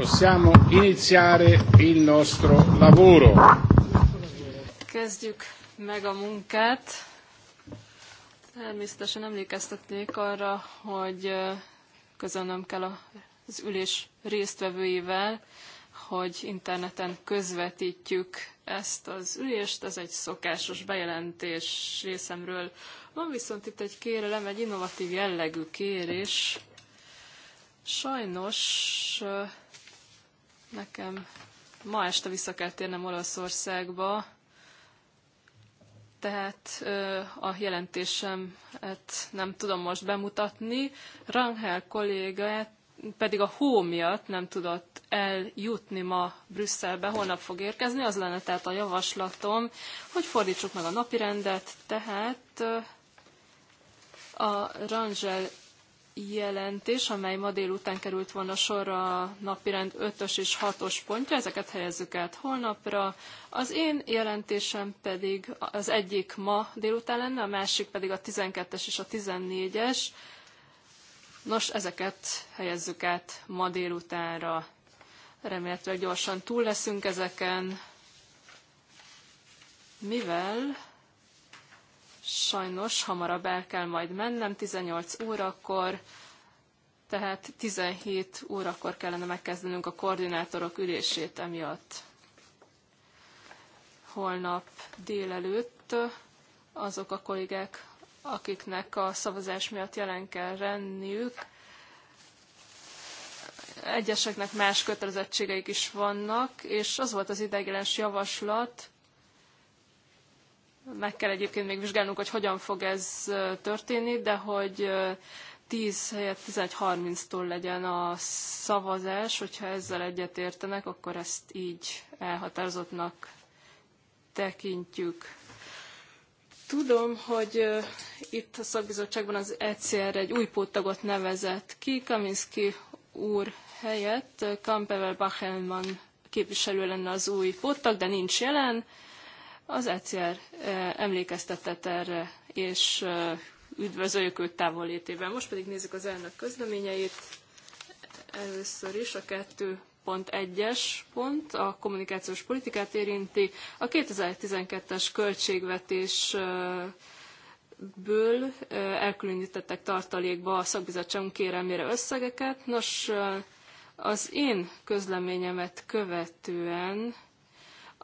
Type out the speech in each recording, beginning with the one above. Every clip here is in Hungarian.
Possiamo iniziare il nostro lavoro. Kezdjük meg a munkát. Természetesen emlékeztetnék arra, hogy közölnöm kell az ülés résztvevőivel, hogy interneten közvetítjük ezt az ülést, ez egy szokásos bejelentés részemről. Van viszont itt egy kérelem, egy innovatív jellegű kérés. Sajnos Nekem ma este vissza kell térnem Olaszországba, tehát a jelentésemet nem tudom most bemutatni. Rangel kolléga pedig a hó miatt nem tudott eljutni ma Brüsszelbe, holnap fog érkezni, az lenne tehát a javaslatom, hogy fordítsuk meg a napirendet, tehát a Rangel jelentés, amely ma délután került volna sorra a napirend 5-ös és 6-os pontja, ezeket helyezzük át holnapra. Az én jelentésem pedig az egyik ma délután lenne, a másik pedig a 12-es és a 14-es. Nos, ezeket helyezzük át ma délutánra. Remélhetőleg gyorsan túl leszünk ezeken, mivel Sajnos hamarabb el kell majd mennem, 18 órakor, tehát 17 órakor kellene megkezdenünk a koordinátorok ülését emiatt. Holnap délelőtt azok a kollégák, akiknek a szavazás miatt jelen kell lenniük, egyeseknek más kötelezettségeik is vannak, és az volt az idegjelens javaslat, meg kell egyébként még vizsgálnunk, hogy hogyan fog ez történni, de hogy 10 helyett 11.30-tól legyen a szavazás, hogyha ezzel egyet értenek, akkor ezt így elhatározottnak tekintjük. Tudom, hogy itt a szakbizottságban az ECR egy új póttagot nevezett ki, Kaminski úr helyett Kampevel Bachelman képviselő lenne az új póttag, de nincs jelen. Az ECR eh, emlékeztetett erre, és eh, üdvözöljük őt távolétében. Most pedig nézzük az elnök közleményeit. Először is a kettő pont es pont a kommunikációs politikát érinti. A 2012-es költségvetésből eh, elkülönítettek tartalékba a szakbizottságunk kérelmére összegeket. Nos, az én közleményemet követően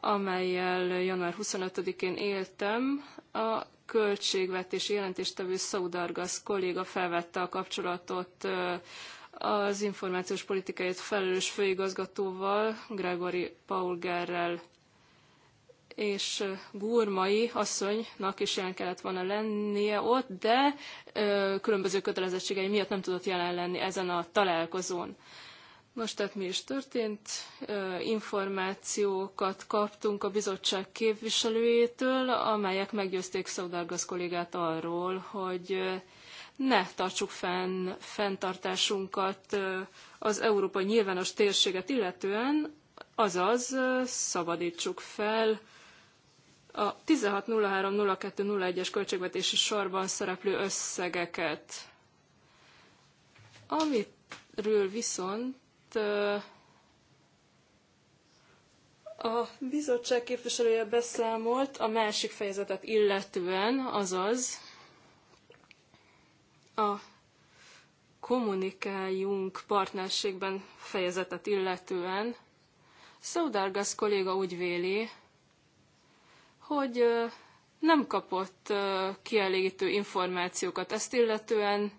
amelyel január 25-én éltem. A költségvetési jelentéstevő Szaudargasz kolléga felvette a kapcsolatot az információs politikáért felelős főigazgatóval, Gregory Paulgerrel és Gurmai asszonynak is jelen kellett volna lennie ott, de ö, különböző kötelezettségei miatt nem tudott jelen lenni ezen a találkozón. Nos, tehát mi is történt? Információkat kaptunk a bizottság képviselőjétől, amelyek meggyőzték Szaudargasz kollégát arról, hogy ne tartsuk fenn fenntartásunkat az Európa nyilvános térséget illetően, azaz szabadítsuk fel a 1603 es költségvetési sorban szereplő összegeket. Amiről viszont a bizottság képviselője beszámolt a másik fejezetet illetően, azaz a kommunikáljunk partnerségben fejezetet illetően. Szaudárgasz kolléga úgy véli, hogy nem kapott kielégítő információkat ezt illetően,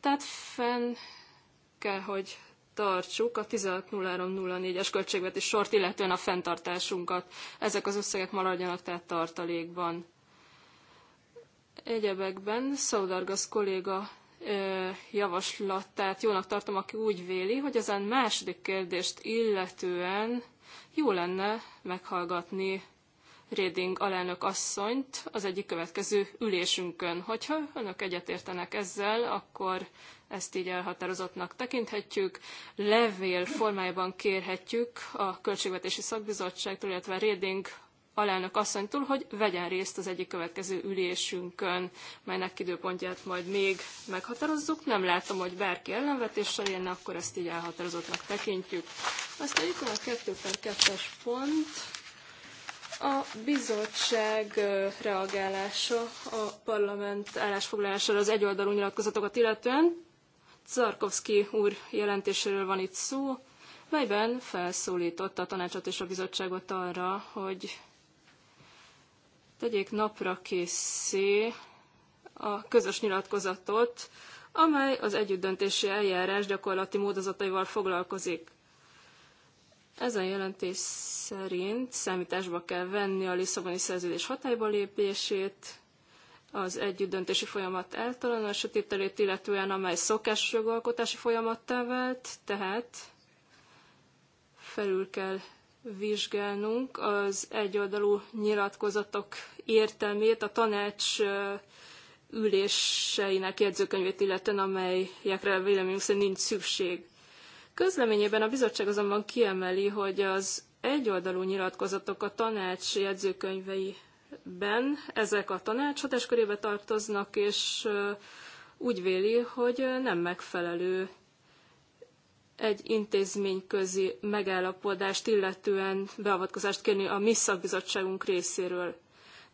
tehát fenn kell, hogy tartsuk a 160304-es költségvetés sort, illetően a fenntartásunkat. Ezek az összegek maradjanak tehát tartalékban. Egyebekben Szaudargasz kolléga javaslatát jónak tartom, aki úgy véli, hogy ezen második kérdést illetően jó lenne meghallgatni Reding alelnök asszonyt az egyik következő ülésünkön. Hogyha önök egyetértenek ezzel, akkor ezt így elhatározottnak tekinthetjük. Levél formájában kérhetjük a Költségvetési Szakbizottságtól, illetve Reding alelnök asszonytól, hogy vegyen részt az egyik következő ülésünkön, melynek időpontját majd még meghatározzuk. Nem látom, hogy bárki ellenvetéssel élne, akkor ezt így elhatározottnak tekintjük. Aztán itt van a 2 per 2-es pont, a bizottság reagálása a parlament állásfoglalására az egyoldalú nyilatkozatokat illetően Czarkovszki úr jelentéséről van itt szó, melyben felszólította a tanácsot és a bizottságot arra, hogy tegyék napra készé a közös nyilatkozatot, amely az együttdöntési eljárás gyakorlati módozataival foglalkozik. Ezen jelentés szerint számításba kell venni a Lisszaboni szerződés hatályba lépését, az együttdöntési folyamat általános tételét illetően, amely szokás jogalkotási folyamattá vált, tehát felül kell vizsgálnunk az egyoldalú nyilatkozatok értelmét, a tanács üléseinek jegyzőkönyvét illetően, amelyekre véleményünk szerint nincs szükség. Közleményében a bizottság azonban kiemeli, hogy az egyoldalú nyilatkozatok a tanács jegyzőkönyveiben, ezek a tanács hatáskörébe tartoznak, és úgy véli, hogy nem megfelelő egy intézményközi megállapodást illetően beavatkozást kérni a mi szakbizottságunk részéről.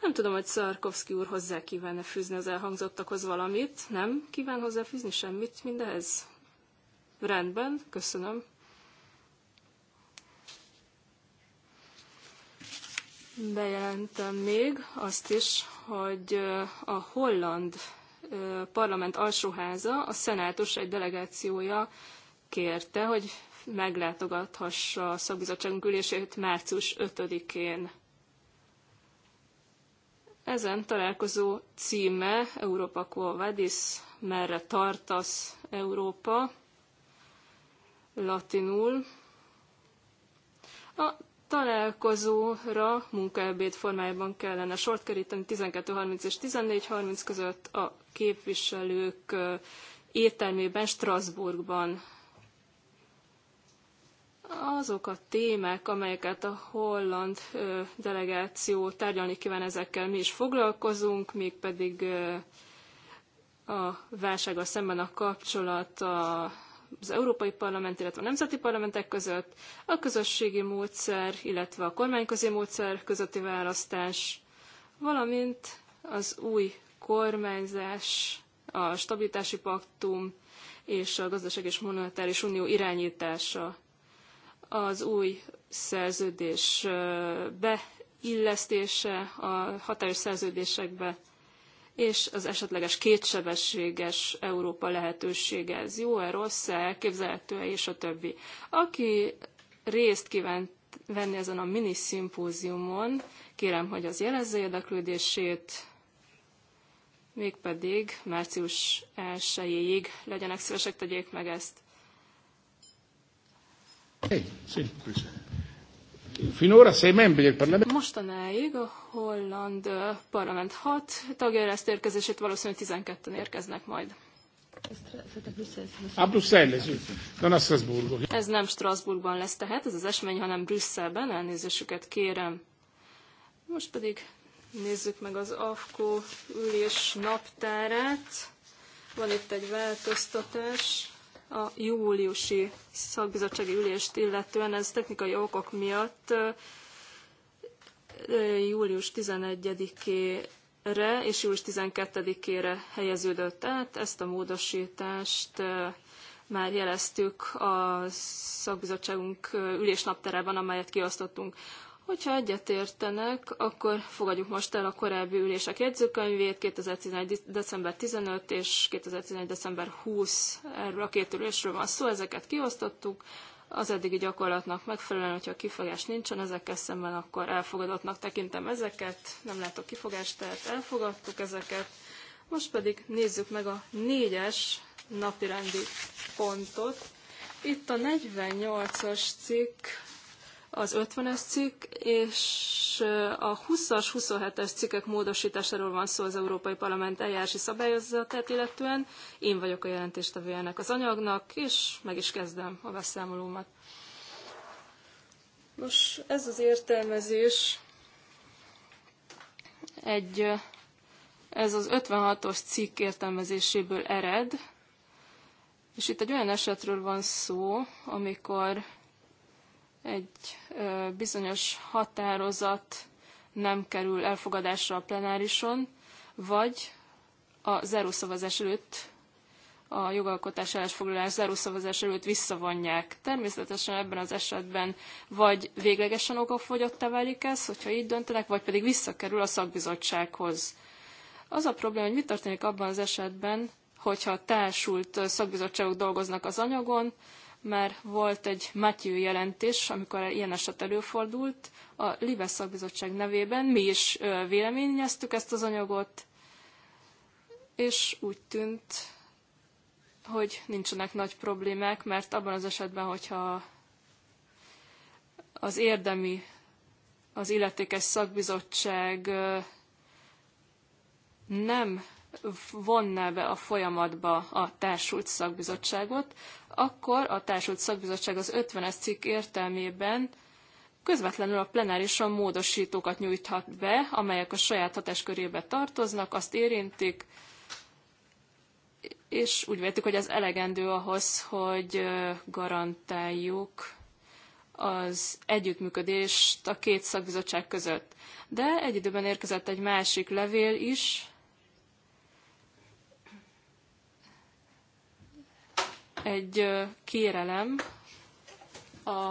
Nem tudom, hogy Szarkovszki úr hozzá kívánne fűzni az elhangzottakhoz valamit. Nem kíván hozzáfűzni semmit mindehez? Rendben, köszönöm. Bejelentem még azt is, hogy a holland parlament alsóháza, a szenátus egy delegációja kérte, hogy meglátogathassa a szakbizottságunk ülését március 5-én. Ezen találkozó címe Európa Quo Vadis, merre tartasz Európa, latinul. A találkozóra munkaebéd formájában kellene sort keríteni 12.30 és 14.30 között a képviselők éttermében, Strasbourgban. Azok a témák, amelyeket a holland delegáció tárgyalni kíván ezekkel, mi is foglalkozunk, mégpedig a válsággal szemben a kapcsolat a az Európai Parlament, illetve a nemzeti parlamentek között, a közösségi módszer, illetve a kormányközi módszer közötti választás, valamint az új kormányzás, a stabilitási paktum és a gazdaság és monetáris unió irányítása az új szerződés beillesztése a hatályos szerződésekbe és az esetleges kétsebességes Európa lehetősége, ez jó-e, rossz-e, elképzelhető-e, és a többi. Aki részt kívánt venni ezen a mini szimpóziumon, kérem, hogy az jelezze érdeklődését, mégpedig március 1-ig legyenek szívesek, tegyék meg ezt. Hey, sí, Finora sei membri del Parlamento. Mostanáig a holland parlament hat tagja ezt érkezését, valószínűleg 12-en érkeznek majd. A Brüsszelbe, nem a Strasbourgban. Ez nem Strasbourgban lesz tehát, ez az esemény, hanem Brüsszelben, elnézésüket kérem. Most pedig nézzük meg az AFKO ülés naptárát. Van itt egy változtatás a júliusi szakbizottsági ülést illetően, ez technikai okok miatt július 11-ére és július 12-ére helyeződött át. Ezt a módosítást már jeleztük a szakbizottságunk ülésnapterában, amelyet kiosztottunk. Hogyha egyetértenek, akkor fogadjuk most el a korábbi ülések jegyzőkönyvét, 2011. december 15 és 2011. december 20 erről a két ülésről van szó, ezeket kiosztottuk. Az eddigi gyakorlatnak megfelelően, hogyha kifogás nincsen ezekkel szemben, akkor elfogadottnak tekintem ezeket. Nem látok kifogást, tehát elfogadtuk ezeket. Most pedig nézzük meg a négyes napirendi pontot. Itt a 48-as cikk az 50-es cikk, és a 20-as, 27-es cikkek módosításáról van szó az Európai Parlament eljárási szabályozatát illetően. Én vagyok a jelentéstevője ennek az anyagnak, és meg is kezdem a beszámolómat. Nos, ez az értelmezés egy, ez az 56-os cikk értelmezéséből ered, és itt egy olyan esetről van szó, amikor egy bizonyos határozat nem kerül elfogadásra a plenárison, vagy a zárószavazás előtt a jogalkotás állásfoglalás zárószavazás előtt visszavonják. Természetesen ebben az esetben vagy véglegesen okafogyottá válik ez, hogyha így döntenek, vagy pedig visszakerül a szakbizottsághoz. Az a probléma, hogy mi történik abban az esetben, hogyha társult szakbizottságok dolgoznak az anyagon, mert volt egy Matthew jelentés, amikor ilyen eset előfordult. A Libe szakbizottság nevében mi is véleményeztük ezt az anyagot, és úgy tűnt, hogy nincsenek nagy problémák, mert abban az esetben, hogyha az érdemi, az illetékes szakbizottság nem vonná be a folyamatba a társult szakbizottságot, akkor a társult szakbizottság az 50-es cikk értelmében közvetlenül a plenárison módosítókat nyújthat be, amelyek a saját hatáskörébe tartoznak, azt érintik, és úgy vettük, hogy ez elegendő ahhoz, hogy garantáljuk az együttműködést a két szakbizottság között. De egy időben érkezett egy másik levél is, egy kérelem a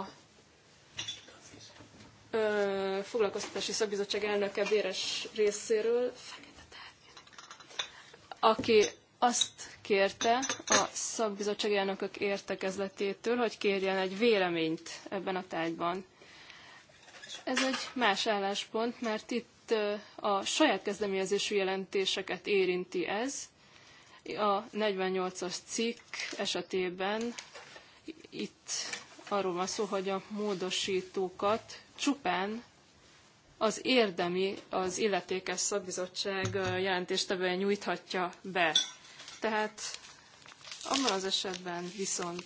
ö, foglalkoztatási szakbizottság elnöke Béres részéről, aki azt kérte a szakbizottság elnökök értekezletétől, hogy kérjen egy véleményt ebben a tárgyban. Ez egy más álláspont, mert itt a saját kezdeményezésű jelentéseket érinti ez, a 48-as cikk esetében itt arról van szó, hogy a módosítókat csupán az érdemi, az illetékes szakbizottság jelentéstevője nyújthatja be. Tehát abban az esetben viszont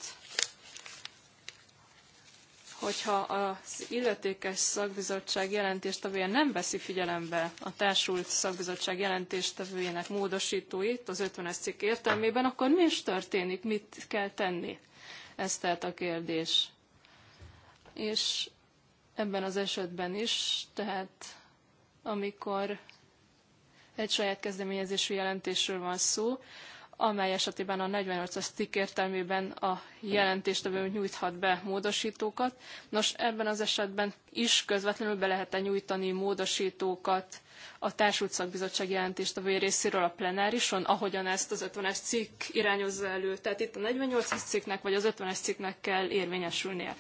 hogyha az illetékes szakbizottság jelentéstevője nem veszi figyelembe a társult szakbizottság jelentéstevőjének módosítóit az 50-es cikk értelmében, akkor mi is történik, mit kell tenni? Ez tehát a kérdés. És ebben az esetben is, tehát amikor egy saját kezdeményezésű jelentésről van szó, amely esetében a 48-as cikk értelmében a jelentéstevő nyújthat be módosítókat. Nos, ebben az esetben is közvetlenül be lehet -e nyújtani módosítókat a társult szakbizottság jelentéstevői részéről a plenárison, ahogyan ezt az 50-es cikk irányozza elő. Tehát itt a 48-as cikknek vagy az 50-es cikknek kell érvényesülnie.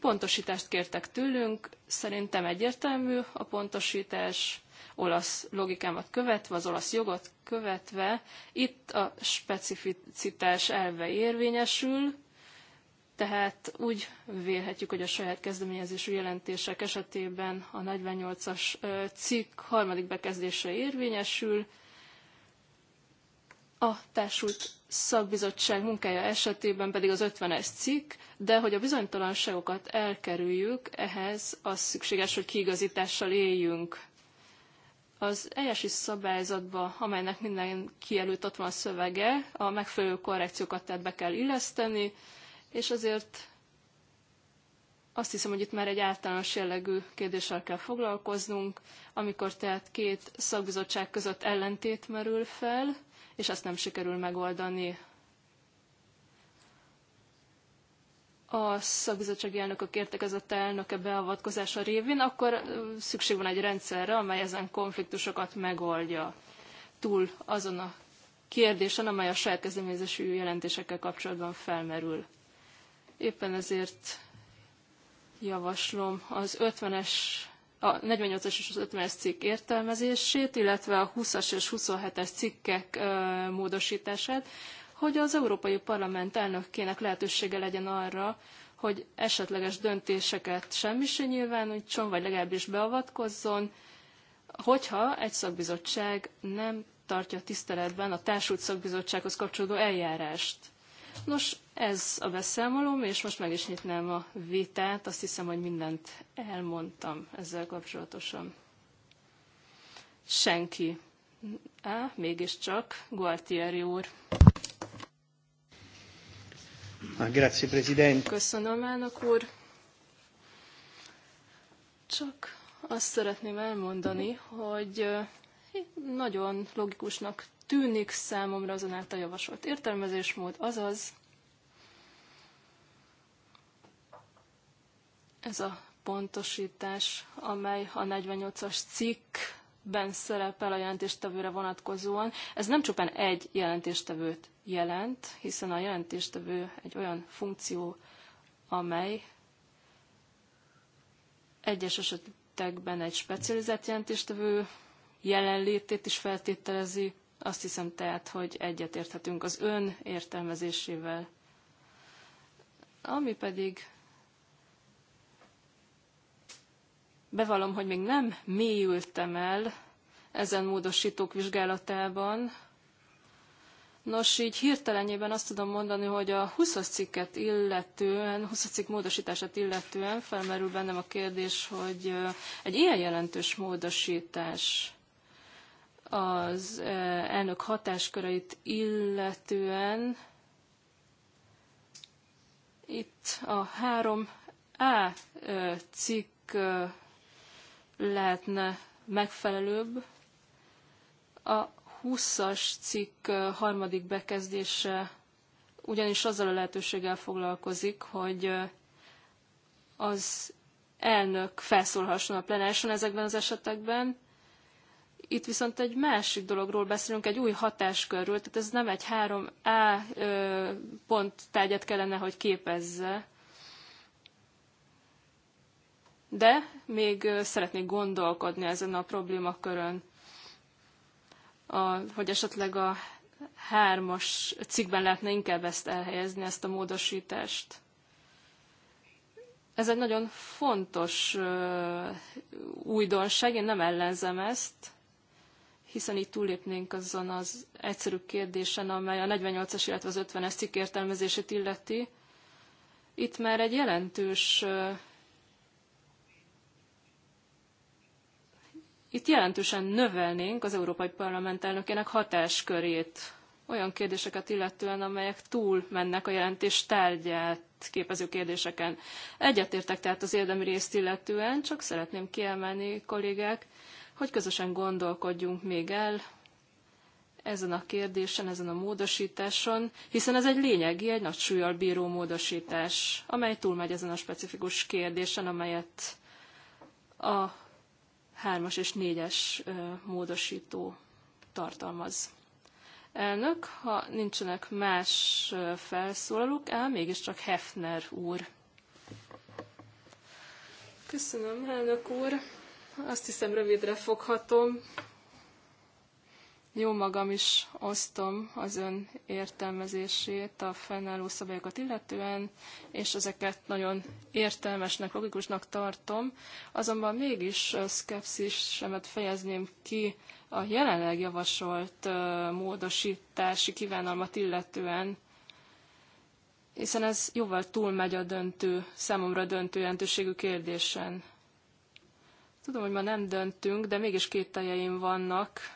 Pontosítást kértek tőlünk, szerintem egyértelmű a pontosítás olasz logikámat követve, az olasz jogot követve, itt a specificitás elve érvényesül, tehát úgy vélhetjük, hogy a saját kezdeményezésű jelentések esetében a 48-as cikk harmadik bekezdése érvényesül, a társult szakbizottság munkája esetében pedig az 50-es cikk, de hogy a bizonytalanságokat elkerüljük, ehhez az szükséges, hogy kiigazítással éljünk. Az eljási szabályzatba, amelynek mindenki előtt ott van a szövege, a megfelelő korrekciókat tehát be kell illeszteni, és azért azt hiszem, hogy itt már egy általános jellegű kérdéssel kell foglalkoznunk, amikor tehát két szakbizottság között ellentét merül fel, és ezt nem sikerül megoldani a szakbizottsági elnökök értekezett elnöke beavatkozása révén, akkor szükség van egy rendszerre, amely ezen konfliktusokat megoldja túl azon a kérdésen, amely a saját kezdeményezésű jelentésekkel kapcsolatban felmerül. Éppen ezért javaslom az 50-es, a 48-as és az 50-es cikk értelmezését, illetve a 20-as és 27-es cikkek módosítását, hogy az Európai Parlament elnökének lehetősége legyen arra, hogy esetleges döntéseket semmi se nyilvánítson, vagy legalábbis beavatkozzon, hogyha egy szakbizottság nem tartja tiszteletben a társult szakbizottsághoz kapcsolódó eljárást. Nos, ez a beszámolóm, és most meg is nyitnám a vitát. Azt hiszem, hogy mindent elmondtam ezzel kapcsolatosan. Senki. Á, mégiscsak, Gualtieri úr. Ah, grazie, Presidente. Köszönöm, elnök úr. Csak azt szeretném elmondani, hogy nagyon logikusnak tűnik számomra azon által javasolt értelmezésmód, azaz ez a pontosítás, amely a 48-as cikk ben szerepel a jelentéstevőre vonatkozóan. Ez nem csupán egy jelentéstevőt jelent, hiszen a jelentéstevő egy olyan funkció, amely egyes esetekben egy specializált jelentéstevő jelenlétét is feltételezi. Azt hiszem tehát, hogy egyetérthetünk az ön értelmezésével. Ami pedig Bevallom, hogy még nem mélyültem el ezen módosítók vizsgálatában. Nos, így hirtelenjében azt tudom mondani, hogy a 20-as cikket illetően, 20 cikk módosítását illetően felmerül bennem a kérdés, hogy egy ilyen jelentős módosítás az elnök hatásköreit illetően itt a 3A cikk lehetne megfelelőbb. A 20-as cikk harmadik bekezdése ugyanis azzal a lehetőséggel foglalkozik, hogy az elnök felszólhasson a plenárison ezekben az esetekben. Itt viszont egy másik dologról beszélünk, egy új hatáskörről, tehát ez nem egy 3A pont tárgyat kellene, hogy képezze, de még szeretnék gondolkodni ezen a problémakörön, a, hogy esetleg a hármas cikkben lehetne inkább ezt elhelyezni, ezt a módosítást. Ez egy nagyon fontos újdonság, én nem ellenzem ezt, hiszen így túllépnénk azon az egyszerű kérdésen, amely a 48-as, illetve az 50-es cikk értelmezését illeti. Itt már egy jelentős Itt jelentősen növelnénk az Európai Parlament elnökének hatáskörét olyan kérdéseket illetően, amelyek túl mennek a jelentés tárgyát képező kérdéseken. Egyetértek tehát az érdemi részt illetően, csak szeretném kiemelni, kollégák, hogy közösen gondolkodjunk még el ezen a kérdésen, ezen a módosításon, hiszen ez egy lényegi, egy nagy súlyal bíró módosítás, amely túlmegy ezen a specifikus kérdésen, amelyet a 3-as és 4-es módosító tartalmaz. Elnök, ha nincsenek más felszólalók, ám mégiscsak Hefner úr. Köszönöm, elnök úr. Azt hiszem, rövidre foghatom. Jó magam is osztom az ön értelmezését a fennálló szabályokat illetően, és ezeket nagyon értelmesnek, logikusnak tartom, azonban mégis szkepszisemet fejezném ki a jelenleg javasolt módosítási kívánalmat illetően, hiszen ez jóval túlmegy a döntő, számomra döntő jelentőségű kérdésen. Tudom, hogy ma nem döntünk, de mégis kételjeim vannak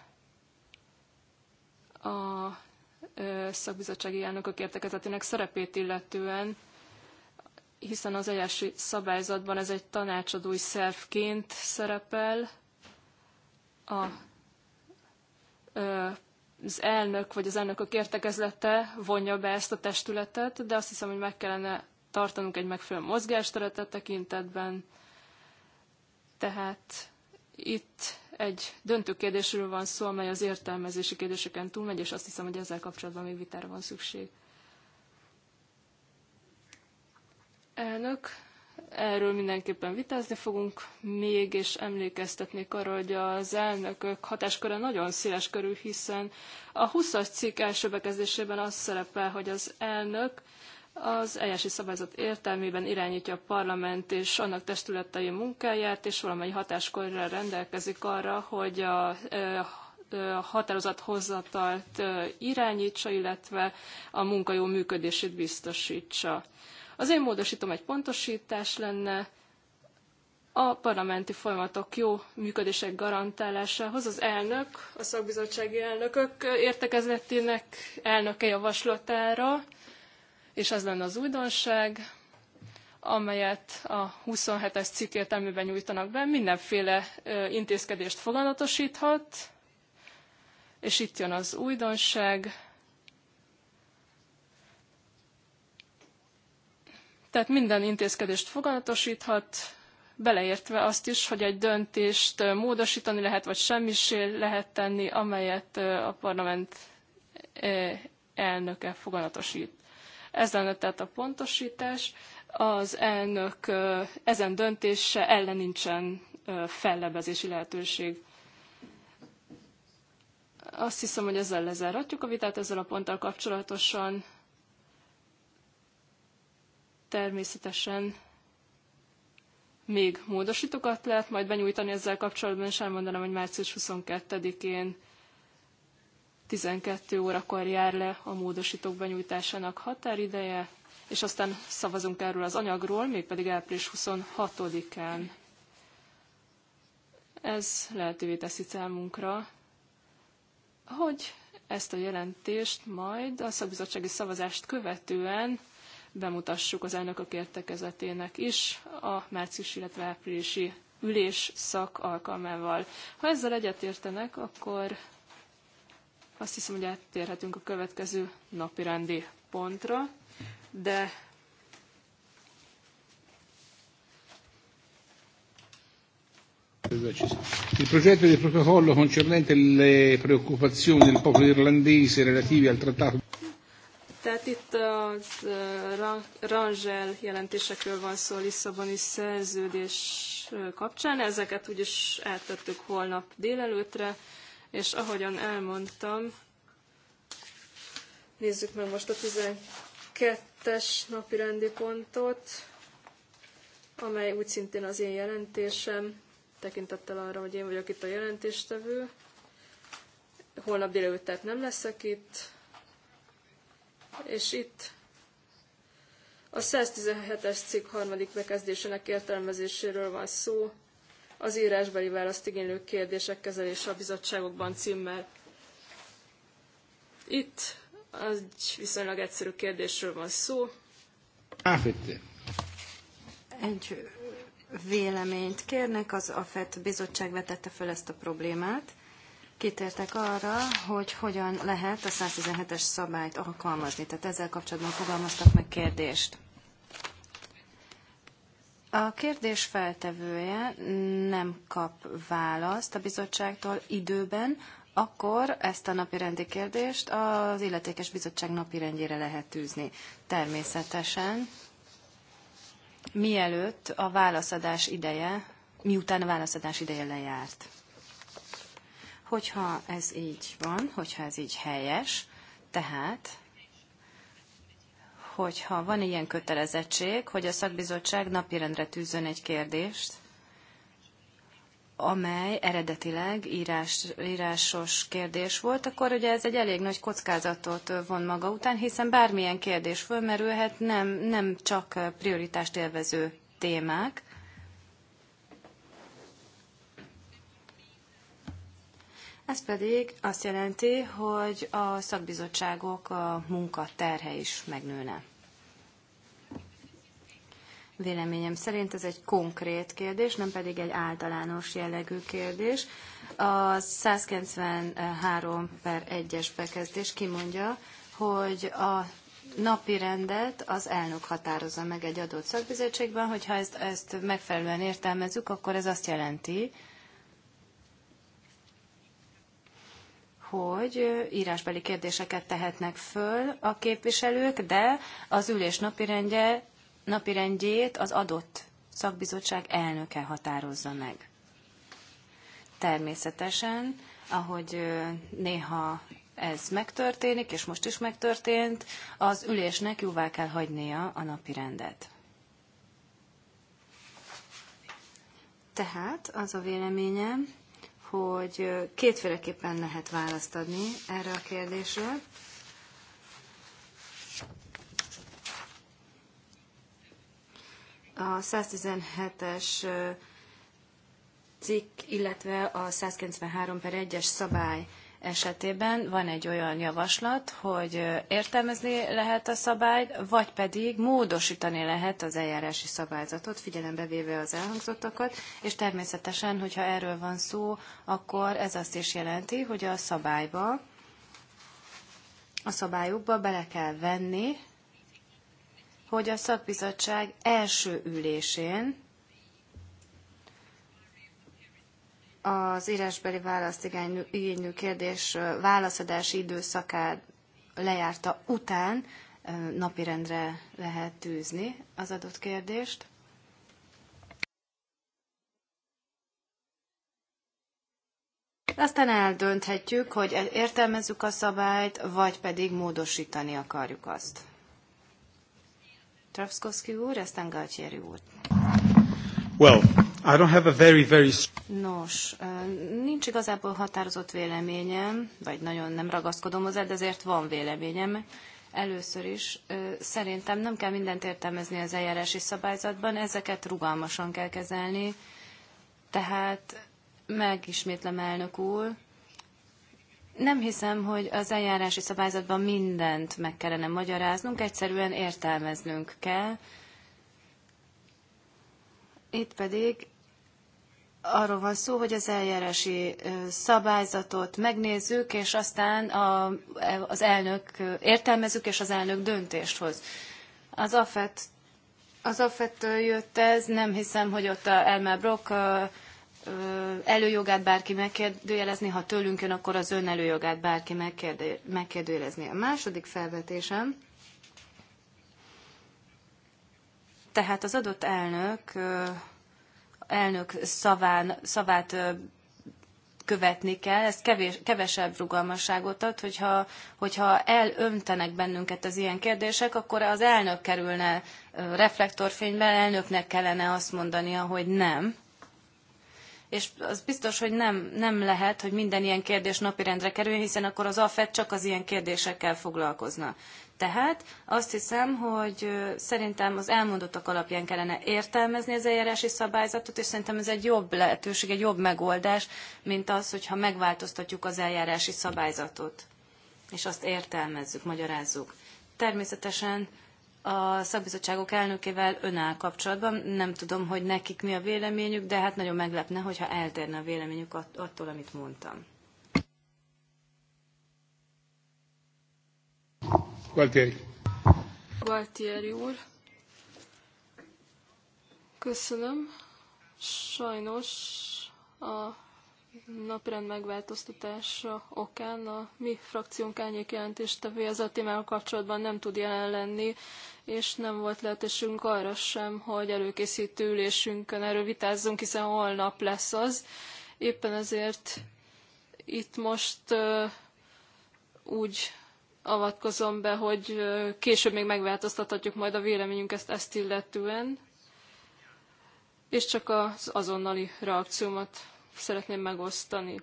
a szakbizottsági elnökök értekezetének szerepét illetően, hiszen az eljárási szabályzatban ez egy tanácsadói szervként szerepel. A, az elnök vagy az elnökök értekezlete vonja be ezt a testületet, de azt hiszem, hogy meg kellene tartanunk egy megfelelő mozgásteretet tekintetben. Tehát itt egy döntő kérdésről van szó, amely az értelmezési kérdéseken túlmegy, és azt hiszem, hogy ezzel kapcsolatban még vitára van szükség. Elnök, erről mindenképpen vitázni fogunk még, és emlékeztetnék arra, hogy az elnökök hatásköre nagyon széles körül, hiszen a 20-as cikk első bekezdésében az szerepel, hogy az elnök az eljási szabályzat értelmében irányítja a parlament és annak testületei munkáját, és valamely hatáskörrel rendelkezik arra, hogy a határozathozatalt irányítsa, illetve a munka jó működését biztosítsa. Az én módosítom egy pontosítás lenne, a parlamenti folyamatok jó működések garantálásához az elnök, a szakbizottsági elnökök értekezletének elnöke javaslatára és ez lenne az újdonság, amelyet a 27-es cikk értelmében nyújtanak be, mindenféle intézkedést foganatosíthat, és itt jön az újdonság. Tehát minden intézkedést foganatosíthat, beleértve azt is, hogy egy döntést módosítani lehet, vagy semmisé lehet tenni, amelyet a parlament elnöke foganatosít. Ez lenne tehát a pontosítás. Az elnök ezen döntése ellen nincsen fellebezési lehetőség. Azt hiszem, hogy ezzel lezárhatjuk a vitát ezzel a ponttal kapcsolatosan. Természetesen még módosítókat lehet majd benyújtani ezzel kapcsolatban, és elmondanám, hogy március 22-én 12 órakor jár le a módosítók benyújtásának határideje, és aztán szavazunk erről az anyagról, mégpedig április 26-án. Ez lehetővé teszi számunkra, hogy ezt a jelentést majd a szakbizottsági szavazást követően bemutassuk az elnökök értekezetének is a március, illetve áprilisi ülés szak alkalmával. Ha ezzel egyetértenek, akkor azt hiszem, hogy áttérhetünk a következő napirendi pontra, de Il progetto del protocollo concernente le preoccupazioni del popolo irlandese relativi al trattato. Tehát itt az eh, Rangel jelentésekről van szó a Lisszaboni szerződés eh, kapcsán. Ezeket úgyis eltettük holnap délelőtre és ahogyan elmondtam, nézzük meg most a 12-es napi rendi pontot, amely úgy szintén az én jelentésem, tekintettel arra, hogy én vagyok itt a jelentéstevő. Holnap délelőtt tehát nem leszek itt, és itt a 117-es cikk harmadik bekezdésének értelmezéséről van szó, az írásbeli választ igénylő kérdések kezelése a bizottságokban címmel. Itt egy viszonylag egyszerű kérdésről van szó. Áfette. Egy véleményt kérnek, az AFET bizottság vetette föl ezt a problémát. Kitértek arra, hogy hogyan lehet a 117-es szabályt alkalmazni, tehát ezzel kapcsolatban fogalmaztak meg kérdést. A kérdés feltevője nem kap választ a bizottságtól időben, akkor ezt a napirendi kérdést az illetékes bizottság napirendjére lehet tűzni. Természetesen, mielőtt a válaszadás ideje, miután a válaszadás ideje lejárt. Hogyha ez így van, hogyha ez így helyes, tehát hogyha van ilyen kötelezettség, hogy a szakbizottság napirendre tűzön egy kérdést, amely eredetileg írás, írásos kérdés volt, akkor ugye ez egy elég nagy kockázatot von maga után, hiszen bármilyen kérdés fölmerülhet, nem, nem csak prioritást élvező témák, Ez pedig azt jelenti, hogy a szakbizottságok a munka terhe is megnőne. Véleményem szerint ez egy konkrét kérdés, nem pedig egy általános jellegű kérdés. A 193 per 1-es bekezdés kimondja, hogy a napi rendet az elnök határozza meg egy adott szakbizottságban, hogyha ezt, ezt megfelelően értelmezzük, akkor ez azt jelenti, hogy írásbeli kérdéseket tehetnek föl a képviselők, de az ülés napirendje, napirendjét az adott szakbizottság elnöke határozza meg. Természetesen, ahogy néha ez megtörténik, és most is megtörtént, az ülésnek jóvá kell hagynia a napirendet. Tehát az a véleményem, hogy kétféleképpen lehet választ adni erre a kérdésre A 117-es cikk, illetve a 193 per 1-es szabály esetében van egy olyan javaslat, hogy értelmezni lehet a szabályt, vagy pedig módosítani lehet az eljárási szabályzatot, figyelembe véve az elhangzottakat, és természetesen, hogyha erről van szó, akkor ez azt is jelenti, hogy a szabályba, a szabályokba bele kell venni, hogy a szakbizottság első ülésén az írásbeli választ igénylő, kérdés válaszadási időszakát lejárta után napirendre lehet tűzni az adott kérdést. Aztán eldönthetjük, hogy értelmezzük a szabályt, vagy pedig módosítani akarjuk azt. Trafszkowski úr, aztán Galtieri úr. Well, I don't have a very, very... Nos, nincs igazából határozott véleményem, vagy nagyon nem ragaszkodom hozzá, de ezért van véleményem. Először is szerintem nem kell mindent értelmezni az eljárási szabályzatban, ezeket rugalmasan kell kezelni. Tehát megismétlem, elnök úr, nem hiszem, hogy az eljárási szabályzatban mindent meg kellene magyaráznunk, egyszerűen értelmeznünk kell. Itt pedig arról van szó, hogy az eljárási szabályzatot megnézzük, és aztán a, e, az elnök értelmezzük, és az elnök döntést hoz. Az AFET, az afet jött ez, nem hiszem, hogy ott a Elmer Brock előjogát bárki megkérdőjelezni, ha tőlünk jön, akkor az ön előjogát bárki megkérdőjelezni. A második felvetésem, tehát az adott elnök elnök szaván, szavát követni kell, ez kevés, kevesebb rugalmasságot ad, hogyha, hogyha elöntenek bennünket az ilyen kérdések, akkor az elnök kerülne reflektorfényben, elnöknek kellene azt mondania, hogy nem. És az biztos, hogy nem, nem lehet, hogy minden ilyen kérdés napirendre kerül, hiszen akkor az AFED csak az ilyen kérdésekkel foglalkozna. Tehát azt hiszem, hogy szerintem az elmondottak alapján kellene értelmezni az eljárási szabályzatot, és szerintem ez egy jobb lehetőség, egy jobb megoldás, mint az, hogyha megváltoztatjuk az eljárási szabályzatot, és azt értelmezzük, magyarázzuk. Természetesen a szakbizottságok elnökével önáll kapcsolatban. Nem tudom, hogy nekik mi a véleményük, de hát nagyon meglepne, hogyha eltérne a véleményük attól, amit mondtam. Gualtieri. Gualtieri úr. Köszönöm. Sajnos a naprend megváltoztatása okán a mi frakciónk árnyék jelentéstevője az a témával kapcsolatban nem tud jelen lenni, és nem volt lehetőségünk arra sem, hogy előkészítő ülésünkön erről vitázzunk, hiszen holnap lesz az. Éppen ezért itt most úgy avatkozom be, hogy később még megváltoztathatjuk majd a véleményünk ezt, ezt illetően, és csak az azonnali reakciómat szeretném megosztani.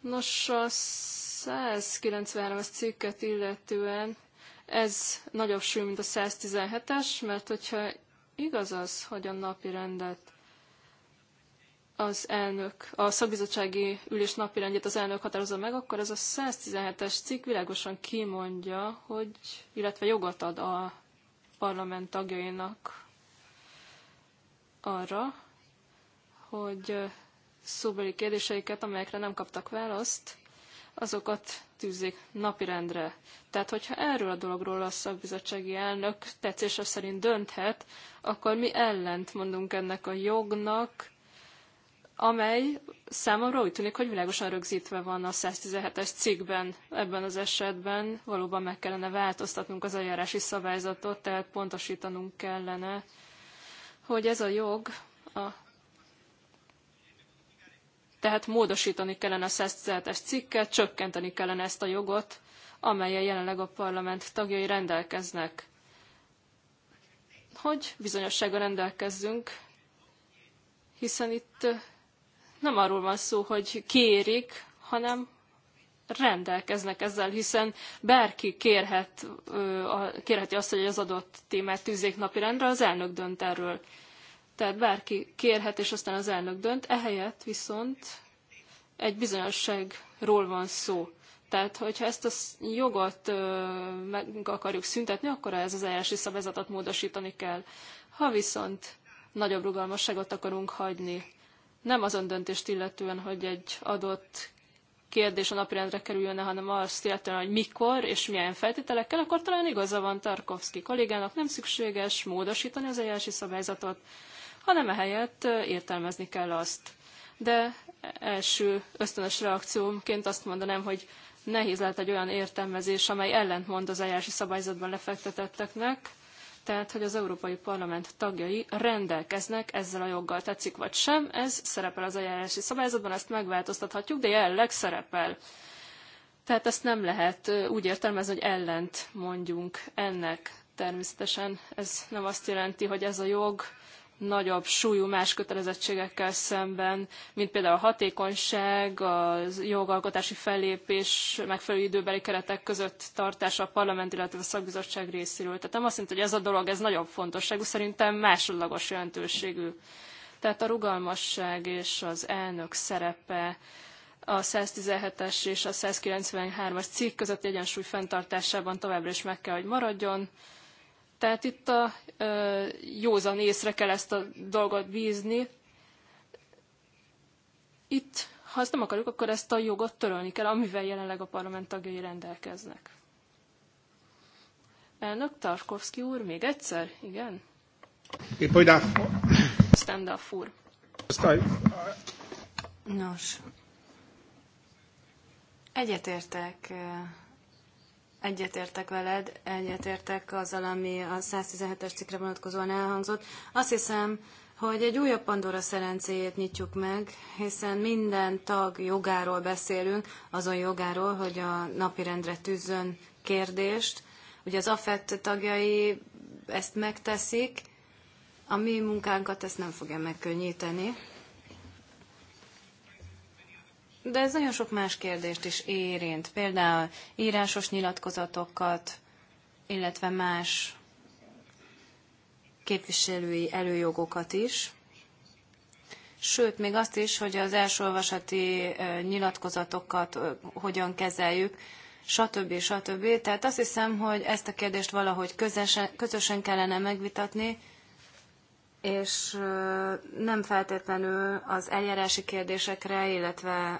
Nos, a 193-as cikket illetően ez nagyobb súly, mint a 117-es, mert hogyha igaz az, hogy a napi rendet az elnök, a szakbizottsági ülés napirendjét az elnök határozza meg, akkor ez a 117-es cikk világosan kimondja, hogy, illetve jogot ad a parlament tagjainak arra, hogy szóbeli kérdéseiket, amelyekre nem kaptak választ, azokat tűzik napirendre. Tehát, hogyha erről a dologról a szakbizottsági elnök tetszése szerint dönthet, akkor mi ellent mondunk ennek a jognak, amely számomra úgy tűnik, hogy világosan rögzítve van a 117-es cikkben. Ebben az esetben valóban meg kellene változtatnunk az eljárási szabályzatot, tehát pontosítanunk kellene, hogy ez a jog a tehát módosítani kellene a 117-es cikket, csökkenteni kellene ezt a jogot, amelyen jelenleg a parlament tagjai rendelkeznek. Hogy bizonyossága rendelkezzünk, hiszen itt nem arról van szó, hogy kérik, hanem rendelkeznek ezzel, hiszen bárki kérhet, kérheti azt, hogy az adott témát tűzzék napirendre, az elnök dönt erről. Tehát bárki kérhet, és aztán az elnök dönt, ehelyett viszont egy bizonyosságról van szó. Tehát, hogyha ezt a jogot meg akarjuk szüntetni, akkor ez az eljárási szabályzatot módosítani kell. Ha viszont nagyobb rugalmasságot akarunk hagyni, nem azon döntést illetően, hogy egy adott kérdés a napirendre kerüljön hanem azt illetően, hogy mikor és milyen feltételekkel, akkor talán igaza van Tarkovsky kollégának, nem szükséges módosítani az eljárási szabályzatot, hanem ehelyett értelmezni kell azt. De első ösztönös reakciómként azt mondanám, hogy nehéz lehet egy olyan értelmezés, amely ellentmond az eljárási szabályzatban lefektetetteknek, tehát hogy az Európai Parlament tagjai rendelkeznek ezzel a joggal, tetszik vagy sem, ez szerepel az eljárási szabályzatban, ezt megváltoztathatjuk, de jelenleg szerepel. Tehát ezt nem lehet úgy értelmezni, hogy ellent mondjunk ennek. Természetesen ez nem azt jelenti, hogy ez a jog nagyobb súlyú más kötelezettségekkel szemben, mint például a hatékonyság, a jogalkotási fellépés, megfelelő időbeli keretek között tartása a parlament, illetve a szakbizottság részéről. Tehát nem azt jelenti, hogy ez a dolog, ez nagyobb fontosságú, szerintem másodlagos jelentőségű. Tehát a rugalmasság és az elnök szerepe, a 117-es és a 193-as cikk közötti egyensúly fenntartásában továbbra is meg kell, hogy maradjon tehát itt a józan észre kell ezt a dolgot bízni. Itt, ha ezt nem akarjuk, akkor ezt a jogot törölni kell, amivel jelenleg a parlament tagjai rendelkeznek. Elnök Tarkovszki úr, még egyszer? Igen? Stand up úr. Nos, egyetértek Egyetértek veled, egyetértek azzal, ami a 117-es cikkre vonatkozóan elhangzott. Azt hiszem, hogy egy újabb Pandora szerencéjét nyitjuk meg, hiszen minden tag jogáról beszélünk, azon jogáról, hogy a napirendre tűzön kérdést. Ugye az AFET tagjai ezt megteszik, a mi munkánkat ezt nem fogja megkönnyíteni. De ez nagyon sok más kérdést is érint, például írásos nyilatkozatokat, illetve más képviselői előjogokat is. Sőt, még azt is, hogy az olvasati nyilatkozatokat hogyan kezeljük, stb. stb. Tehát azt hiszem, hogy ezt a kérdést valahogy közösen, közösen kellene megvitatni, és nem feltétlenül az eljárási kérdésekre, illetve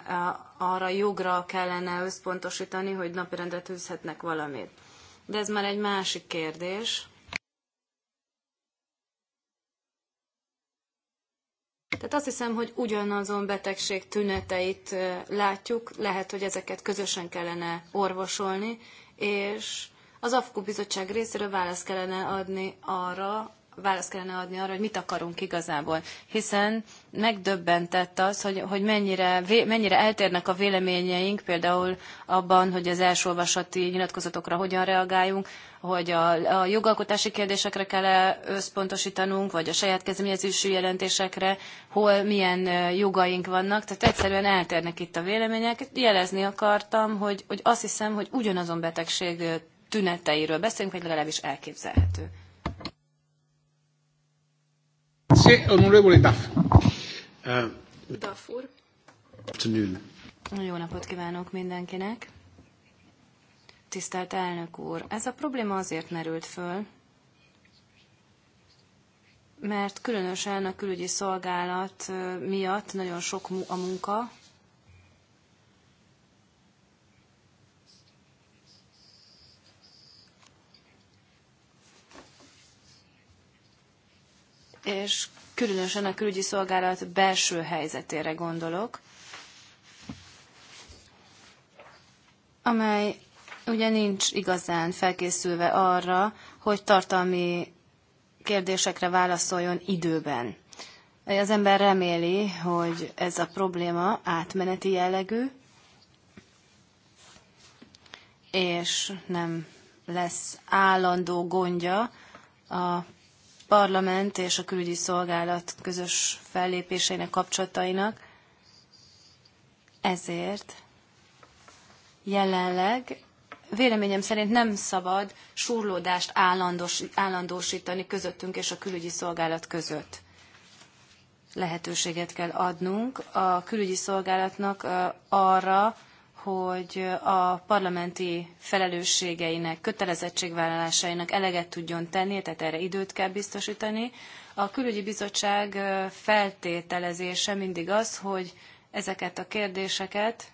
arra jogra kellene összpontosítani, hogy napirendre tűzhetnek valamit. De ez már egy másik kérdés. Tehát azt hiszem, hogy ugyanazon betegség tüneteit látjuk, lehet, hogy ezeket közösen kellene orvosolni, és az AFKU bizottság részéről választ kellene adni arra, választ kellene adni arra, hogy mit akarunk igazából. Hiszen megdöbbentett az, hogy, hogy mennyire, mennyire eltérnek a véleményeink, például abban, hogy az első olvasati nyilatkozatokra hogyan reagáljunk, hogy a, a jogalkotási kérdésekre kell -e összpontosítanunk, vagy a saját kezdeményezésű jelentésekre, hol milyen jogaink vannak. Tehát egyszerűen eltérnek itt a vélemények. Jelezni akartam, hogy, hogy azt hiszem, hogy ugyanazon betegség tüneteiről beszélünk, vagy legalábbis elképzelhető. Sì, onorevole Duff. Uh, eh, Duff úr. Afternoon. Jó napot kívánok mindenkinek. Tisztelt elnök úr, ez a probléma azért merült föl, mert különösen a külügyi szolgálat eh, miatt nagyon sok a munka, és különösen a külügyi szolgálat belső helyzetére gondolok, amely ugye nincs igazán felkészülve arra, hogy tartalmi kérdésekre válaszoljon időben. Az ember reméli, hogy ez a probléma átmeneti jellegű, és nem lesz állandó gondja a parlament és a külügyi szolgálat közös fellépéseinek, kapcsolatainak. Ezért jelenleg véleményem szerint nem szabad súrlódást állandós, állandósítani közöttünk és a külügyi szolgálat között. Lehetőséget kell adnunk a külügyi szolgálatnak arra, hogy a parlamenti felelősségeinek, kötelezettségvállalásainak eleget tudjon tenni, tehát erre időt kell biztosítani. A külügyi bizottság feltételezése mindig az, hogy ezeket a kérdéseket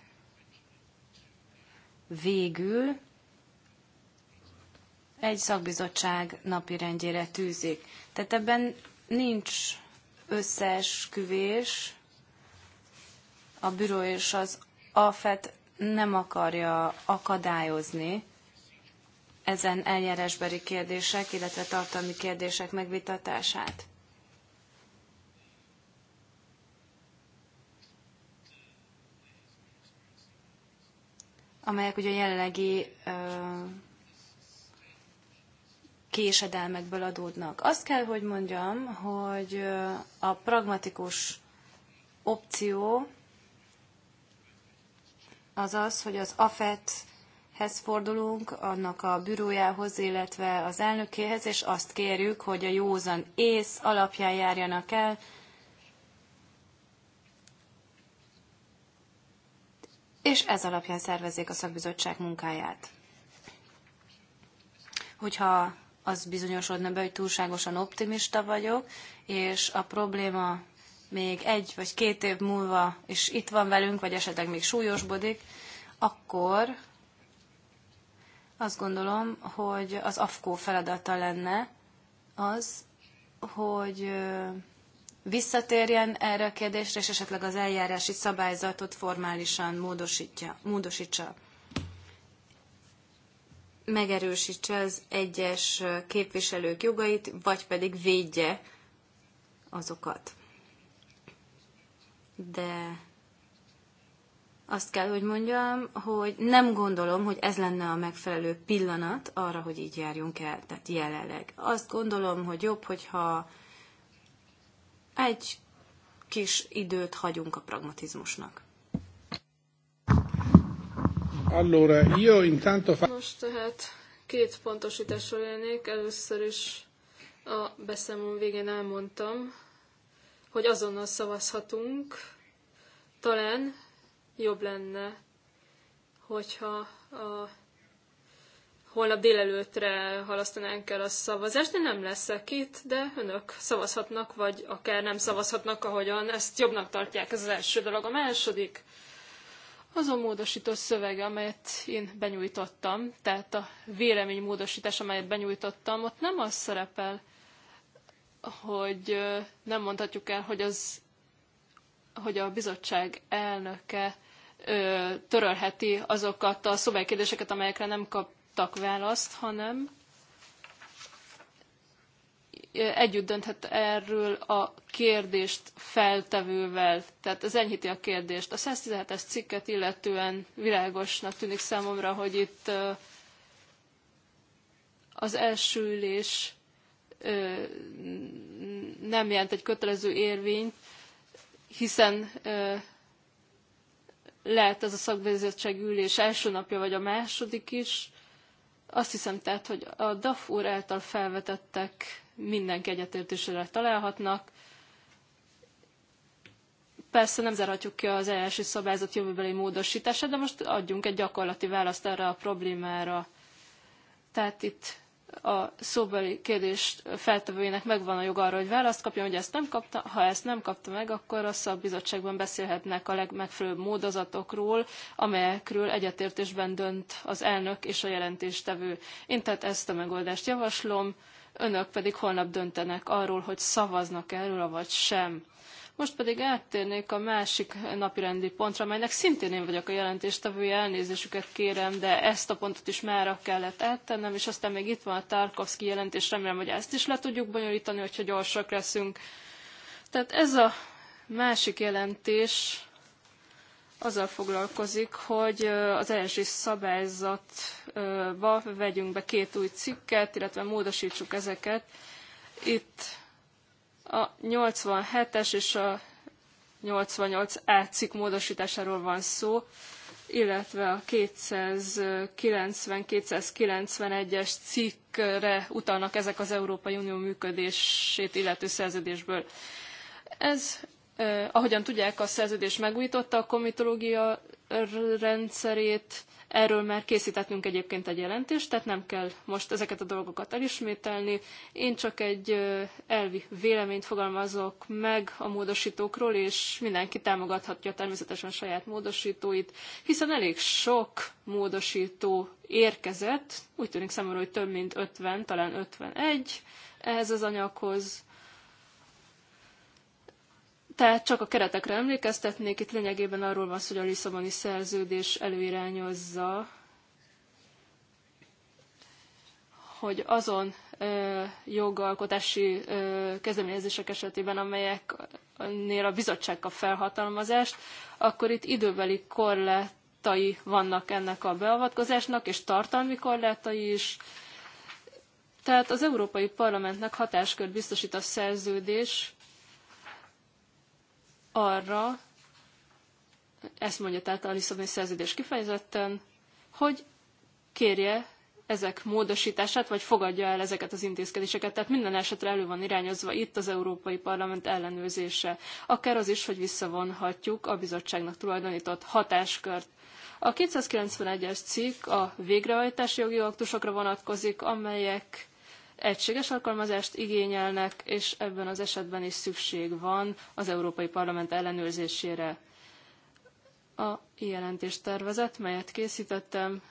végül egy szakbizottság napirendjére tűzik. Tehát ebben nincs összeesküvés a büro és az AFET nem akarja akadályozni ezen eljárásbeli kérdések, illetve tartalmi kérdések megvitatását. amelyek ugye a jelenlegi ö, késedelmekből adódnak. Azt kell, hogy mondjam, hogy a pragmatikus opció az az, hogy az AFET-hez fordulunk, annak a bürójához, illetve az elnökéhez, és azt kérjük, hogy a józan ész alapján járjanak el, és ez alapján szervezzék a szakbizottság munkáját. Hogyha az bizonyosodna be, hogy túlságosan optimista vagyok, és a probléma még egy vagy két év múlva is itt van velünk, vagy esetleg még súlyosbodik, akkor azt gondolom, hogy az AFKO feladata lenne az, hogy visszatérjen erre a kérdésre, és esetleg az eljárási szabályzatot formálisan módosítja, módosítsa. Megerősítse az egyes képviselők jogait, vagy pedig védje azokat de azt kell, hogy mondjam, hogy nem gondolom, hogy ez lenne a megfelelő pillanat arra, hogy így járjunk el, tehát jelenleg. Azt gondolom, hogy jobb, hogyha egy kis időt hagyunk a pragmatizmusnak. Allora, io intanto fa... Most tehát két pontosításról jönnék. Először is a beszámom végén elmondtam, hogy azonnal szavazhatunk. Talán jobb lenne, hogyha a holnap délelőtre halasztanánk el a szavazást. de nem leszek itt, de önök szavazhatnak, vagy akár nem szavazhatnak, ahogyan ezt jobbnak tartják. Ez az első dolog. A második az a módosító szövege, amelyet én benyújtottam, tehát a vélemény amelyet benyújtottam, ott nem az szerepel, hogy nem mondhatjuk el, hogy, az, hogy a bizottság elnöke törölheti azokat a szobálykérdéseket, amelyekre nem kaptak választ, hanem együtt dönthet erről a kérdést feltevővel. Tehát ez enyhíti a kérdést. A 117-es cikket illetően világosnak tűnik számomra, hogy itt az első ülés nem jelent egy kötelező érvényt, hiszen lehet ez a szakbizottság ülés első napja vagy a második is. Azt hiszem tehát, hogy a DAF úr által felvetettek mindenki egyetértésére találhatnak. Persze nem zárhatjuk ki az első szabályzat jövőbeli módosítását, de most adjunk egy gyakorlati választ erre a problémára. Tehát itt a szóbeli kérdést feltevőjének megvan a joga arra, hogy választ kapjon, hogy ezt nem kapta. Ha ezt nem kapta meg, akkor a szakbizottságban beszélhetnek a legmegfelelőbb módozatokról, amelyekről egyetértésben dönt az elnök és a jelentéstevő. Én tehát ezt a megoldást javaslom, önök pedig holnap döntenek arról, hogy szavaznak erről, vagy sem. Most pedig áttérnék a másik napirendi pontra, amelynek szintén én vagyok a jelentéstevője, elnézésüket kérem, de ezt a pontot is mára kellett áttennem, és aztán még itt van a Tarkovsky jelentés, remélem, hogy ezt is le tudjuk bonyolítani, hogyha gyorsak leszünk. Tehát ez a másik jelentés azzal foglalkozik, hogy az első szabályzatba vegyünk be két új cikket, illetve módosítsuk ezeket. Itt a 87-es és a 88A cikk módosításáról van szó, illetve a 290-291-es cikkre utalnak ezek az Európai Unió működését illető szerződésből. Ez, eh, ahogyan tudják, a szerződés megújította a komitológia rendszerét, Erről már készítettünk egyébként egy jelentést, tehát nem kell most ezeket a dolgokat elismételni. Én csak egy elvi véleményt fogalmazok meg a módosítókról, és mindenki támogathatja természetesen saját módosítóit, hiszen elég sok módosító érkezett, úgy tűnik számomra, hogy több mint 50, talán 51 ehhez az anyaghoz tehát csak a keretekre emlékeztetnék, itt lényegében arról van szó, hogy a Lisszaboni szerződés előirányozza, hogy azon ö, jogalkotási ö, kezdeményezések esetében, amelyeknél a bizottság kap felhatalmazást, akkor itt időbeli korlátai vannak ennek a beavatkozásnak, és tartalmi korlátai is. Tehát az Európai Parlamentnek hatáskört biztosít a szerződés, arra, ezt mondja tehát a Lisszaboni szerződés kifejezetten, hogy kérje ezek módosítását, vagy fogadja el ezeket az intézkedéseket. Tehát minden esetre elő van irányozva itt az Európai Parlament ellenőrzése. Akár az is, hogy visszavonhatjuk a bizottságnak tulajdonított hatáskört. A 291-es cikk a végrehajtási jogi aktusokra vonatkozik, amelyek egységes alkalmazást igényelnek, és ebben az esetben is szükség van az Európai Parlament ellenőrzésére. A jelentéstervezet, melyet készítettem,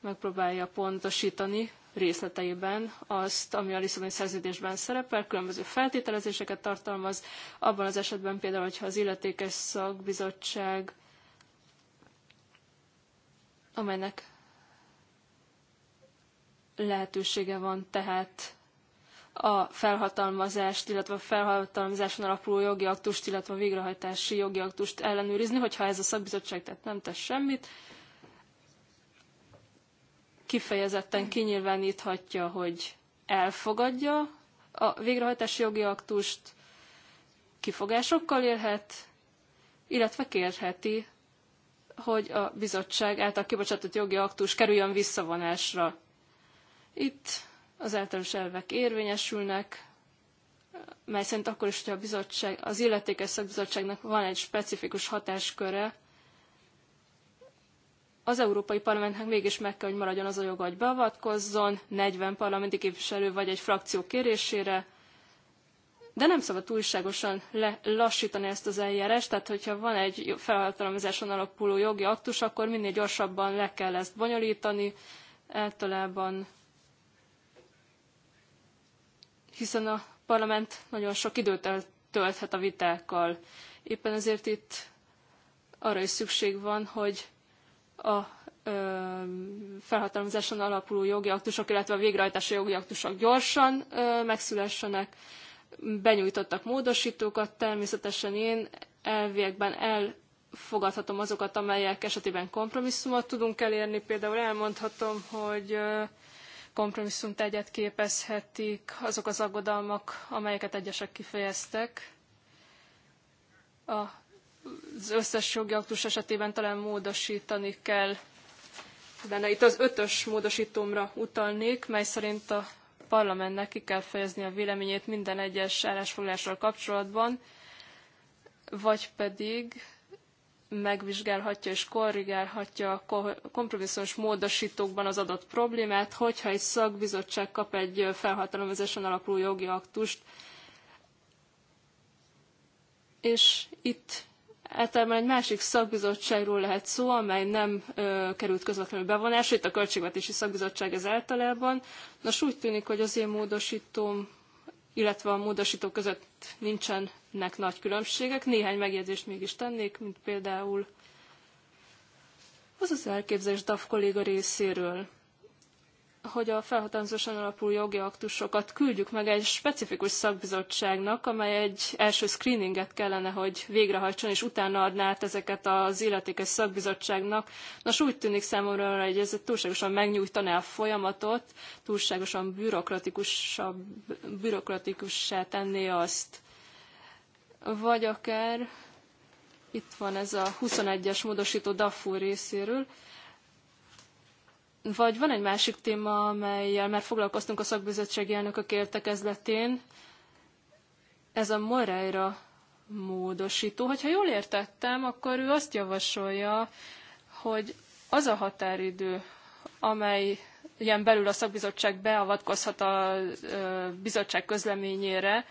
megpróbálja pontosítani részleteiben azt, ami a Lisszaboni szerződésben szerepel, különböző feltételezéseket tartalmaz, abban az esetben például, hogyha az illetékes szakbizottság, amelynek lehetősége van tehát a felhatalmazást, illetve a felhatalmazáson alapuló jogi aktust, illetve a végrehajtási jogi aktust ellenőrizni, hogyha ez a szakbizottság tehát nem tesz semmit, kifejezetten kinyilváníthatja, hogy elfogadja a végrehajtási jogi aktust, kifogásokkal élhet, illetve kérheti, hogy a bizottság által kibocsátott jogi aktus kerüljön visszavonásra. Itt az általános elvek érvényesülnek, mely szerint akkor is, hogyha a bizottság, az illetékes szakbizottságnak van egy specifikus hatásköre, az Európai Parlamentnek mégis meg kell, hogy maradjon az a joga, hogy beavatkozzon 40 parlamenti képviselő vagy egy frakció kérésére, de nem szabad túlságosan lassítani ezt az eljárást, tehát hogyha van egy felhatalmazáson alapuló jogi aktus, akkor minél gyorsabban le kell ezt bonyolítani, általában hiszen a parlament nagyon sok időt tölthet a vitákkal. Éppen ezért itt arra is szükség van, hogy a felhatalmazáson alapuló jogi aktusok, illetve a végrehajtási jogi aktusok gyorsan megszülessenek. Benyújtottak módosítókat, természetesen én elviekben elfogadhatom azokat, amelyek esetében kompromisszumot tudunk elérni. Például elmondhatom, hogy egyet képezhetik azok az aggodalmak, amelyeket egyesek kifejeztek. Az összes jogi aktus esetében talán módosítani kell, de itt az ötös módosítómra utalnék, mely szerint a parlamentnek ki kell fejezni a véleményét minden egyes állásfoglalással kapcsolatban, vagy pedig megvizsgálhatja és korrigálhatja a kompromisszumos módosítókban az adott problémát, hogyha egy szakbizottság kap egy felhatalmazáson alapuló jogi aktust. És itt általában egy másik szakbizottságról lehet szó, amely nem ö, került közvetlenül bevonásra, itt a Költségvetési Szakbizottság ez általában. Nos, úgy tűnik, hogy az én módosítom illetve a módosítók között nincsenek nagy különbségek. Néhány megjegyzést mégis tennék, mint például az az elképzelés DAF kolléga részéről, hogy a felhatalmazáson alapuló jogi aktusokat küldjük meg egy specifikus szakbizottságnak, amely egy első screeninget kellene, hogy végrehajtson, és utána adná át ezeket az illetékes szakbizottságnak. Nos, úgy tűnik számomra, hogy ez túlságosan megnyújtaná a folyamatot, túlságosan bürokratikusabb, bürokratikussá tenné azt. Vagy akár itt van ez a 21-es módosító DAFU részéről, vagy van egy másik téma, amelyel már foglalkoztunk a szakbizottsági elnökök értekezletén, ez a Moreira módosító. Hogyha jól értettem, akkor ő azt javasolja, hogy az a határidő, amely ilyen belül a szakbizottság beavatkozhat a bizottság közleményére,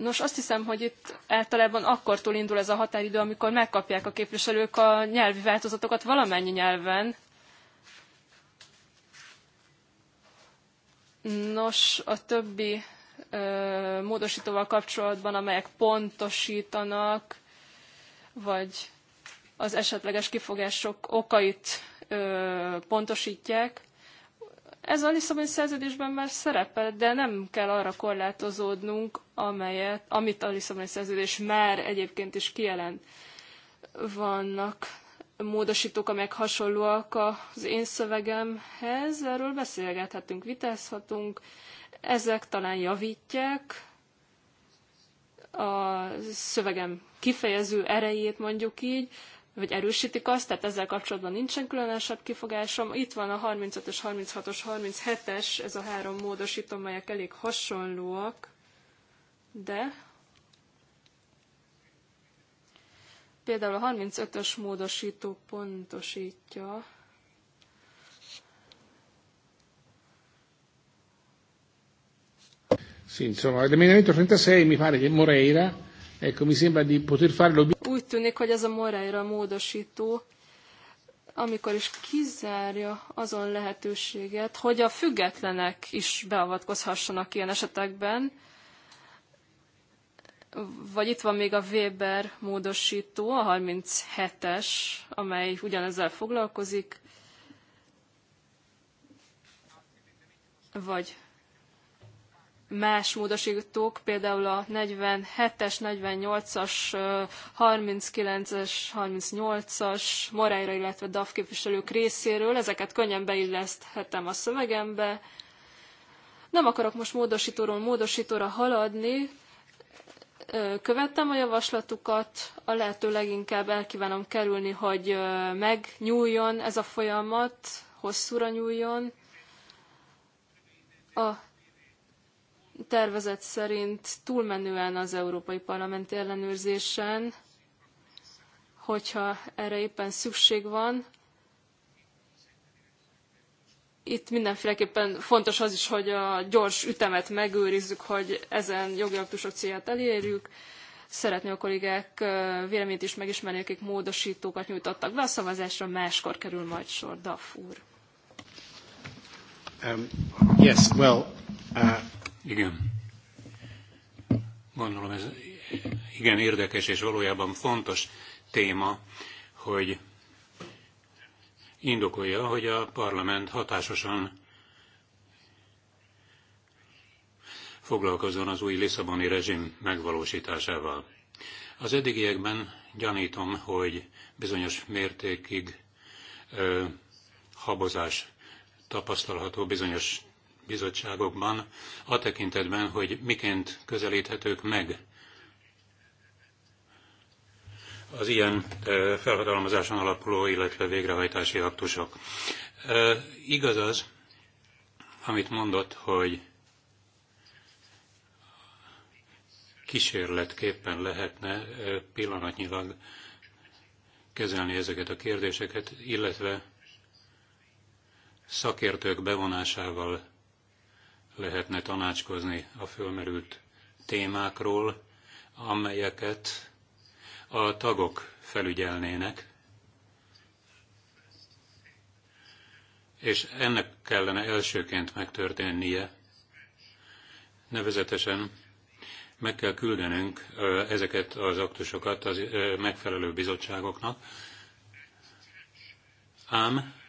Nos, azt hiszem, hogy itt általában akkortól indul ez a határidő, amikor megkapják a képviselők a nyelvi változatokat valamennyi nyelven. Nos, a többi ö, módosítóval kapcsolatban, amelyek pontosítanak, vagy az esetleges kifogások okait ö, pontosítják, ez a Lisszaboni szerződésben már szerepel, de nem kell arra korlátozódnunk, amelyet, amit a Lisszaboni szerződés már egyébként is kijelent. Vannak módosítók, amelyek hasonlóak az én szövegemhez, erről beszélgethetünk, vitázhatunk, ezek talán javítják a szövegem kifejező erejét, mondjuk így, vagy erősítik azt, tehát ezzel kapcsolatban nincsen különösebb kifogásom. Itt van a 35-ös, 36-os, 37-es, ez a három módosító, melyek elég hasonlóak, de például a 35-ös módosító pontosítja, Sí, insomma, l'emendamento 36 mi pare che Moreira Ecco, mi sembra di poter farlo. Úgy tűnik, hogy ez a Moreira módosító, amikor is kizárja azon lehetőséget, hogy a függetlenek is beavatkozhassanak ilyen esetekben, vagy itt van még a Weber módosító, a 37-es, amely ugyanezzel foglalkozik, vagy más módosítók, például a 47-es, 48-as, 39-es, 38-as Morájra, illetve DAF képviselők részéről, ezeket könnyen beilleszthetem a szövegembe. Nem akarok most módosítóról módosítóra haladni, követtem a javaslatukat, a lehető leginkább elkívánom kerülni, hogy megnyúljon ez a folyamat, hosszúra nyúljon. A tervezet szerint túlmenően az Európai Parlament ellenőrzésen, hogyha erre éppen szükség van. Itt mindenféleképpen fontos az is, hogy a gyors ütemet megőrizzük, hogy ezen jogi aktusok célját elérjük. Szeretném a kollégák véleményt is megismerni, akik módosítókat nyújtottak be. A szavazásra máskor kerül majd sor. Daf úr. Um, yes, well, uh... Igen. Gondolom ez igen érdekes és valójában fontos téma, hogy indokolja, hogy a parlament hatásosan foglalkozzon az új Lisszaboni rezsim megvalósításával. Az eddigiekben gyanítom, hogy bizonyos mértékig ö, habozás tapasztalható bizonyos bizottságokban a tekintetben, hogy miként közelíthetők meg az ilyen felhatalmazáson alapuló, illetve végrehajtási aktusok. Igaz az, amit mondott, hogy kísérletképpen lehetne pillanatnyilag kezelni ezeket a kérdéseket, illetve szakértők bevonásával lehetne tanácskozni a fölmerült témákról, amelyeket a tagok felügyelnének, és ennek kellene elsőként megtörténnie, nevezetesen meg kell küldenünk ezeket az aktusokat az megfelelő bizottságoknak, ám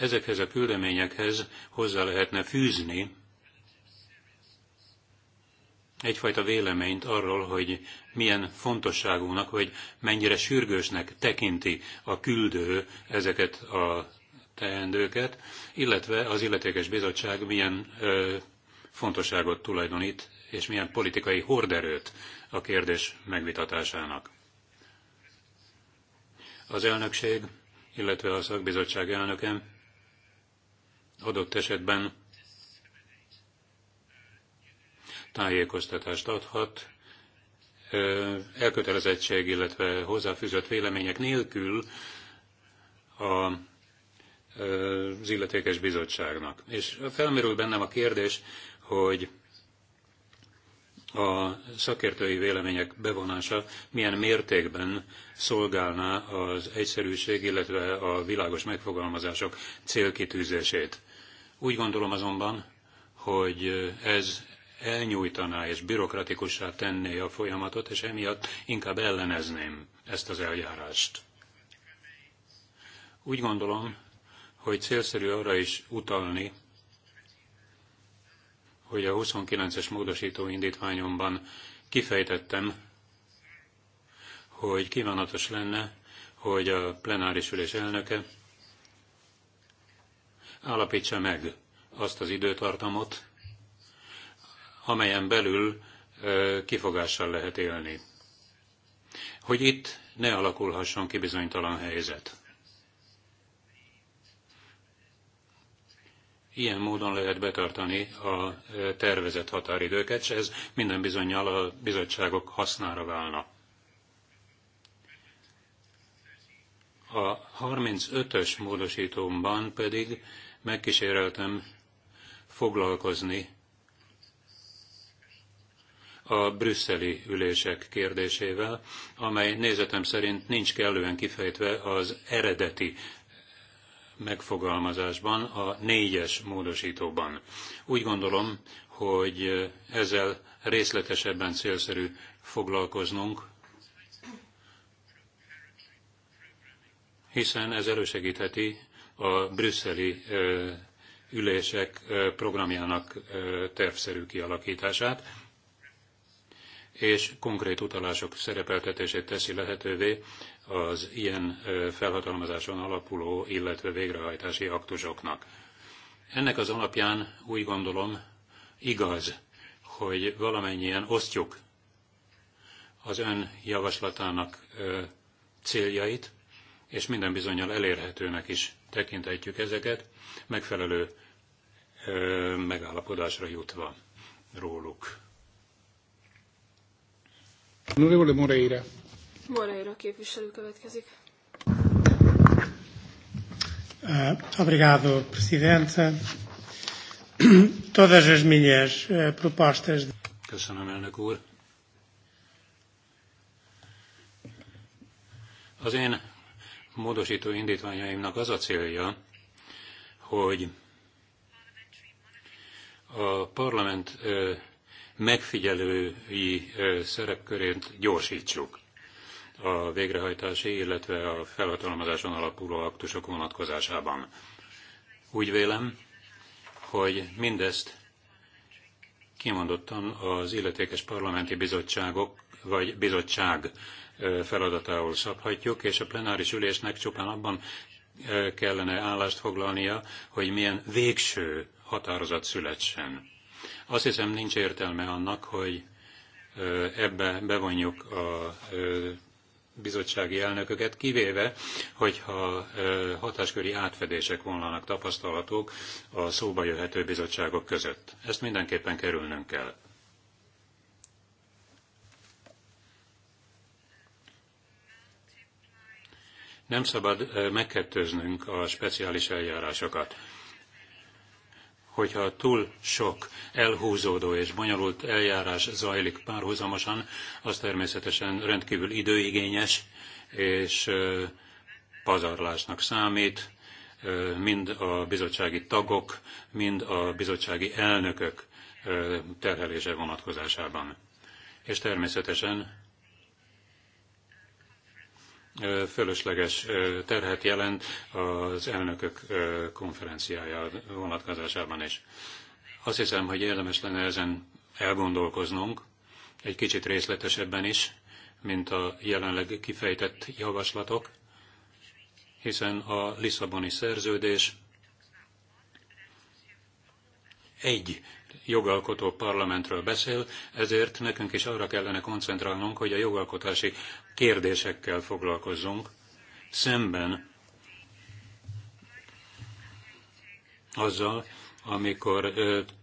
ezekhez a küldeményekhez hozzá lehetne fűzni egyfajta véleményt arról, hogy milyen fontosságúnak, hogy mennyire sürgősnek tekinti a küldő ezeket a teendőket, illetve az illetékes bizottság milyen ö, fontosságot tulajdonít, és milyen politikai horderőt a kérdés megvitatásának. Az elnökség, illetve a szakbizottság elnöke adott esetben tájékoztatást adhat, elkötelezettség, illetve hozzáfűzött vélemények nélkül a, az illetékes bizottságnak. És felmerül bennem a kérdés, hogy a szakértői vélemények bevonása milyen mértékben szolgálná az egyszerűség, illetve a világos megfogalmazások célkitűzését. Úgy gondolom azonban, hogy ez elnyújtaná és bürokratikussá tenné a folyamatot, és emiatt inkább ellenezném ezt az eljárást. Úgy gondolom, hogy célszerű arra is utalni, hogy a 29-es módosító indítványomban kifejtettem, hogy kívánatos lenne, hogy a plenáris ülés elnöke állapítsa meg azt az időtartamot, amelyen belül kifogással lehet élni. Hogy itt ne alakulhasson ki bizonytalan helyzet. Ilyen módon lehet betartani a tervezett határidőket, és ez minden bizonyal a bizottságok hasznára válna. A 35-ös módosítómban pedig megkíséreltem foglalkozni a brüsszeli ülések kérdésével, amely nézetem szerint nincs kellően kifejtve az eredeti megfogalmazásban, a négyes módosítóban. Úgy gondolom, hogy ezzel részletesebben célszerű foglalkoznunk, hiszen ez elősegítheti a brüsszeli ülések programjának tervszerű kialakítását, és konkrét utalások szerepeltetését teszi lehetővé az ilyen felhatalmazáson alapuló, illetve végrehajtási aktusoknak. Ennek az alapján úgy gondolom igaz, hogy valamennyien osztjuk az ön javaslatának céljait, és minden bizonyal elérhetőnek is tekinthetjük ezeket, megfelelő ö, megállapodásra jutva róluk. Honorable Moreira. Moreira képviselő következik. Uh, obrigado, Presidente. Todas as minhas uh, propostas. De... Köszönöm, elnök úr. Az én módosító indítványaimnak az a célja, hogy a parlament megfigyelői szerepkörét gyorsítsuk a végrehajtási, illetve a felhatalmazáson alapuló aktusok vonatkozásában. Úgy vélem, hogy mindezt kimondottan az illetékes parlamenti bizottságok vagy bizottság feladatául szabhatjuk, és a plenáris ülésnek csupán abban kellene állást foglalnia, hogy milyen végső határozat születsen. Azt hiszem nincs értelme annak, hogy ebbe bevonjuk a bizottsági elnököket, kivéve, hogyha hatásköri átfedések vonlanak tapasztalatok a szóba jöhető bizottságok között. Ezt mindenképpen kerülnünk kell. Nem szabad megkettőznünk a speciális eljárásokat. Hogyha túl sok elhúzódó és bonyolult eljárás zajlik párhuzamosan, az természetesen rendkívül időigényes és pazarlásnak számít, mind a bizottsági tagok, mind a bizottsági elnökök terhelése vonatkozásában. És természetesen fölösleges terhet jelent az elnökök konferenciája vonatkozásában is. Azt hiszem, hogy érdemes lenne ezen elgondolkoznunk, egy kicsit részletesebben is, mint a jelenleg kifejtett javaslatok, hiszen a Lisszaboni szerződés egy jogalkotó parlamentről beszél, ezért nekünk is arra kellene koncentrálnunk, hogy a jogalkotási kérdésekkel foglalkozzunk, szemben azzal, amikor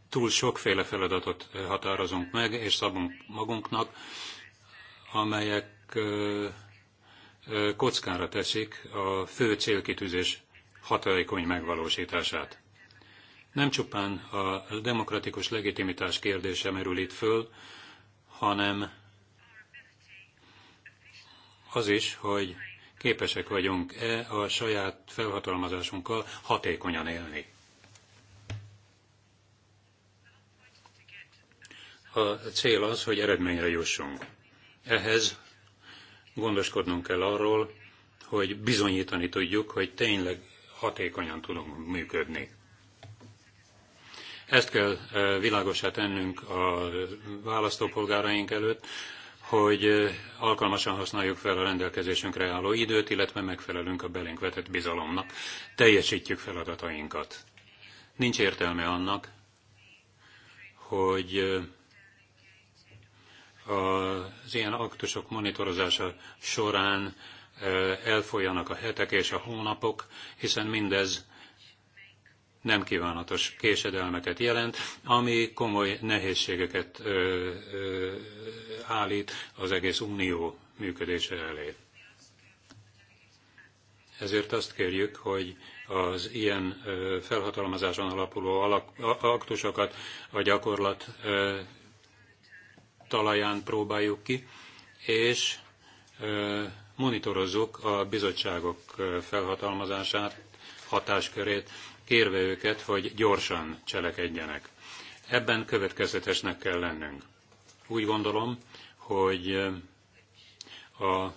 túl sokféle feladatot határozunk meg, és szabunk magunknak, amelyek kockára teszik a fő célkitűzés hatékony megvalósítását. Nem csupán a demokratikus legitimitás kérdése merül itt föl, hanem az is, hogy képesek vagyunk-e a saját felhatalmazásunkkal hatékonyan élni. A cél az, hogy eredményre jussunk. Ehhez gondoskodnunk kell arról, hogy bizonyítani tudjuk, hogy tényleg hatékonyan tudunk működni. Ezt kell világosá tennünk a választópolgáraink előtt, hogy alkalmasan használjuk fel a rendelkezésünkre álló időt, illetve megfelelünk a belénk vetett bizalomnak. Teljesítjük feladatainkat. Nincs értelme annak, hogy az ilyen aktusok monitorozása során elfolyanak a hetek és a hónapok, hiszen mindez nem kívánatos késedelmeket jelent, ami komoly nehézségeket ö, ö, állít az egész unió működése elé. Ezért azt kérjük, hogy az ilyen felhatalmazáson alapuló alak, aktusokat a gyakorlat ö, talaján próbáljuk ki, és ö, monitorozzuk a bizottságok felhatalmazását, hatáskörét, kérve őket, hogy gyorsan cselekedjenek. Ebben következetesnek kell lennünk. Úgy gondolom, hogy eh, a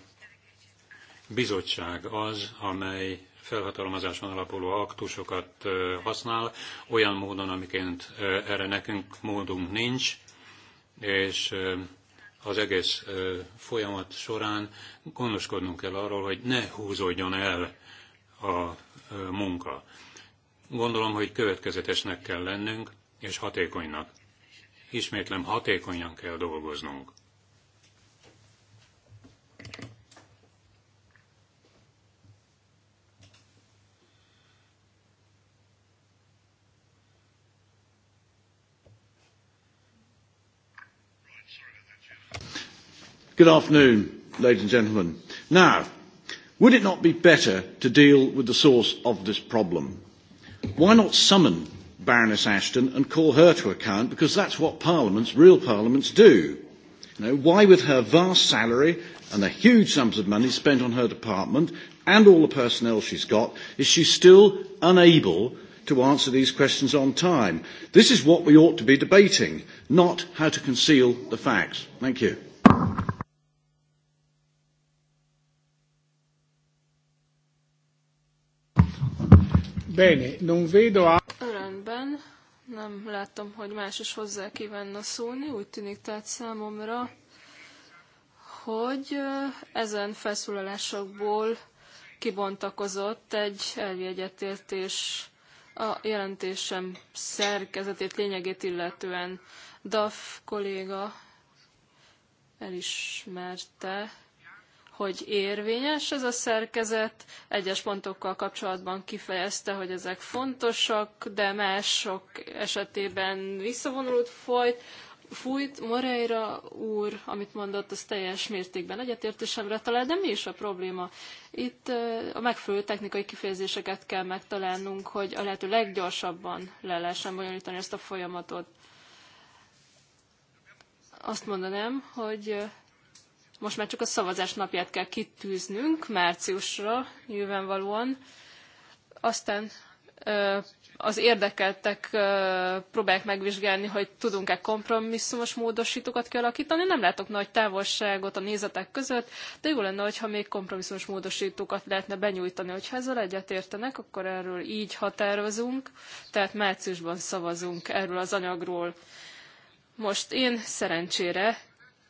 bizottság az, amely felhatalmazáson alapuló aktusokat eh, használ, olyan módon, amiként eh, erre nekünk módunk nincs, és az egész folyamat során gondoskodnunk kell arról, hogy ne húzódjon el a munka. Gondolom, hogy következetesnek kell lennünk, és hatékonynak. Ismétlem, hatékonyan kell dolgoznunk. Good afternoon, ladies and gentlemen. Now, would it not be better to deal with the source of this problem? Why not summon Baroness Ashton and call her to account? Because that's what parliaments, real parliaments, do. You know, why, with her vast salary and the huge sums of money spent on her department and all the personnel she's got, is she still unable to answer these questions on time? This is what we ought to be debating, not how to conceal the facts. Thank you. Bene, non vedo a... Rendben, nem látom, hogy más is hozzá kívánna szólni, úgy tűnik tehát számomra, hogy ezen felszólalásokból kibontakozott egy elvi egyetértés a jelentésem szerkezetét, lényegét illetően. DAF kolléga elismerte, hogy érvényes ez a szerkezet. Egyes pontokkal kapcsolatban kifejezte, hogy ezek fontosak, de mások esetében visszavonulót folyt. Fújt Moreira úr, amit mondott, az teljes mértékben egyetértésemre talál, de mi is a probléma? Itt a megfelelő technikai kifejezéseket kell megtalálnunk, hogy a lehető leggyorsabban le lehessen bonyolítani ezt a folyamatot. Azt mondanám, hogy most már csak a szavazás napját kell kitűznünk, márciusra nyilvánvalóan. Aztán az érdekeltek próbálják megvizsgálni, hogy tudunk-e kompromisszumos módosítókat kialakítani. Nem látok nagy távolságot a nézetek között, de jó lenne, hogyha még kompromisszumos módosítókat lehetne benyújtani. Hogyha ezzel egyetértenek, akkor erről így határozunk, tehát márciusban szavazunk erről az anyagról. Most én szerencsére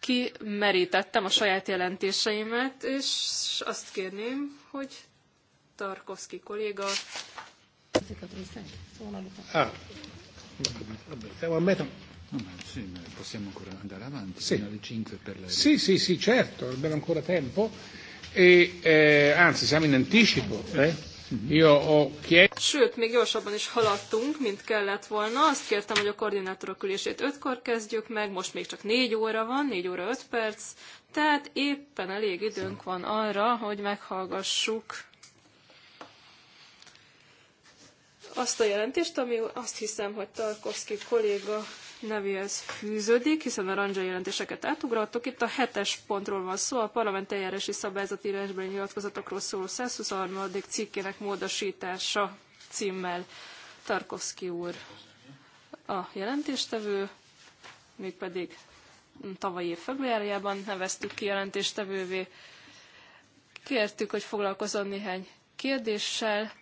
kimerítettem a saját jelentéseimet, és azt kérném, hogy Tarkovski kolléga... Ah. sì, possiamo ancora andare avanti fino alle per Sì, sì, sì, certo, abbiamo ancora tempo. E, eh, anzi, siamo in anticipo. Eh? Mhm. Sőt, még gyorsabban is haladtunk, mint kellett volna. Azt kértem, hogy a koordinátorok ülését ötkor kezdjük meg, most még csak négy óra van, négy óra öt perc, tehát éppen elég időnk van arra, hogy meghallgassuk azt a jelentést, ami azt hiszem, hogy Tarkovsky kolléga nevéhez fűződik, hiszen a randzsa jelentéseket átugrattuk. Itt a hetes pontról van szó, a parlament eljárási szabályzati írásbeli nyilatkozatokról szóló 123. cikkének módosítása címmel. Tarkovszki úr a jelentéstevő, mégpedig tavalyi év februárjában neveztük ki jelentéstevővé. Kértük, hogy foglalkozzon néhány kérdéssel.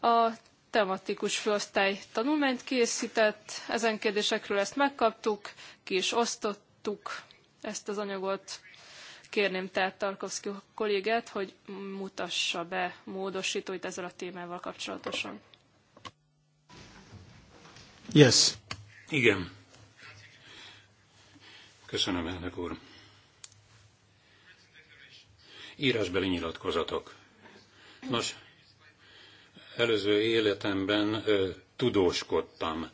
A tematikus főosztály tanulmányt készített, ezen kérdésekről ezt megkaptuk, ki is osztottuk ezt az anyagot. Kérném tehát Tarkovszki kollégát, hogy mutassa be módosítóit ezzel a témával kapcsolatosan. Yes. Igen. Köszönöm, elnök úr. Írásbeli nyilatkozatok. Nos, előző életemben tudóskodtam.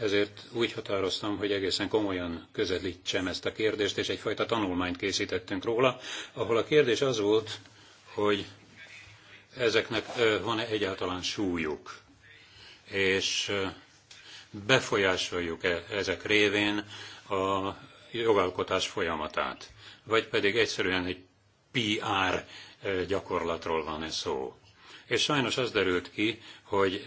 Ezért úgy határoztam, hogy egészen komolyan közelítsem ezt a kérdést, és egyfajta tanulmányt készítettünk róla, ahol a kérdés az volt, hogy ezeknek van-e egyáltalán súlyuk, és befolyásoljuk-e ezek révén a jogalkotás folyamatát, vagy pedig egyszerűen egy PR gyakorlatról van-e szó és sajnos az derült ki, hogy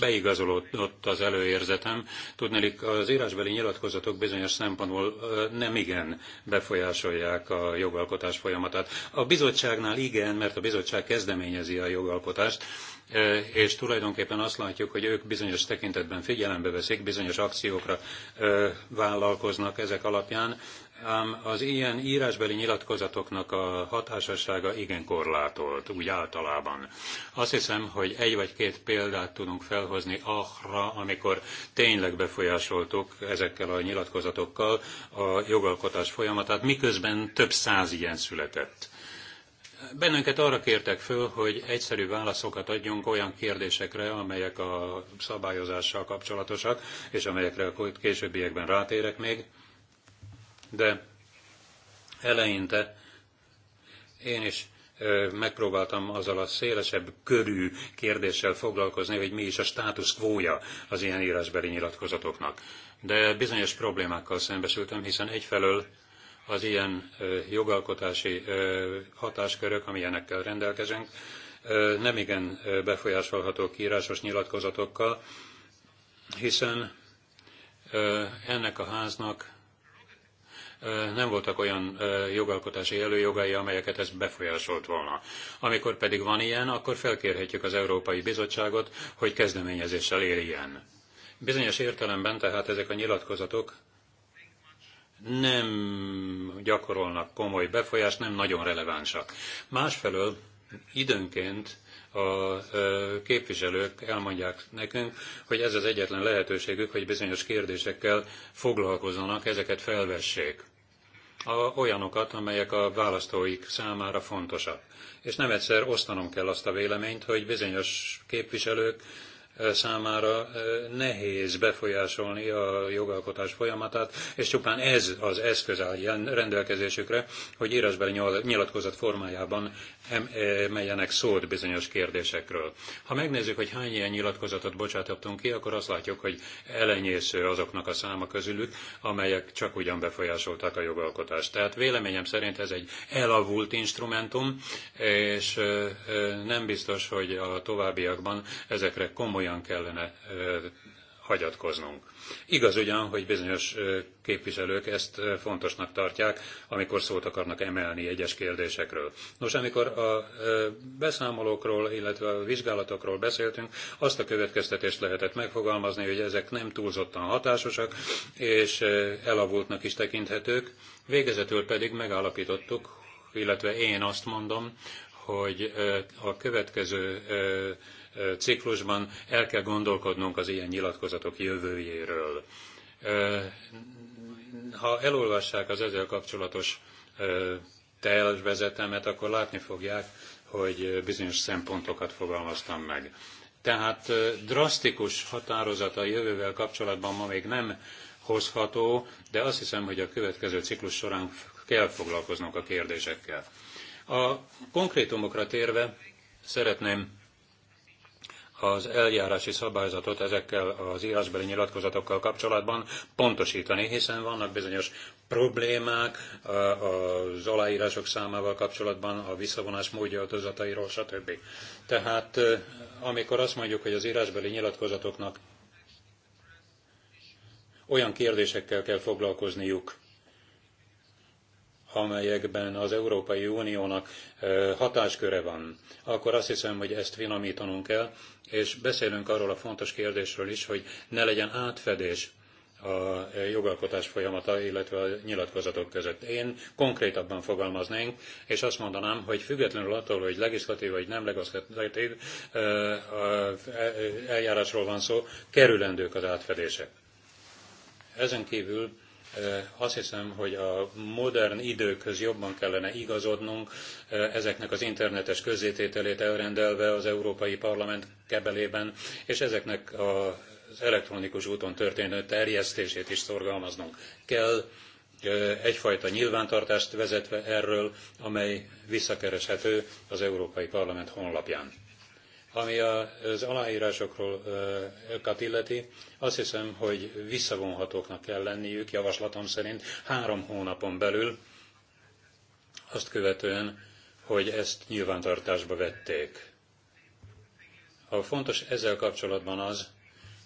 beigazolódott az előérzetem. Tudnélik, az írásbeli nyilatkozatok bizonyos szempontból nem igen befolyásolják a jogalkotás folyamatát. A bizottságnál igen, mert a bizottság kezdeményezi a jogalkotást, és tulajdonképpen azt látjuk, hogy ők bizonyos tekintetben figyelembe veszik, bizonyos akciókra vállalkoznak ezek alapján, Ám az ilyen írásbeli nyilatkozatoknak a hatásossága igen korlátolt, úgy általában. Azt hiszem, hogy egy vagy két példát tudunk felhozni arra, amikor tényleg befolyásoltuk ezekkel a nyilatkozatokkal a jogalkotás folyamatát, miközben több száz ilyen született. Bennünket arra kértek föl, hogy egyszerű válaszokat adjunk olyan kérdésekre, amelyek a szabályozással kapcsolatosak, és amelyekre a későbbiekben rátérek még de eleinte én is megpróbáltam azzal a szélesebb körű kérdéssel foglalkozni, hogy mi is a státusz kvója az ilyen írásbeli nyilatkozatoknak. De bizonyos problémákkal szembesültem, hiszen egyfelől az ilyen jogalkotási hatáskörök, amilyenekkel rendelkezünk, nem igen befolyásolhatók írásos nyilatkozatokkal, hiszen ennek a háznak nem voltak olyan jogalkotási előjogai, amelyeket ez befolyásolt volna. Amikor pedig van ilyen, akkor felkérhetjük az Európai Bizottságot, hogy kezdeményezéssel érjen. Bizonyos értelemben tehát ezek a nyilatkozatok nem gyakorolnak komoly befolyást, nem nagyon relevánsak. Másfelől időnként a képviselők elmondják nekünk, hogy ez az egyetlen lehetőségük, hogy bizonyos kérdésekkel foglalkozzanak, ezeket felvessék a olyanokat, amelyek a választóik számára fontosak. És nem egyszer osztanom kell azt a véleményt, hogy bizonyos képviselők számára nehéz befolyásolni a jogalkotás folyamatát, és csupán ez az eszköz áll rendelkezésükre, hogy írásbeli nyilatkozat formájában emeljenek szót bizonyos kérdésekről. Ha megnézzük, hogy hány ilyen nyilatkozatot bocsátottunk ki, akkor azt látjuk, hogy elenyésző azoknak a száma közülük, amelyek csak ugyan befolyásolták a jogalkotást. Tehát véleményem szerint ez egy elavult instrumentum, és nem biztos, hogy a továbbiakban ezekre komolyan hogyan kellene hagyatkoznunk. Igaz ugyan, hogy bizonyos képviselők ezt fontosnak tartják, amikor szót akarnak emelni egyes kérdésekről. Nos, amikor a beszámolókról, illetve a vizsgálatokról beszéltünk, azt a következtetést lehetett megfogalmazni, hogy ezek nem túlzottan hatásosak, és elavultnak is tekinthetők. Végezetül pedig megállapítottuk, illetve én azt mondom, hogy a következő ciklusban el kell gondolkodnunk az ilyen nyilatkozatok jövőjéről. Ha elolvassák az ezzel kapcsolatos tervezetemet, akkor látni fogják, hogy bizonyos szempontokat fogalmaztam meg. Tehát drasztikus határozat a jövővel kapcsolatban ma még nem hozható, de azt hiszem, hogy a következő ciklus során kell foglalkoznunk a kérdésekkel. A konkrétumokra térve szeretném az eljárási szabályzatot ezekkel az írásbeli nyilatkozatokkal kapcsolatban pontosítani, hiszen vannak bizonyos problémák az aláírások számával kapcsolatban, a visszavonás módja adozatairól, stb. Tehát amikor azt mondjuk, hogy az írásbeli nyilatkozatoknak olyan kérdésekkel kell foglalkozniuk, amelyekben az Európai Uniónak hatásköre van, akkor azt hiszem, hogy ezt finomítanunk kell, és beszélünk arról a fontos kérdésről is, hogy ne legyen átfedés a jogalkotás folyamata, illetve a nyilatkozatok között. Én konkrétabban fogalmaznénk, és azt mondanám, hogy függetlenül attól, hogy legislatív vagy nem legislatív e, eljárásról van szó, kerülendők az átfedések. Ezen kívül azt hiszem, hogy a modern időkhöz jobban kellene igazodnunk, ezeknek az internetes közzétételét elrendelve az Európai Parlament kebelében, és ezeknek az elektronikus úton történő terjesztését is szorgalmaznunk kell, egyfajta nyilvántartást vezetve erről, amely visszakereshető az Európai Parlament honlapján. Ami az aláírásokról illeti, azt hiszem, hogy visszavonhatóknak kell lenniük, javaslatom szerint három hónapon belül, azt követően, hogy ezt nyilvántartásba vették. A fontos ezzel kapcsolatban az,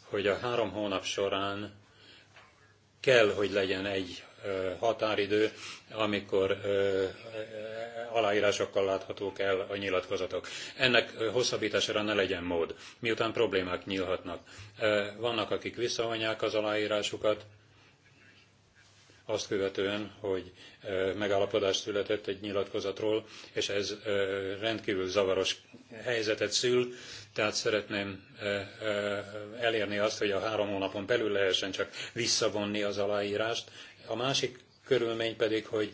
hogy a három hónap során kell, hogy legyen egy határidő, amikor e, aláírásokkal láthatók el a nyilatkozatok. Ennek hosszabbítására ne legyen mód, miután problémák nyílhatnak. Vannak, akik visszavonják az aláírásukat, azt követően, hogy megállapodás született egy nyilatkozatról, és ez rendkívül zavaros helyzetet szül, tehát szeretném elérni azt, hogy a három hónapon belül lehessen csak visszavonni az aláírást, a másik körülmény pedig, hogy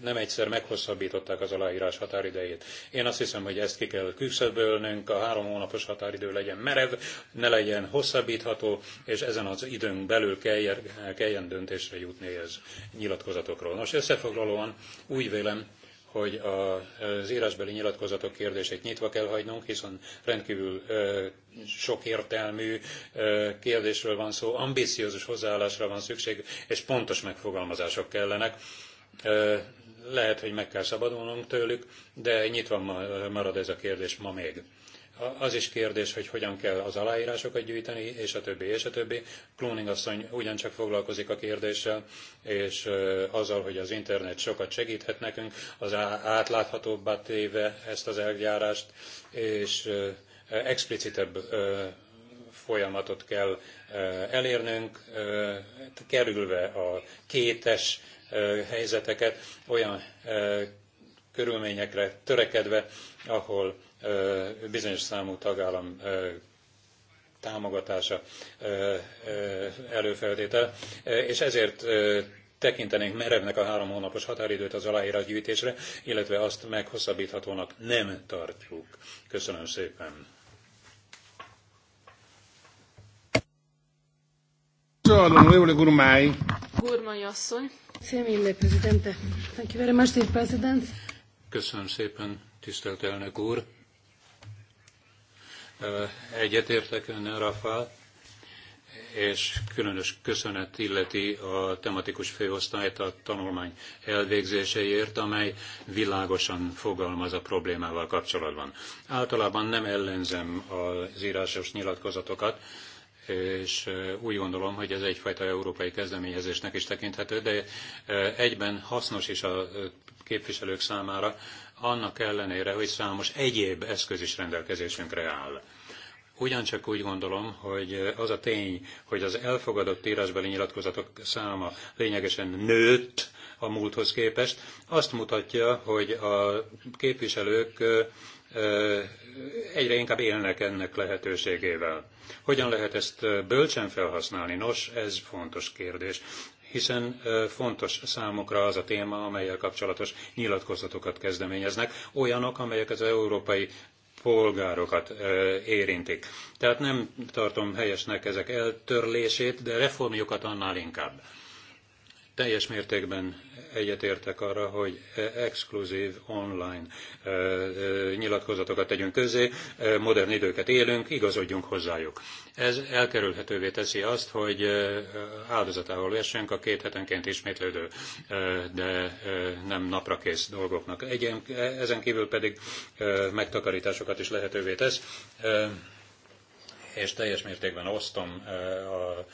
nem egyszer meghosszabbították az aláírás határidejét. Én azt hiszem, hogy ezt ki kell küszöbölnünk, a három hónapos határidő legyen merev, ne legyen hosszabbítható, és ezen az időn belül kelljen, kelljen döntésre jutni ez nyilatkozatokról. Nos, összefoglalóan úgy vélem, hogy az írásbeli nyilatkozatok kérdését nyitva kell hagynunk, hiszen rendkívül sok értelmű kérdésről van szó, ambiciózus hozzáállásra van szükség, és pontos megfogalmazások kellenek lehet, hogy meg kell szabadulnunk tőlük, de nyitva marad ez a kérdés ma még az is kérdés, hogy hogyan kell az aláírásokat gyűjteni, és a többi, és a többi. Cloning asszony ugyancsak foglalkozik a kérdéssel, és azzal, hogy az internet sokat segíthet nekünk, az átláthatóbbá téve ezt az eljárást, és explicitebb folyamatot kell elérnünk, kerülve a kétes helyzeteket, olyan körülményekre törekedve, ahol bizonyos számú tagállam támogatása előfeltétel, és ezért tekintenénk merevnek a három hónapos határidőt az gyűjtésre, illetve azt meghosszabbíthatónak nem tartjuk. Köszönöm szépen. Gurmai asszony. Köszönöm szépen, tisztelt elnök úr. Egyetértek önnel, Rafael, és különös köszönet illeti a tematikus főosztályt a tanulmány elvégzéseiért, amely világosan fogalmaz a problémával kapcsolatban. Általában nem ellenzem az írásos nyilatkozatokat, és úgy gondolom, hogy ez egyfajta európai kezdeményezésnek is tekinthető, de egyben hasznos is a képviselők számára, annak ellenére, hogy számos egyéb eszköz is rendelkezésünkre áll. Ugyancsak úgy gondolom, hogy az a tény, hogy az elfogadott írásbeli nyilatkozatok száma lényegesen nőtt a múlthoz képest, azt mutatja, hogy a képviselők egyre inkább élnek ennek lehetőségével. Hogyan lehet ezt bölcsen felhasználni? Nos, ez fontos kérdés hiszen fontos számukra az a téma, amelyel kapcsolatos nyilatkozatokat kezdeményeznek, olyanok, amelyek az európai polgárokat érintik. Tehát nem tartom helyesnek ezek eltörlését, de reformjukat annál inkább. Teljes mértékben egyetértek arra, hogy exkluzív online nyilatkozatokat tegyünk közé, modern időket élünk, igazodjunk hozzájuk. Ez elkerülhetővé teszi azt, hogy áldozatával vessünk a két hetenként ismétlődő, de nem napra kész dolgoknak. Egyen, ezen kívül pedig megtakarításokat is lehetővé tesz és teljes mértékben osztom a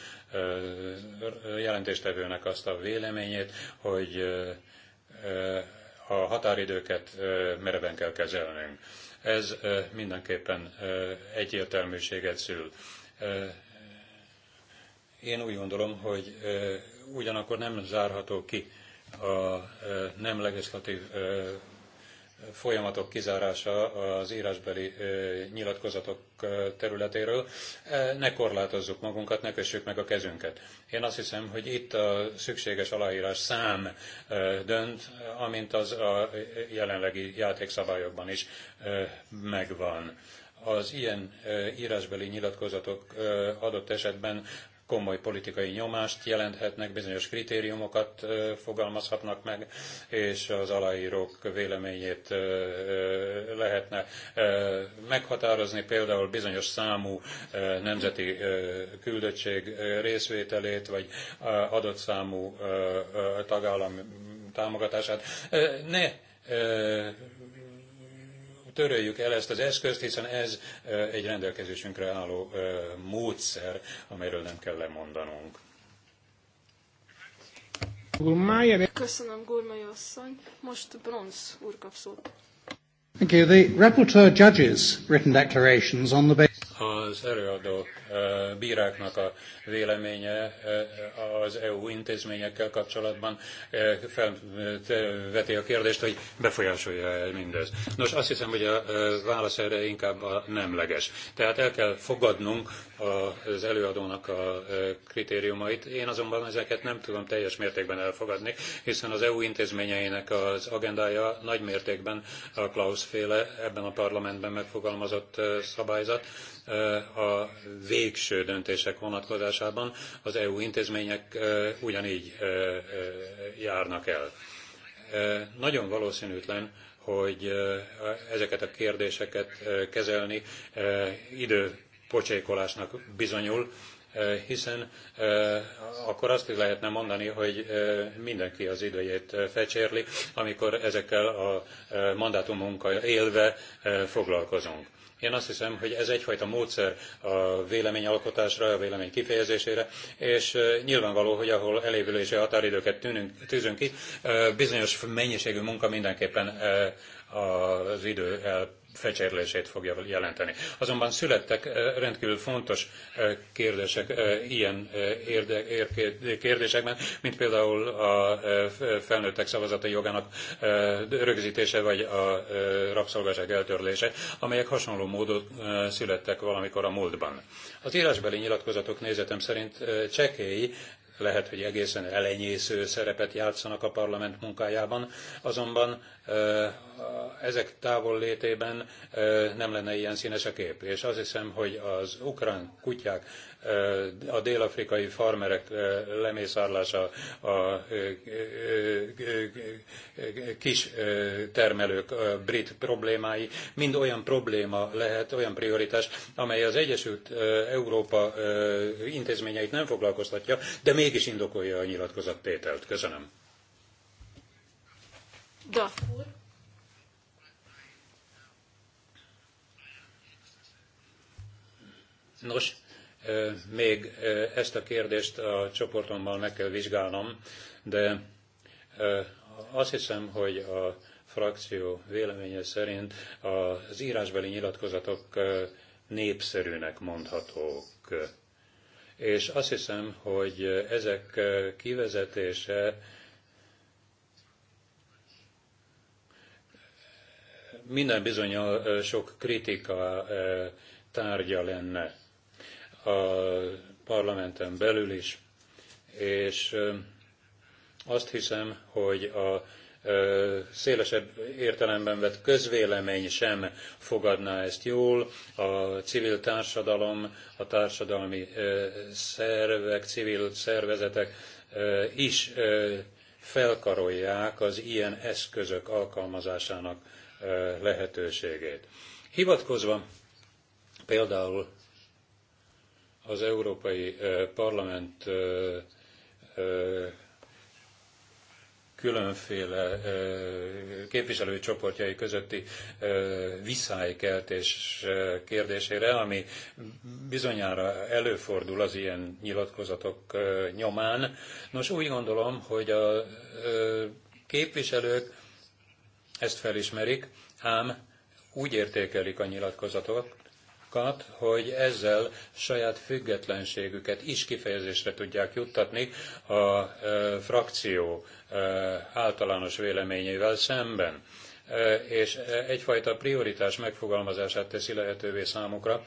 jelentéstevőnek azt a véleményét, hogy a határidőket mereven kell kezelnünk. Ez mindenképpen egyértelműséget szül. Én úgy gondolom, hogy ugyanakkor nem zárható ki a nem legislatív folyamatok kizárása az írásbeli nyilatkozatok területéről. Ne korlátozzuk magunkat, ne kössük meg a kezünket. Én azt hiszem, hogy itt a szükséges aláírás szám dönt, amint az a jelenlegi játékszabályokban is megvan az ilyen írásbeli nyilatkozatok adott esetben komoly politikai nyomást jelenthetnek, bizonyos kritériumokat fogalmazhatnak meg, és az aláírók véleményét lehetne meghatározni, például bizonyos számú nemzeti küldöttség részvételét, vagy adott számú tagállam támogatását. Ne töröljük el ezt az eszközt, hiszen ez egy rendelkezésünkre álló módszer, amelyről nem kell lemondanunk. Köszönöm, Gurmai asszony. Most Bronz úr kap szót. Thank you. The rapporteur judges written declarations on the basis az előadók, bíráknak a véleménye az EU intézményekkel kapcsolatban felveti a kérdést, hogy befolyásolja -e mindez. Nos, azt hiszem, hogy a válasz erre inkább a nemleges. Tehát el kell fogadnunk, az előadónak a e, kritériumait. Én azonban ezeket nem tudom teljes mértékben elfogadni, hiszen az EU intézményeinek az agendája nagy mértékben a Klaus féle ebben a parlamentben megfogalmazott e, szabályzat e, a végső döntések vonatkozásában az EU intézmények ugyanígy járnak el. Nagyon valószínűtlen, hogy ezeket a kérdéseket kezelni idő pocsékolásnak bizonyul, hiszen akkor azt is lehetne mondani, hogy mindenki az idejét fecsérli, amikor ezekkel a mandátumunkkal élve foglalkozunk. Én azt hiszem, hogy ez egyfajta módszer a véleményalkotásra, a vélemény kifejezésére, és nyilvánvaló, hogy ahol elévülési határidőket tűnünk, tűzünk ki, bizonyos mennyiségű munka mindenképpen az idő el fecsérlését fogja jelenteni. Azonban születtek rendkívül fontos kérdések ilyen kérdésekben, mint például a felnőttek szavazatai jogának rögzítése vagy a rabszolgaság eltörlése, amelyek hasonló módon születtek valamikor a múltban. Az írásbeli nyilatkozatok nézetem szerint csekély lehet, hogy egészen elenyésző szerepet játszanak a parlament munkájában, azonban ezek távol létében nem lenne ilyen színes a kép. És azt hiszem, hogy az ukrán kutyák a dél-afrikai farmerek lemészárlása, a kis termelők brit problémái, mind olyan probléma lehet, olyan prioritás, amely az Egyesült Európa intézményeit nem foglalkoztatja, de mégis indokolja a nyilatkozattételt. Köszönöm. Da. Nos, még ezt a kérdést a csoportommal meg kell vizsgálnom, de azt hiszem, hogy a frakció véleménye szerint az írásbeli nyilatkozatok népszerűnek mondhatók. És azt hiszem, hogy ezek kivezetése minden bizony sok kritika tárgya lenne a parlamenten belül is, és azt hiszem, hogy a szélesebb értelemben vett közvélemény sem fogadná ezt jól. A civil társadalom, a társadalmi szervek, civil szervezetek is felkarolják az ilyen eszközök alkalmazásának lehetőségét. Hivatkozva például az Európai Parlament különféle képviselőcsoportjai közötti viszálykeltés kérdésére, ami bizonyára előfordul az ilyen nyilatkozatok nyomán. Nos, úgy gondolom, hogy a képviselők ezt felismerik, ám úgy értékelik a nyilatkozatot, magukat, hogy ezzel saját függetlenségüket is kifejezésre tudják juttatni a frakció általános véleményével szemben és egyfajta prioritás megfogalmazását teszi lehetővé számukra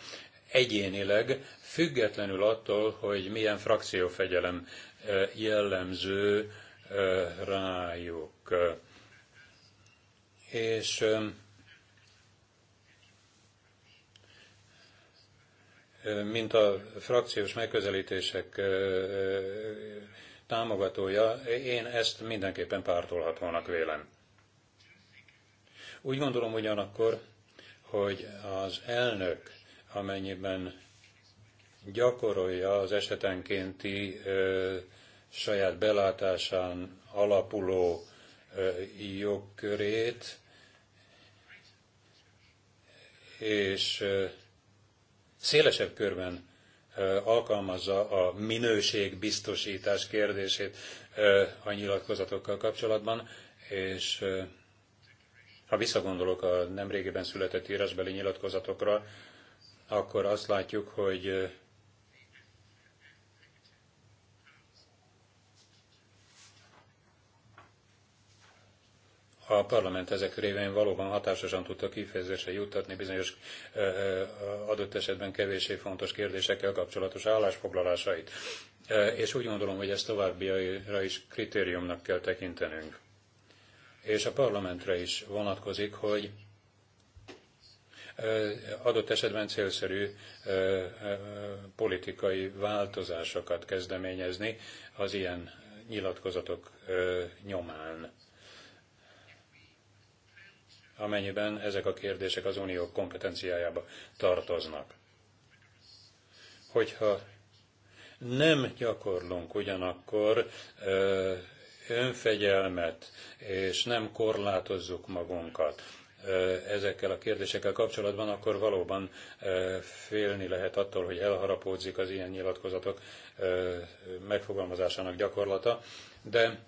egyénileg, függetlenül attól, hogy milyen frakciófegyelem jellemző rájuk. És mint a frakciós megközelítések támogatója, én ezt mindenképpen pártolhatónak vélem. Úgy gondolom ugyanakkor, hogy az elnök, amennyiben gyakorolja az esetenkénti ö, saját belátásán alapuló ö, jogkörét, és ö, szélesebb körben alkalmazza a minőségbiztosítás kérdését a nyilatkozatokkal kapcsolatban, és ha visszagondolok a nemrégiben született írásbeli nyilatkozatokra, akkor azt látjuk, hogy a parlament ezek révén valóban hatásosan tudta kifejezésre juttatni bizonyos adott esetben kevéssé fontos kérdésekkel kapcsolatos állásfoglalásait. És úgy gondolom, hogy ezt továbbiaira is kritériumnak kell tekintenünk. És a parlamentre is vonatkozik, hogy adott esetben célszerű politikai változásokat kezdeményezni az ilyen nyilatkozatok nyomán amennyiben ezek a kérdések az unió kompetenciájába tartoznak. Hogyha nem gyakorlunk ugyanakkor önfegyelmet, és nem korlátozzuk magunkat ezekkel a kérdésekkel kapcsolatban, akkor valóban félni lehet attól, hogy elharapódzik az ilyen nyilatkozatok megfogalmazásának gyakorlata, de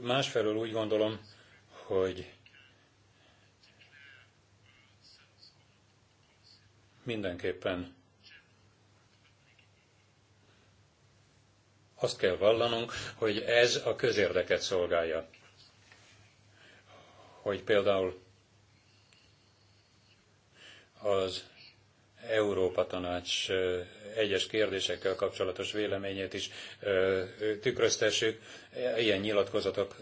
másfelől úgy gondolom, hogy mindenképpen azt kell vallanunk, hogy ez a közérdeket szolgálja. Hogy például az Európa Tanács egyes kérdésekkel kapcsolatos véleményét is tükröztessük ilyen nyilatkozatok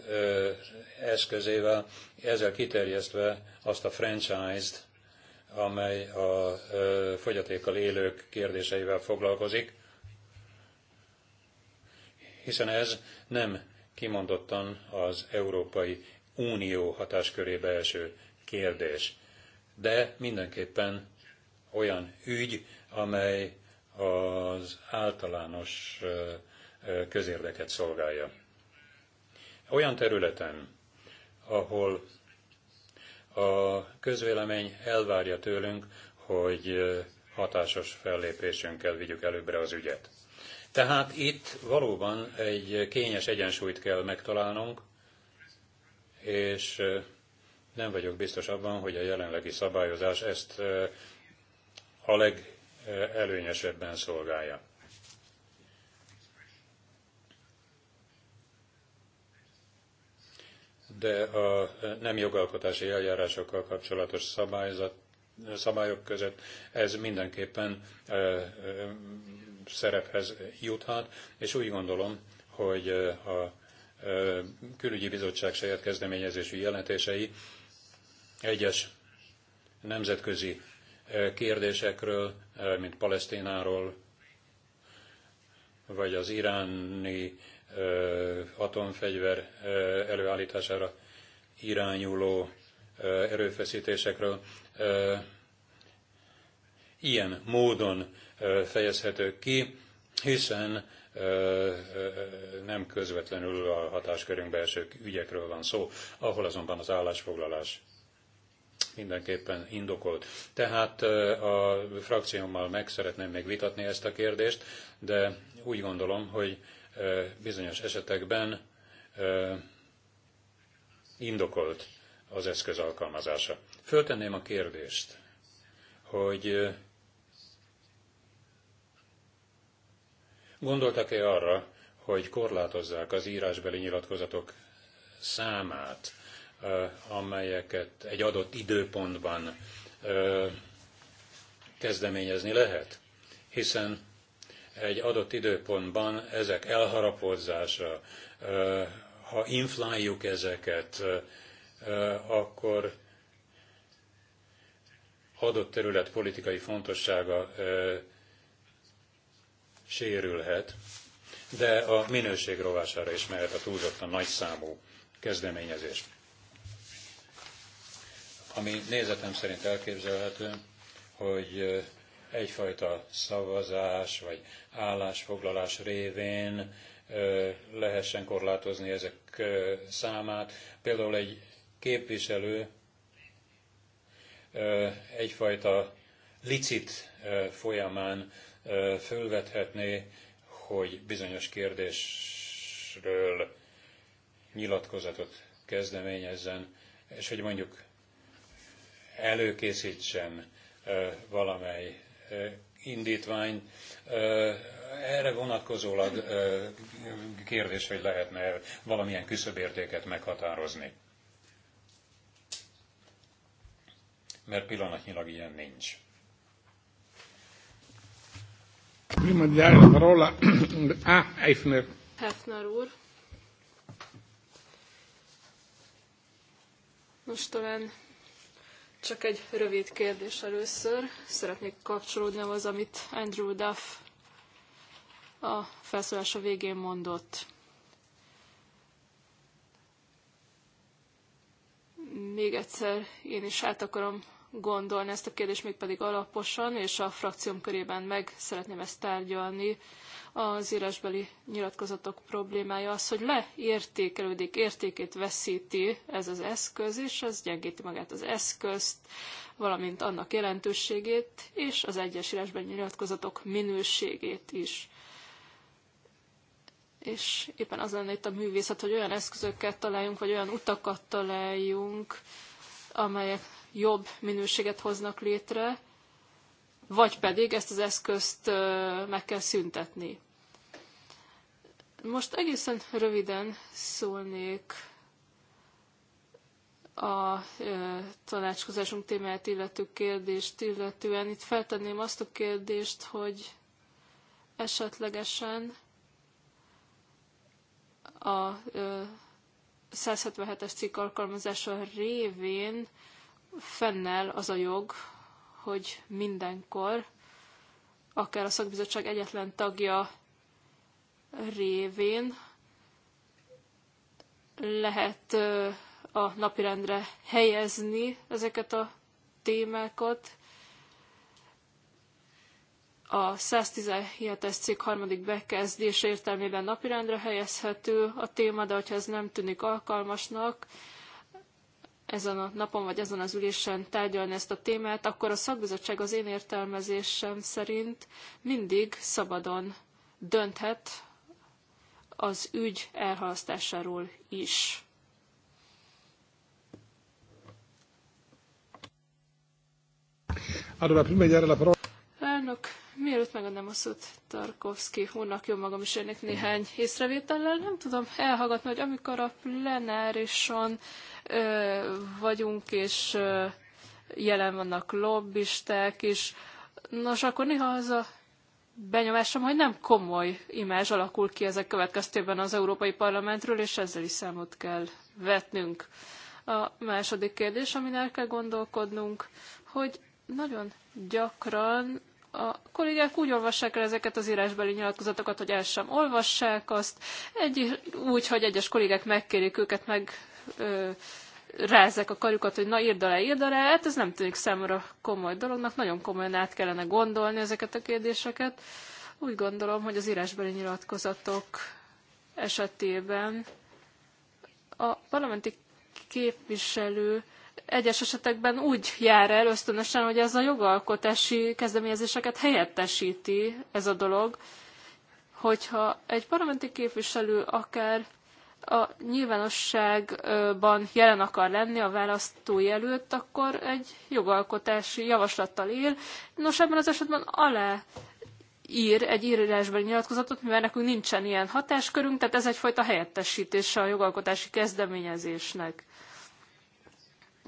eszközével, ezzel kiterjesztve azt a franchise-t, amely a fogyatékkal élők kérdéseivel foglalkozik, hiszen ez nem kimondottan az Európai Unió hatáskörébe eső kérdés, de mindenképpen olyan ügy, amely az általános közérdeket szolgálja. Olyan területen, ahol a közvélemény elvárja tőlünk, hogy hatásos fellépésünkkel vigyük előbbre az ügyet. Tehát itt valóban egy kényes egyensúlyt kell megtalálnunk, és nem vagyok biztos abban, hogy a jelenlegi szabályozás ezt a legelőnyösebben szolgálja. De a nem jogalkotási eljárásokkal kapcsolatos szabályzat, szabályok között ez mindenképpen szerephez juthat, és úgy gondolom, hogy a külügyi bizottság saját kezdeményezésű jelentései egyes nemzetközi kérdésekről, mint Palesztináról, vagy az iráni atomfegyver előállítására irányuló erőfeszítésekről. Ilyen módon fejezhető ki, hiszen nem közvetlenül a hatáskörünk belső ügyekről van szó, ahol azonban az állásfoglalás mindenképpen indokolt. Tehát a frakciómmal meg szeretném még vitatni ezt a kérdést, de úgy gondolom, hogy bizonyos esetekben indokolt az eszköz alkalmazása. Föltenném a kérdést, hogy gondoltak-e arra, hogy korlátozzák az írásbeli nyilatkozatok számát amelyeket egy adott időpontban kezdeményezni lehet, hiszen egy adott időpontban ezek elharapozása, ha infláljuk ezeket, akkor adott terület politikai fontossága sérülhet, de a minőség rovására is mehet a túlzottan nagy számú kezdeményezés ami nézetem szerint elképzelhető, hogy egyfajta szavazás vagy állásfoglalás révén lehessen korlátozni ezek számát. Például egy képviselő egyfajta licit folyamán fölvethetné, hogy bizonyos kérdésről nyilatkozatot kezdeményezzen, és hogy mondjuk előkészítsen valamely indítvány. Erre vonatkozólag kérdés, hogy lehetne valamilyen küszöbértéket meghatározni. Mert pillanatnyilag ilyen nincs. Prima di dare la parola a Eifner. Hefner úr. Most talán csak egy rövid kérdés először. Szeretnék kapcsolódni az, amit Andrew Duff a felszólása végén mondott. Még egyszer én is át akarom gondolni ezt a kérdést mégpedig alaposan, és a frakcióm körében meg szeretném ezt tárgyalni. Az írásbeli nyilatkozatok problémája az, hogy leértékelődik, értékét veszíti ez az eszköz, és ez gyengíti magát az eszközt, valamint annak jelentőségét, és az egyes írásbeli nyilatkozatok minőségét is és éppen az lenne itt a művészet, hogy olyan eszközöket találjunk, vagy olyan utakat találjunk, amelyek jobb minőséget hoznak létre, vagy pedig ezt az eszközt meg kell szüntetni. Most egészen röviden szólnék a tanácskozásunk témáját illető kérdést illetően. Itt feltenném azt a kérdést, hogy esetlegesen a 177-es cikk alkalmazása révén fennáll az a jog, hogy mindenkor, akár a szakbizottság egyetlen tagja révén lehet a napirendre helyezni ezeket a témákat. A 117-es cikk harmadik bekezdés értelmében napirendre helyezhető a téma, de hogyha ez nem tűnik alkalmasnak, ezen a napon vagy ezen az ülésen tárgyalni ezt a témát, akkor a szakbizottság az én értelmezésem szerint mindig szabadon dönthet az ügy elhalasztásáról is. Elnök Mielőtt megadnám a szót Tarkovsky hónak jó magam is érnék néhány észrevétellel. Nem tudom elhallgatni, hogy amikor a plenárison ö, vagyunk, és ö, jelen vannak lobbisták is, nos, akkor néha az a benyomásom, hogy nem komoly imázs alakul ki ezek következtében az Európai Parlamentről, és ezzel is számot kell vetnünk. A második kérdés, amin el kell gondolkodnunk, hogy nagyon gyakran a kollégák úgy olvassák el ezeket az írásbeli nyilatkozatokat, hogy el sem olvassák azt, egy, úgy, hogy egyes kollégák megkérik őket, meg ö, rázzák a karjukat, hogy na írd alá, írd alá, hát ez nem tűnik számomra komoly dolognak, nagyon komolyan át kellene gondolni ezeket a kérdéseket. Úgy gondolom, hogy az írásbeli nyilatkozatok esetében a parlamenti képviselő egyes esetekben úgy jár el ösztönösen, hogy ez a jogalkotási kezdeményezéseket helyettesíti ez a dolog, hogyha egy parlamenti képviselő akár a nyilvánosságban jelen akar lenni a választói előtt, akkor egy jogalkotási javaslattal él. Nos, ebben az esetben alá ír egy írásban nyilatkozatot, mivel nekünk nincsen ilyen hatáskörünk, tehát ez egyfajta helyettesítése a jogalkotási kezdeményezésnek.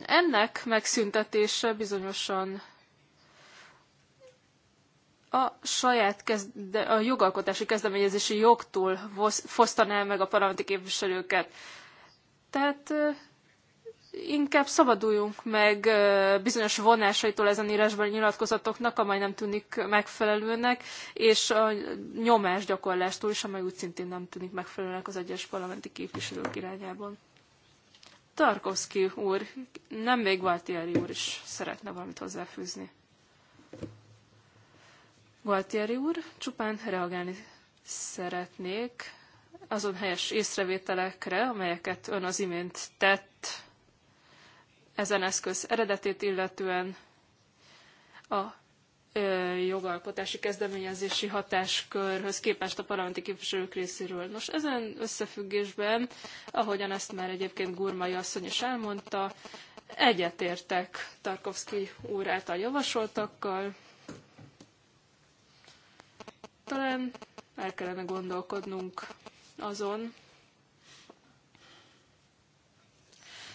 Ennek megszüntetése bizonyosan a saját kezde, a jogalkotási kezdeményezési jogtól fosztaná meg a parlamenti képviselőket. Tehát inkább szabaduljunk meg bizonyos vonásaitól ezen írásban nyilatkozatoknak, amely nem tűnik megfelelőnek, és a gyakorlástól is, amely úgy szintén nem tűnik megfelelőnek az egyes parlamenti képviselők irányában. Tarkovsky úr, nem még Gualtieri úr is szeretne valamit hozzáfűzni. Gualtieri úr, csupán reagálni szeretnék azon helyes észrevételekre, amelyeket ön az imént tett ezen eszköz eredetét illetően, a jogalkotási kezdeményezési hatáskörhöz képest a parlamenti képviselők részéről. Nos, ezen összefüggésben, ahogyan ezt már egyébként Gurmai asszony is elmondta, egyetértek Tarkovsky úr által javasoltakkal. Talán el kellene gondolkodnunk azon,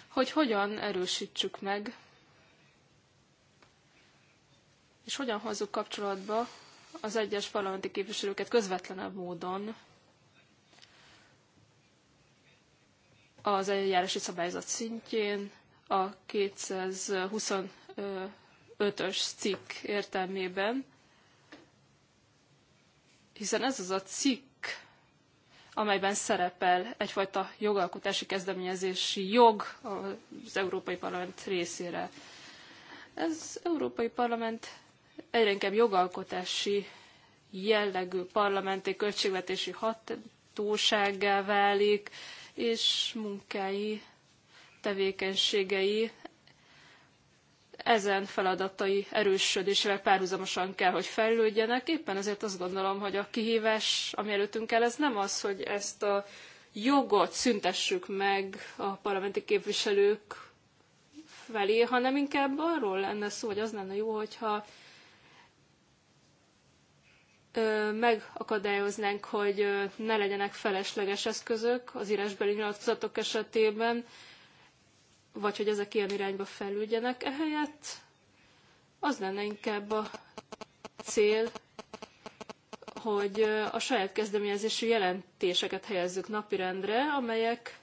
hogy hogyan erősítsük meg és hogyan hozzuk kapcsolatba az egyes parlamenti képviselőket közvetlenebb módon az eljárási szabályzat szintjén a 225-ös cikk értelmében, hiszen ez az a cikk, amelyben szerepel egyfajta jogalkotási kezdeményezési jog az Európai Parlament részére. Ez Európai Parlament egyre inkább jogalkotási jellegű parlamenti költségvetési hatósággá válik, és munkái, tevékenységei ezen feladatai erősödésével párhuzamosan kell, hogy fejlődjenek. Éppen ezért azt gondolom, hogy a kihívás, ami előttünk el, ez nem az, hogy ezt a jogot szüntessük meg a parlamenti képviselők felé, hanem inkább arról lenne szó, hogy az lenne jó, hogyha megakadályoznánk, hogy ne legyenek felesleges eszközök az írásbeli nyilatkozatok esetében, vagy hogy ezek ilyen irányba felüljenek Ehelyett az lenne inkább a cél, hogy a saját kezdeményezésű jelentéseket helyezzük napirendre, amelyek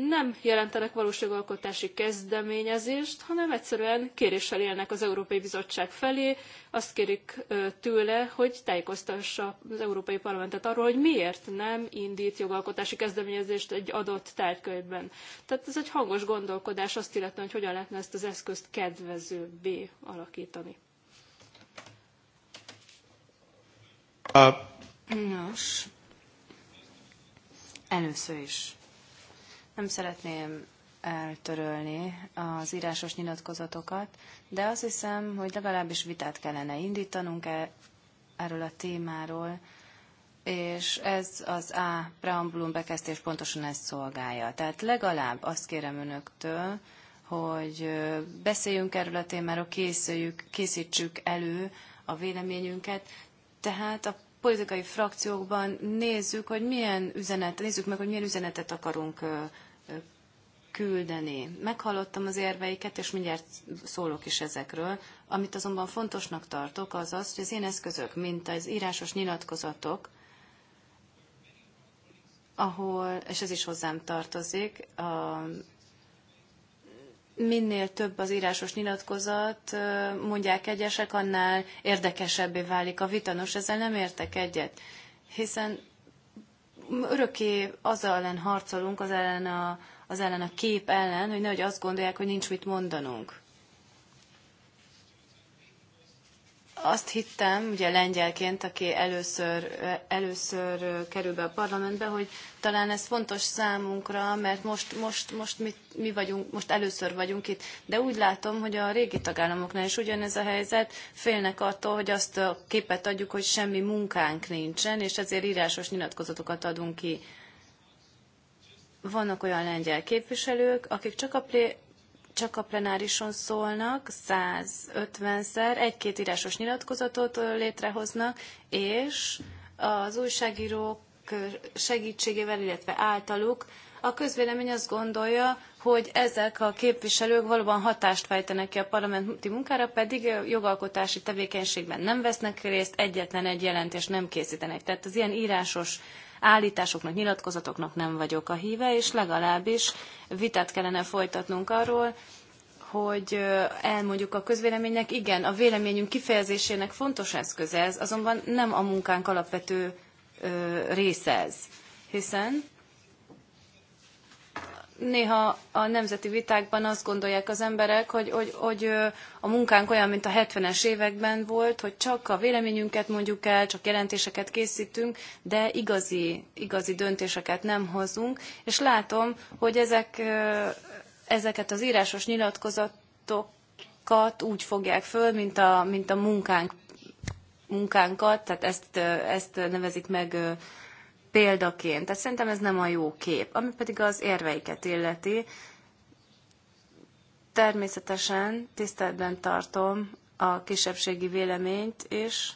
nem jelentenek valós jogalkotási kezdeményezést, hanem egyszerűen kéréssel élnek az Európai Bizottság felé, azt kérik tőle, hogy tájékoztassa az Európai Parlamentet arról, hogy miért nem indít jogalkotási kezdeményezést egy adott tárgykönyvben. Tehát ez egy hangos gondolkodás azt illetően, hogy hogyan lehetne ezt az eszközt kedvezőbbé alakítani. Nos, először is nem szeretném eltörölni az írásos nyilatkozatokat, de azt hiszem, hogy legalábbis vitát kellene indítanunk -e erről a témáról, és ez az A preambulum bekezdés pontosan ezt szolgálja. Tehát legalább azt kérem önöktől, hogy beszéljünk erről a témáról, készüljük, készítsük elő a véleményünket, tehát a politikai frakciókban nézzük, hogy milyen üzenet, nézzük meg, hogy milyen üzenetet akarunk küldeni. Meghallottam az érveiket, és mindjárt szólok is ezekről. Amit azonban fontosnak tartok, az az, hogy az én eszközök, mint az írásos nyilatkozatok, ahol, és ez is hozzám tartozik, a, minél több az írásos nyilatkozat, mondják egyesek, annál érdekesebbé válik a vitanos, ezzel nem értek egyet, hiszen örökké az ellen harcolunk, az ellen a, az ellen a kép ellen, hogy nehogy azt gondolják, hogy nincs mit mondanunk. azt hittem, ugye lengyelként, aki először, először kerül be a parlamentbe, hogy talán ez fontos számunkra, mert most, most, most mi, mi vagyunk, most először vagyunk itt, de úgy látom, hogy a régi tagállamoknál is ugyanez a helyzet, félnek attól, hogy azt a képet adjuk, hogy semmi munkánk nincsen, és ezért írásos nyilatkozatokat adunk ki. Vannak olyan lengyel képviselők, akik csak a csak a plenárison szólnak, 150-szer, egy-két írásos nyilatkozatot létrehoznak, és az újságírók segítségével, illetve általuk a közvélemény azt gondolja, hogy ezek a képviselők valóban hatást fejtenek ki a parlamenti munkára, pedig jogalkotási tevékenységben nem vesznek részt, egyetlen egy jelentést nem készítenek. Tehát az ilyen írásos állításoknak, nyilatkozatoknak nem vagyok a híve, és legalábbis vitát kellene folytatnunk arról, hogy elmondjuk a közvéleménynek, igen, a véleményünk kifejezésének fontos eszköze ez, azonban nem a munkánk alapvető része ez. Hiszen néha a nemzeti vitákban azt gondolják az emberek, hogy, hogy, hogy a munkánk olyan, mint a 70-es években volt, hogy csak a véleményünket mondjuk el, csak jelentéseket készítünk, de igazi, igazi döntéseket nem hozunk. És látom, hogy ezek, ezeket az írásos nyilatkozatokat úgy fogják föl, mint a, mint a munkánk, munkánkat, tehát ezt, ezt nevezik meg példaként. Tehát szerintem ez nem a jó kép. Ami pedig az érveiket illeti, természetesen tiszteletben tartom a kisebbségi véleményt is,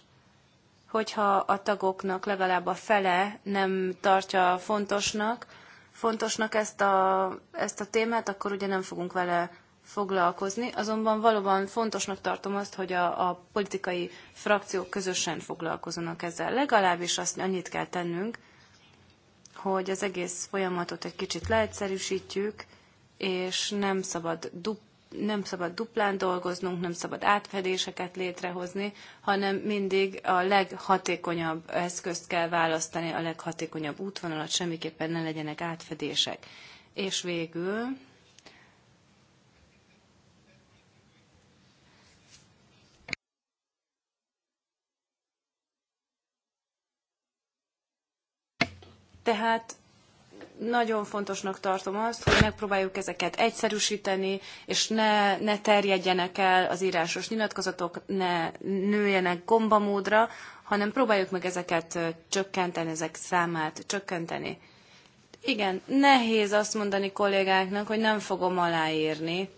hogyha a tagoknak legalább a fele nem tartja fontosnak, fontosnak ezt a, ezt a témát, akkor ugye nem fogunk vele foglalkozni. Azonban valóban fontosnak tartom azt, hogy a, a politikai frakciók közösen foglalkozzanak ezzel. Legalábbis azt annyit kell tennünk, hogy az egész folyamatot egy kicsit leegyszerűsítjük, és nem szabad, du- nem szabad duplán dolgoznunk, nem szabad átfedéseket létrehozni, hanem mindig a leghatékonyabb eszközt kell választani, a leghatékonyabb útvonalat, semmiképpen ne legyenek átfedések. És végül Tehát nagyon fontosnak tartom azt, hogy megpróbáljuk ezeket egyszerűsíteni, és ne, ne terjedjenek el az írásos nyilatkozatok, ne nőjenek gombamódra, hanem próbáljuk meg ezeket csökkenteni, ezek számát csökkenteni. Igen, nehéz azt mondani kollégáknak, hogy nem fogom aláírni.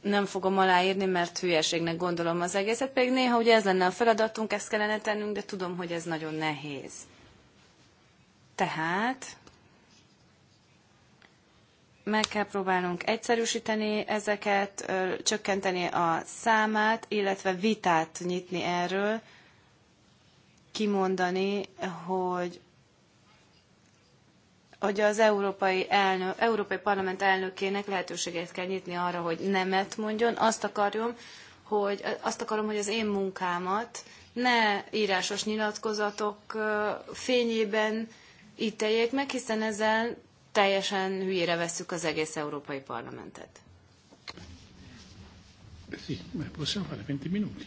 Nem fogom aláírni, mert hülyeségnek gondolom az egészet, pedig néha ugye ez lenne a feladatunk, ezt kellene tennünk, de tudom, hogy ez nagyon nehéz. Tehát meg kell próbálnunk egyszerűsíteni ezeket, csökkenteni a számát, illetve vitát nyitni erről, kimondani, hogy hogy az európai, elnök, európai parlament elnökének lehetőséget kell nyitni arra, hogy nemet mondjon. Azt akarom, hogy, azt akarom, hogy az én munkámat ne írásos nyilatkozatok fényében így tegyék meg, hiszen ezzel teljesen hülyére vesszük az egész Európai Parlamentet. Sì, ma possiamo fare 20 minuti.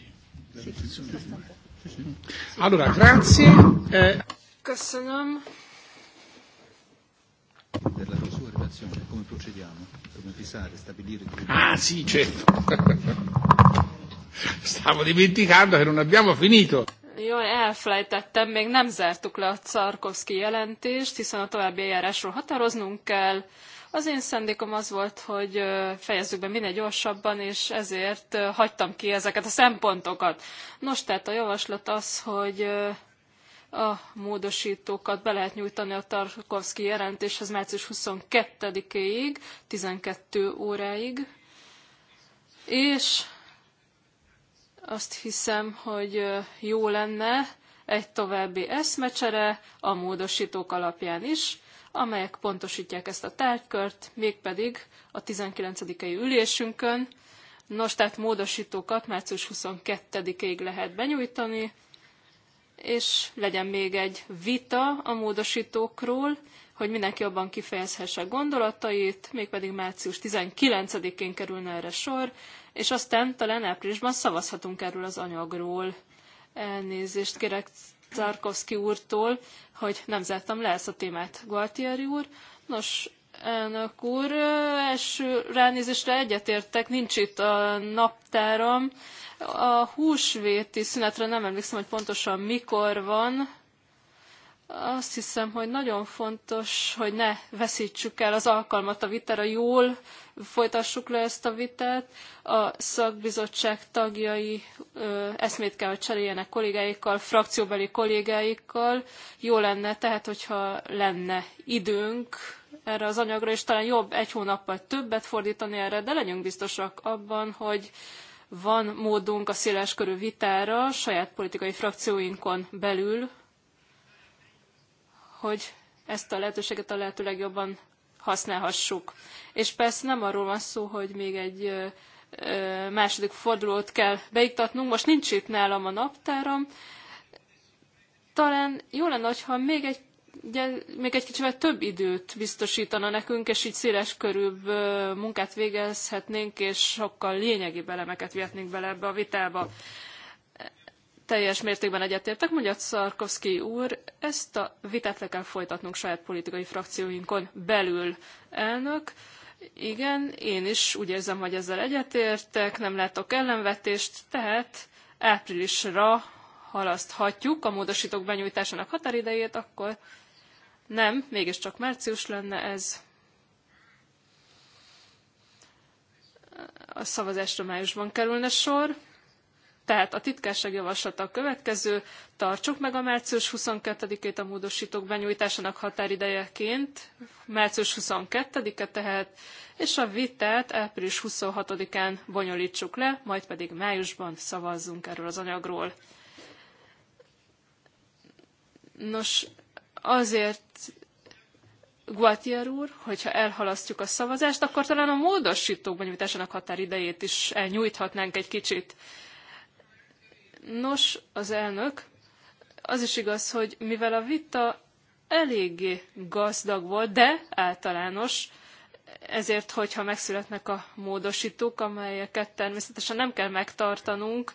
Allora, grazie. Eh... Köszönöm. Per la sua relazione, come procediamo? Come fissare, stabilire... Ah, sì, certo. Stavo dimenticando che non abbiamo finito. Jaj, elfelejtettem, még nem zártuk le a Czarkovszki jelentést, hiszen a további eljárásról határoznunk kell. Az én szándékom az volt, hogy fejezzük be minél gyorsabban, és ezért hagytam ki ezeket a szempontokat. Nos, tehát a javaslat az, hogy a módosítókat be lehet nyújtani a Tarkovszki jelentéshez március 22-ig, 12 óráig, és azt hiszem, hogy jó lenne egy további eszmecsere a módosítók alapján is, amelyek pontosítják ezt a tárgykört, mégpedig a 19-i ülésünkön. Nos, tehát módosítókat március 22-ig lehet benyújtani, és legyen még egy vita a módosítókról, hogy mindenki jobban kifejezhesse gondolatait, mégpedig március 19-én kerülne erre sor, és aztán talán áprilisban szavazhatunk erről az anyagról. Elnézést kérek Czarkovszki úrtól, hogy nem zártam le ezt a témát. Gualtieri úr, nos, elnök úr, első ránézésre egyetértek, nincs itt a naptáram. A húsvéti szünetre nem emlékszem, hogy pontosan mikor van, azt hiszem, hogy nagyon fontos, hogy ne veszítsük el az alkalmat a vitára, jól folytassuk le ezt a vitát. A szakbizottság tagjai ö, eszmét kell, hogy cseréljenek kollégáikkal, frakcióbeli kollégáikkal. Jó lenne, tehát hogyha lenne időnk erre az anyagra, és talán jobb egy hónappal többet fordítani erre, de legyünk biztosak abban, hogy van módunk a széleskörű vitára saját politikai frakcióinkon belül, hogy ezt a lehetőséget a lehető legjobban használhassuk. És persze nem arról van szó, hogy még egy második fordulót kell beiktatnunk. Most nincs itt nálam a naptáram. Talán jó lenne, ha még egy ugye, még egy kicsit több időt biztosítana nekünk, és így széles körűbb munkát végezhetnénk, és sokkal lényegi elemeket vihetnénk bele ebbe a vitába teljes mértékben egyetértek, mondja Szarkovszki úr, ezt a vitát le kell folytatnunk saját politikai frakcióinkon belül elnök. Igen, én is úgy érzem, hogy ezzel egyetértek, nem látok ellenvetést, tehát áprilisra halaszthatjuk a módosítók benyújtásának határidejét, akkor nem, mégiscsak március lenne ez. A szavazásra májusban kerülne sor. Tehát a titkárság javaslata a következő, tartsuk meg a március 22-ét a módosítók benyújtásának határidejeként, március 22-e tehát, és a vitát április 26-án bonyolítsuk le, majd pedig májusban szavazzunk erről az anyagról. Nos, azért Guatier úr, hogyha elhalasztjuk a szavazást, akkor talán a módosítók benyújtásának határidejét is elnyújthatnánk egy kicsit. Nos, az elnök, az is igaz, hogy mivel a vita eléggé gazdag volt, de általános, ezért, hogyha megszületnek a módosítók, amelyeket természetesen nem kell megtartanunk,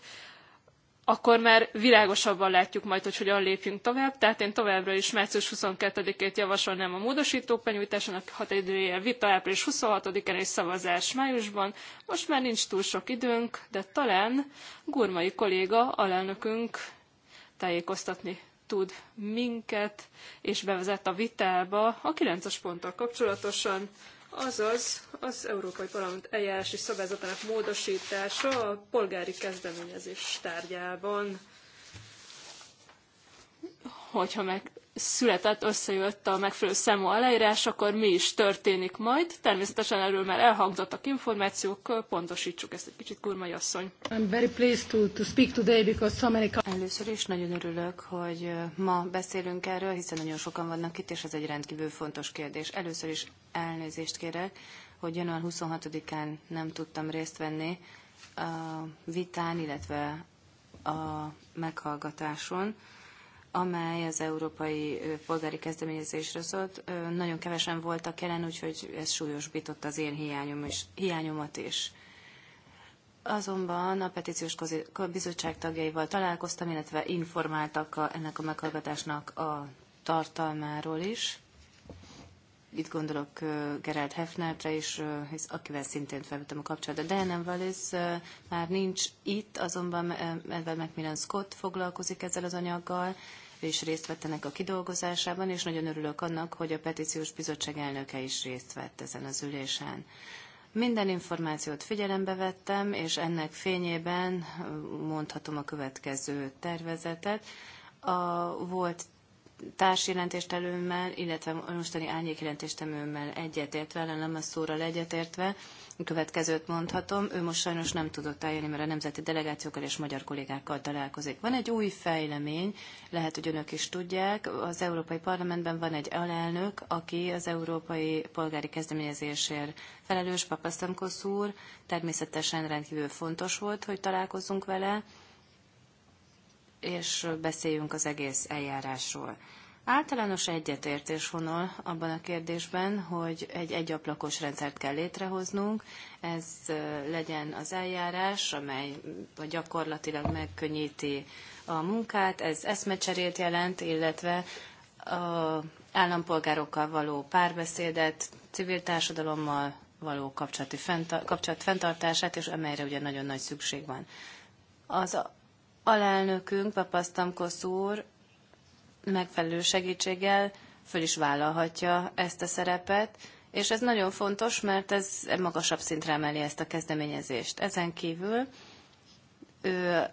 akkor már világosabban látjuk majd, hogy hogyan lépjünk tovább. Tehát én továbbra is március 22-ét javasolnám a módosítók benyújtásának határidője vita április 26-án és szavazás májusban. Most már nincs túl sok időnk, de talán Gurmai kolléga, alelnökünk tájékoztatni tud minket, és bevezet a vitába a 9-es ponttal kapcsolatosan, azaz az Európai Parlament eljárási szabályzatának módosítása a polgári kezdeményezés tárgyában. Hogyha meg született, összejött a megfelelő számú aláírás, akkor mi is történik majd. Természetesen erről már elhangzottak információk, pontosítsuk ezt egy kicsit, Kurmai asszony. I'm very pleased to, to speak today because so many... Először is nagyon örülök, hogy ma beszélünk erről, hiszen nagyon sokan vannak itt, és ez egy rendkívül fontos kérdés. Először is elnézést kérek, hogy január 26-án nem tudtam részt venni a vitán, illetve a meghallgatáson amely az európai polgári kezdeményezésre szólt. Nagyon kevesen voltak jelen, úgyhogy ez súlyosbított az én hiányom is, hiányomat is. Azonban a petíciós bizottság tagjaival találkoztam, illetve informáltak a, ennek a meghallgatásnak a tartalmáról is. Itt gondolok Gerald Hefnertre is, hisz akivel szintén felvettem a kapcsolatot. De nem Wallis már nincs itt, azonban Edward Macmillan Scott foglalkozik ezzel az anyaggal, is részt vett ennek a kidolgozásában, és nagyon örülök annak, hogy a petíciós bizottság elnöke is részt vett ezen az ülésen. Minden információt figyelembe vettem, és ennek fényében mondhatom a következő tervezetet. A volt társjelentéstelőmmel, illetve mostani árnyékjelentéstelőmmel egyetértve, nem a szóra egyetértve, következőt mondhatom, ő most sajnos nem tudott eljönni, mert a nemzeti delegációkkal és magyar kollégákkal találkozik. Van egy új fejlemény, lehet, hogy önök is tudják, az Európai Parlamentben van egy alelnök, aki az Európai Polgári Kezdeményezésért felelős, Papasztamkosz úr, természetesen rendkívül fontos volt, hogy találkozunk vele, és beszéljünk az egész eljárásról. Általános egyetértés vonal abban a kérdésben, hogy egy egyablakos rendszert kell létrehoznunk, ez legyen az eljárás, amely gyakorlatilag megkönnyíti a munkát, ez eszmecserét jelent, illetve a állampolgárokkal való párbeszédet, civil társadalommal való kapcsolat fenntartását, és amelyre ugye nagyon nagy szükség van. Az alelnökünk, Papasztamkosz úr megfelelő segítséggel föl is vállalhatja ezt a szerepet, és ez nagyon fontos, mert ez magasabb szintre emeli ezt a kezdeményezést. Ezen kívül ő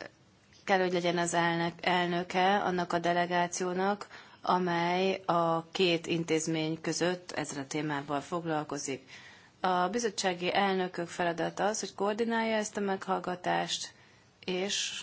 kell, hogy legyen az elnök, elnöke annak a delegációnak, amely a két intézmény között ezzel a témával foglalkozik. A bizottsági elnökök feladata az, hogy koordinálja ezt a meghallgatást, és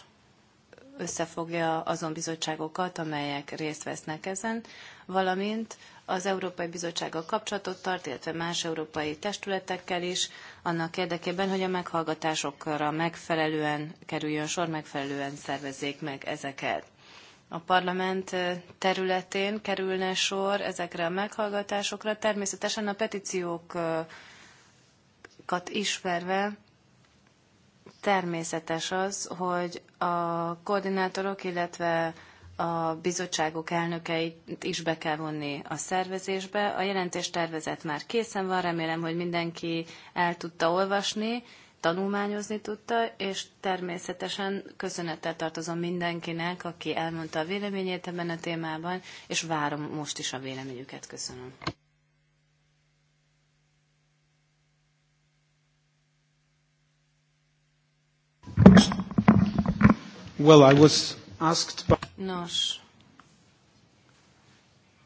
összefogja azon bizottságokat, amelyek részt vesznek ezen, valamint az Európai Bizottsággal kapcsolatot tart, illetve más európai testületekkel is, annak érdekében, hogy a meghallgatásokra megfelelően kerüljön sor, megfelelően szervezzék meg ezeket. A parlament területén kerülne sor ezekre a meghallgatásokra, természetesen a petíciókat ismerve, természetes az, hogy a koordinátorok, illetve a bizottságok elnökeit is be kell vonni a szervezésbe. A jelentés tervezet már készen van, remélem, hogy mindenki el tudta olvasni, tanulmányozni tudta, és természetesen köszönettel tartozom mindenkinek, aki elmondta a véleményét ebben a témában, és várom most is a véleményüket. Köszönöm. Well, I was asked by... Nos,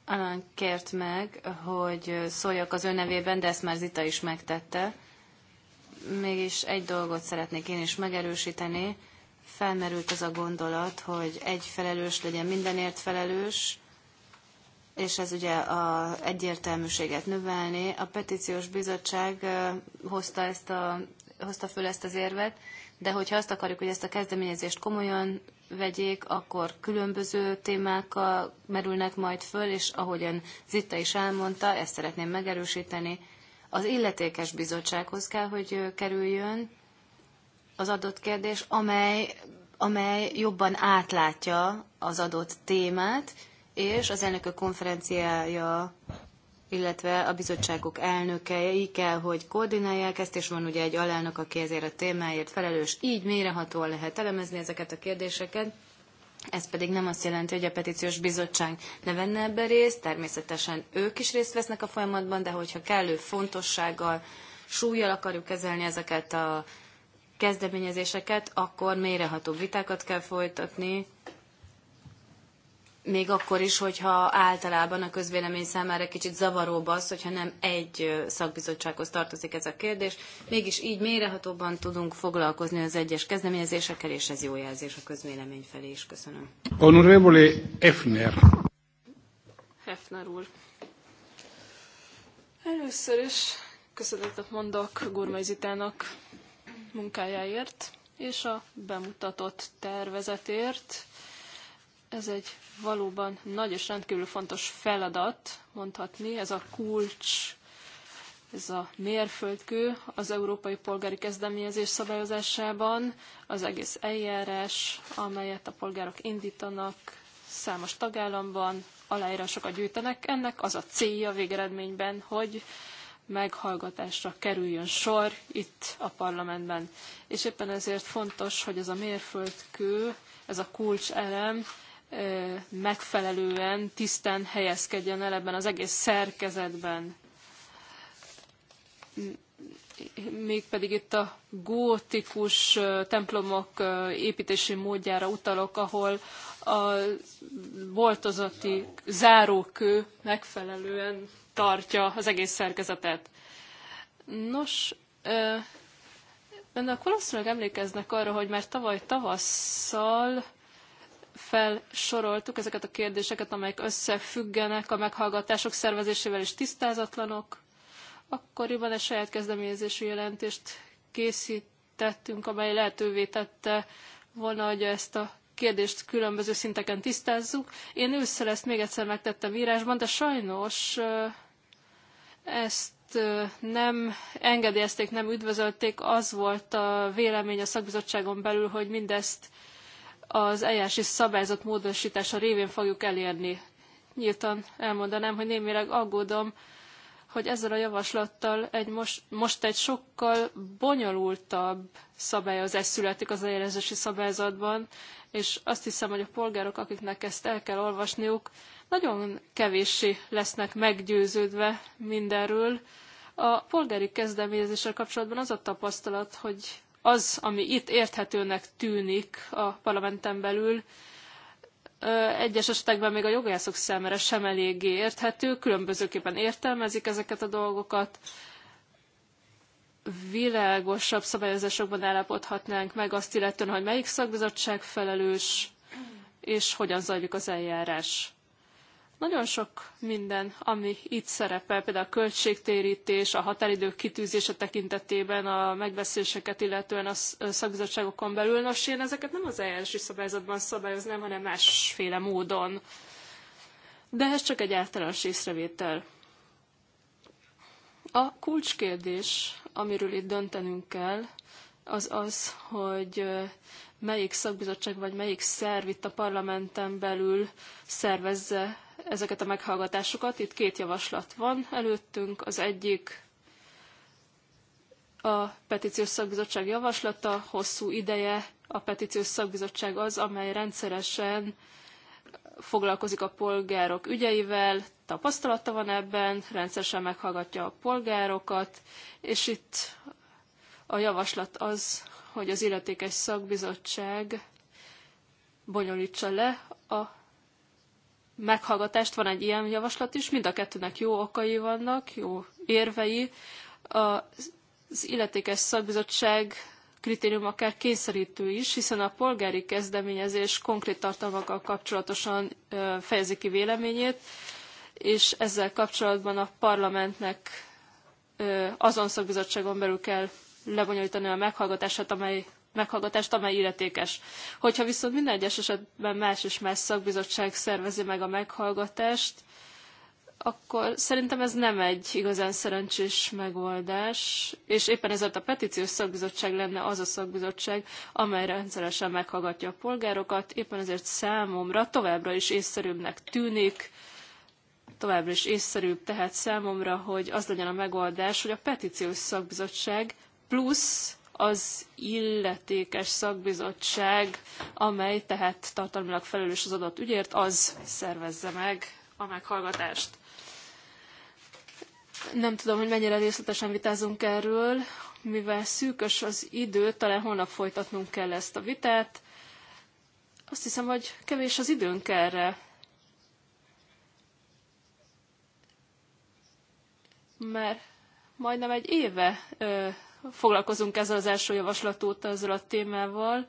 Alan kért meg, hogy szóljak az ő nevében, de ezt már Zita is megtette. Mégis egy dolgot szeretnék én is megerősíteni. Felmerült az a gondolat, hogy egy felelős legyen mindenért felelős, és ez ugye a egyértelműséget növelni. A petíciós bizottság hozta, ezt a, hozta föl ezt az érvet, de hogyha azt akarjuk, hogy ezt a kezdeményezést komolyan vegyék, akkor különböző témák merülnek majd föl, és ahogyan Zitta is elmondta, ezt szeretném megerősíteni, az illetékes bizottsághoz kell, hogy kerüljön az adott kérdés, amely, amely jobban átlátja az adott témát, és az elnökök konferenciája illetve a bizottságok elnökei kell, hogy koordinálják ezt, és van ugye egy alelnök, aki ezért a témáért felelős. Így mélyrehatóan lehet elemezni ezeket a kérdéseket. Ez pedig nem azt jelenti, hogy a petíciós bizottság ne venne ebbe részt, természetesen ők is részt vesznek a folyamatban, de hogyha kellő fontossággal, súlyjal akarjuk kezelni ezeket a kezdeményezéseket, akkor mélyreható vitákat kell folytatni, még akkor is, hogyha általában a közvélemény számára kicsit zavaróbb az, hogyha nem egy szakbizottsághoz tartozik ez a kérdés, mégis így mérehatóban tudunk foglalkozni az egyes kezdeményezésekkel, és ez jó jelzés a közvélemény felé is. Köszönöm. Honorable Hefner. Hefner úr. Először is köszönetet mondok Gurmai Zitának munkájáért és a bemutatott tervezetért ez egy valóban nagy és rendkívül fontos feladat, mondhatni. Ez a kulcs, ez a mérföldkő az európai polgári kezdeményezés szabályozásában, az egész eljárás, amelyet a polgárok indítanak számos tagállamban, aláírásokat gyűjtenek. Ennek az a célja végeredményben, hogy meghallgatásra kerüljön sor itt a parlamentben. És éppen ezért fontos, hogy ez a mérföldkő, ez a kulcselem megfelelően, tisztán helyezkedjen el ebben az egész szerkezetben. Mégpedig itt a gótikus templomok építési módjára utalok, ahol a boltozati zárókő megfelelően tartja az egész szerkezetet. Nos, önök valószínűleg emlékeznek arra, hogy már tavaly tavasszal felsoroltuk ezeket a kérdéseket, amelyek összefüggenek a meghallgatások szervezésével és tisztázatlanok. Akkoriban egy saját kezdeményezésű jelentést készítettünk, amely lehetővé tette volna, hogy ezt a kérdést különböző szinteken tisztázzuk. Én ősszel ezt még egyszer megtettem írásban, de sajnos ezt nem engedélyezték, nem üdvözölték. Az volt a vélemény a szakbizottságon belül, hogy mindezt az eljárási szabályzat módosítása révén fogjuk elérni. Nyíltan elmondanám, hogy némileg aggódom, hogy ezzel a javaslattal egy most, most egy sokkal bonyolultabb szabályozás születik az eljárási szabályzatban, és azt hiszem, hogy a polgárok, akiknek ezt el kell olvasniuk, nagyon kevéssé lesznek meggyőződve mindenről. A polgári kezdeményezéssel kapcsolatban az a tapasztalat, hogy az, ami itt érthetőnek tűnik a parlamenten belül, egyes esetekben még a jogászok számára sem eléggé érthető, különbözőképpen értelmezik ezeket a dolgokat. Világosabb szabályozásokban állapodhatnánk meg azt illetően, hogy melyik szakbizottság felelős, és hogyan zajlik az eljárás. Nagyon sok minden, ami itt szerepel, például a költségtérítés, a határidők kitűzése tekintetében, a megbeszéléseket, illetően a szakbizottságokon belül. Nos, én ezeket nem az első szabályzatban szabályoznám, hanem másféle módon. De ez csak egy általános észrevétel. A kulcskérdés, amiről itt döntenünk kell, az az, hogy melyik szakbizottság vagy melyik szerv itt a parlamenten belül szervezze ezeket a meghallgatásokat. Itt két javaslat van előttünk. Az egyik a petíciós szakbizottság javaslata, hosszú ideje a petíciós szakbizottság az, amely rendszeresen foglalkozik a polgárok ügyeivel, tapasztalata van ebben, rendszeresen meghallgatja a polgárokat, és itt a javaslat az, hogy az illetékes szakbizottság bonyolítsa le a meghallgatást, van egy ilyen javaslat is, mind a kettőnek jó okai vannak, jó érvei. Az illetékes szakbizottság kritérium akár kényszerítő is, hiszen a polgári kezdeményezés konkrét tartalmakkal kapcsolatosan fejezi ki véleményét, és ezzel kapcsolatban a parlamentnek azon szakbizottságon belül kell lebonyolítani a meghallgatását, amely meghallgatást, amely illetékes. Hogyha viszont minden egyes esetben más és más szakbizottság szervezi meg a meghallgatást, akkor szerintem ez nem egy igazán szerencsés megoldás, és éppen ezért a petíciós szakbizottság lenne az a szakbizottság, amely rendszeresen meghallgatja a polgárokat, éppen ezért számomra továbbra is észszerűbbnek tűnik, továbbra is észszerűbb tehát számomra, hogy az legyen a megoldás, hogy a petíciós szakbizottság plusz az illetékes szakbizottság, amely tehát tartalmilag felelős az adott ügyért, az szervezze meg a meghallgatást. Nem tudom, hogy mennyire részletesen vitázunk erről, mivel szűkös az idő, talán holnap folytatnunk kell ezt a vitát. Azt hiszem, hogy kevés az időnk erre. Mert majdnem egy éve ö, foglalkozunk ezzel az első javaslat óta, ezzel a témával.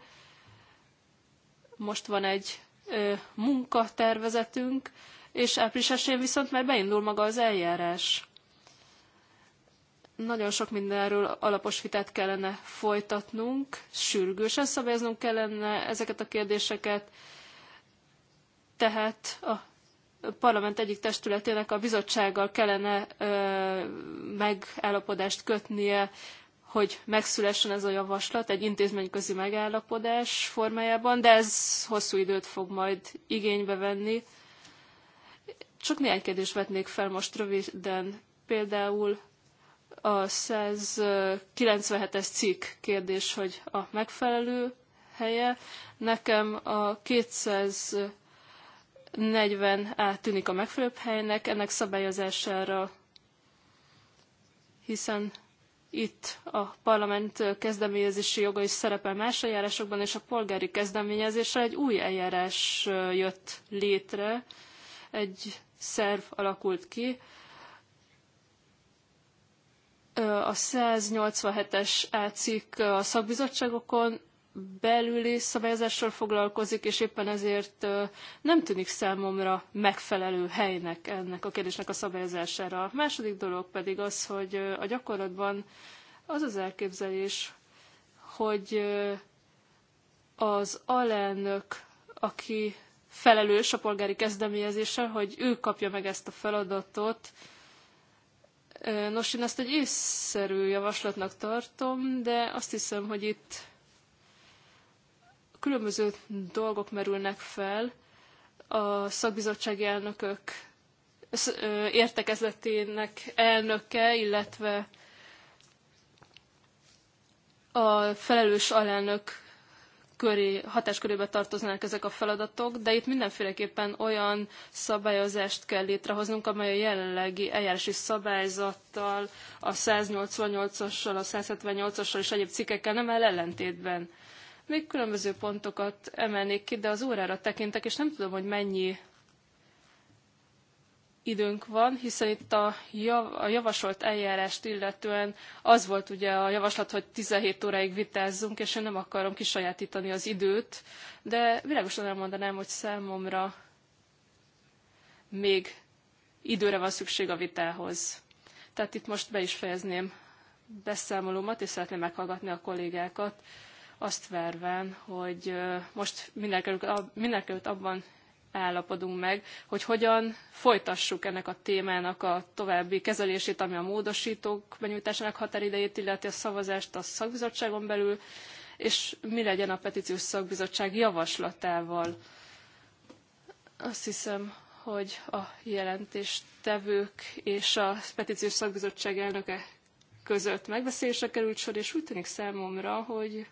Most van egy ö, munkatervezetünk, és április viszont már beindul maga az eljárás. Nagyon sok mindenről alapos vitát kellene folytatnunk, sürgősen szabályoznunk kellene ezeket a kérdéseket, tehát a parlament egyik testületének a bizottsággal kellene ö, megállapodást kötnie hogy megszülessen ez a javaslat egy intézményközi megállapodás formájában, de ez hosszú időt fog majd igénybe venni. Csak néhány kérdést vetnék fel most röviden. Például a 197-es cikk kérdés, hogy a megfelelő helye. Nekem a 240 tűnik a megfelelőbb helynek, ennek szabályozására, hiszen itt a parlament kezdeményezési joga is szerepel más eljárásokban, és a polgári kezdeményezésre egy új eljárás jött létre, egy szerv alakult ki, a 187-es cikk a szakbizottságokon belüli szabályozással foglalkozik, és éppen ezért nem tűnik számomra megfelelő helynek ennek a kérdésnek a szabályozására. A második dolog pedig az, hogy a gyakorlatban az az elképzelés, hogy az alelnök, aki felelős a polgári kezdeményezéssel, hogy ő kapja meg ezt a feladatot. Nos, én ezt egy észszerű javaslatnak tartom, de azt hiszem, hogy itt különböző dolgok merülnek fel a szakbizottsági elnökök értekezletének elnöke, illetve a felelős alelnök köré, hatáskörébe tartoznának ezek a feladatok, de itt mindenféleképpen olyan szabályozást kell létrehoznunk, amely a jelenlegi eljárási szabályzattal, a 188-assal, a 178-assal és egyéb cikkekkel nem áll ellentétben. Még különböző pontokat emelnék ki, de az órára tekintek, és nem tudom, hogy mennyi időnk van, hiszen itt a, javasolt eljárást illetően az volt ugye a javaslat, hogy 17 óráig vitázzunk, és én nem akarom kisajátítani az időt, de világosan elmondanám, hogy számomra még időre van szükség a vitához. Tehát itt most be is fejezném beszámolómat, és szeretném meghallgatni a kollégákat azt verven, hogy most mindenkelőtt abban állapodunk meg, hogy hogyan folytassuk ennek a témának a további kezelését, ami a módosítók benyújtásának határidejét illeti a szavazást a szakbizottságon belül, és mi legyen a petíciós szakbizottság javaslatával. Azt hiszem, hogy a jelentéstevők és a petíciós szakbizottság elnöke között megbeszélésre került sor, és úgy tűnik számomra, hogy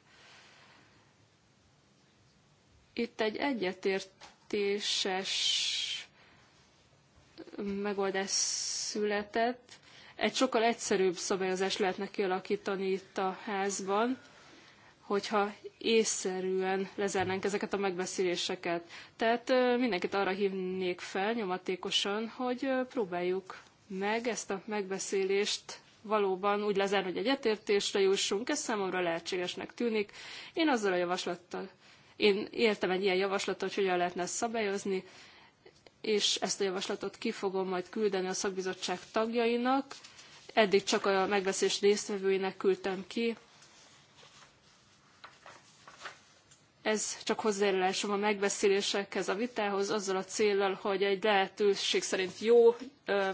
itt egy egyetértéses megoldás született. Egy sokkal egyszerűbb szabályozást lehetne kialakítani itt a házban, hogyha észszerűen lezárnánk ezeket a megbeszéléseket. Tehát mindenkit arra hívnék fel nyomatékosan, hogy próbáljuk meg ezt a megbeszélést valóban úgy lezárni, hogy egyetértésre jussunk, ez számomra lehetségesnek tűnik. Én azzal a javaslattal én értem egy ilyen javaslatot, hogy hogyan lehetne ezt szabályozni, és ezt a javaslatot ki fogom majd küldeni a szakbizottság tagjainak. Eddig csak a megbeszélés résztvevőinek küldtem ki, Ez csak hozzájárulásom a megbeszélésekhez, a vitához, azzal a célral, hogy egy lehetőség szerint jó,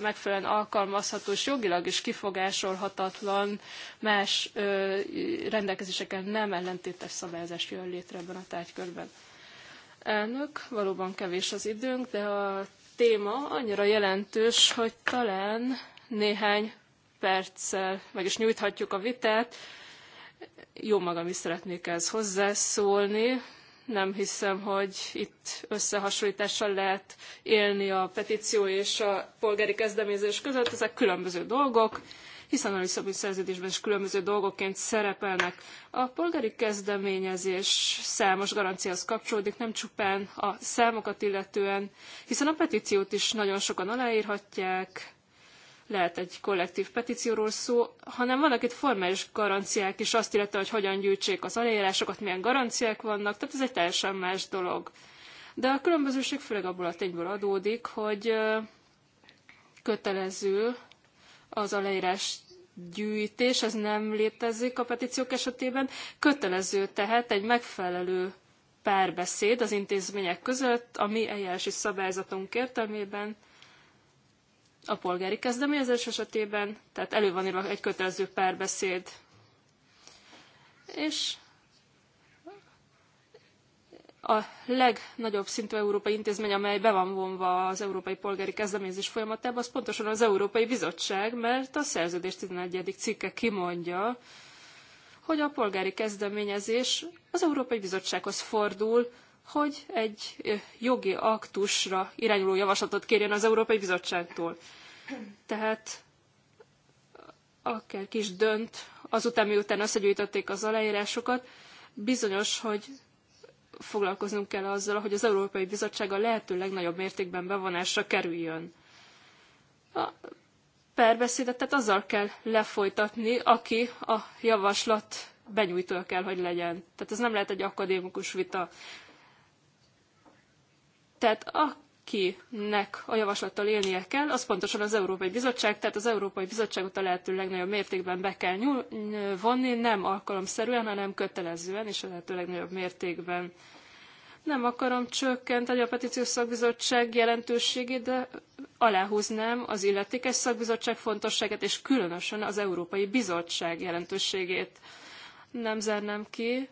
megfelelően alkalmazható és jogilag is kifogásolhatatlan más rendelkezésekkel nem ellentétes szabályozás jön létre ebben a tárgykörben. Elnök, valóban kevés az időnk, de a téma annyira jelentős, hogy talán néhány perccel meg is nyújthatjuk a vitát. Jó magam is szeretnék ez hozzászólni. Nem hiszem, hogy itt összehasonlítással lehet élni a petíció és a polgári kezdeményezés között. Ezek különböző dolgok hiszen a Lisszaboni szerződésben is különböző dolgokként szerepelnek. A polgári kezdeményezés számos garanciához kapcsolódik, nem csupán a számokat illetően, hiszen a petíciót is nagyon sokan aláírhatják, lehet egy kollektív petícióról szó, hanem vannak itt formális garanciák is, azt illetve, hogy hogyan gyűjtsék az aláírásokat, milyen garanciák vannak, tehát ez egy teljesen más dolog. De a különbözőség főleg abból a tényből adódik, hogy kötelező az aláírás gyűjtés, ez nem létezik a petíciók esetében, kötelező tehát egy megfelelő párbeszéd az intézmények között, ami eljárási szabályzatunk értelmében a polgári kezdeményezés esetében, tehát elő van írva egy kötelező párbeszéd. És a legnagyobb szintű európai intézmény, amely be van vonva az európai polgári kezdeményezés folyamatába, az pontosan az Európai Bizottság, mert a szerződés 11. cikke kimondja, hogy a polgári kezdeményezés az Európai Bizottsághoz fordul, hogy egy jogi aktusra irányuló javaslatot kérjen az Európai Bizottságtól. Tehát akárki is dönt, azután miután összegyűjtötték az aláírásokat, bizonyos, hogy foglalkoznunk kell azzal, hogy az Európai Bizottság a lehető legnagyobb mértékben bevonásra kerüljön. A perbeszédet tehát azzal kell lefolytatni, aki a javaslat benyújtója kell, hogy legyen. Tehát ez nem lehet egy akadémikus vita. Tehát akinek a javaslattal élnie kell, az pontosan az Európai Bizottság, tehát az Európai Bizottságot a lehető legnagyobb mértékben be kell nyúl, vonni, nem alkalomszerűen, hanem kötelezően, és a lehető legnagyobb mértékben. Nem akarom csökkenteni a petíciós szakbizottság jelentőségét, de aláhúznám az illetékes szakbizottság fontosságát, és különösen az Európai Bizottság jelentőségét. Nem zárnám ki,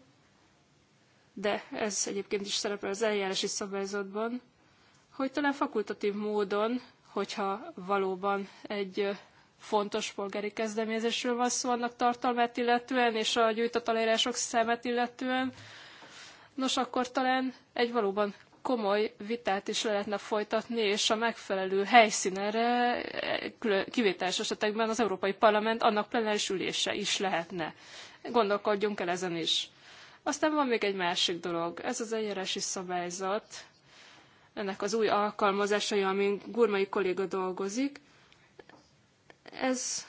de ez egyébként is szerepel az eljárási szabályzatban, hogy talán fakultatív módon, hogyha valóban egy fontos polgári kezdeményezésről van szó annak tartalmát illetően, és a gyűjtött aláírások számát illetően, nos akkor talán egy valóban komoly vitát is le lehetne folytatni, és a megfelelő helyszínenre e, kivételes esetekben az Európai Parlament annak plenáris ülése is lehetne. Gondolkodjunk el ezen is. Aztán van még egy másik dolog, ez az eljárási szabályzat, ennek az új alkalmazásai, amin gurmai kolléga dolgozik. Ez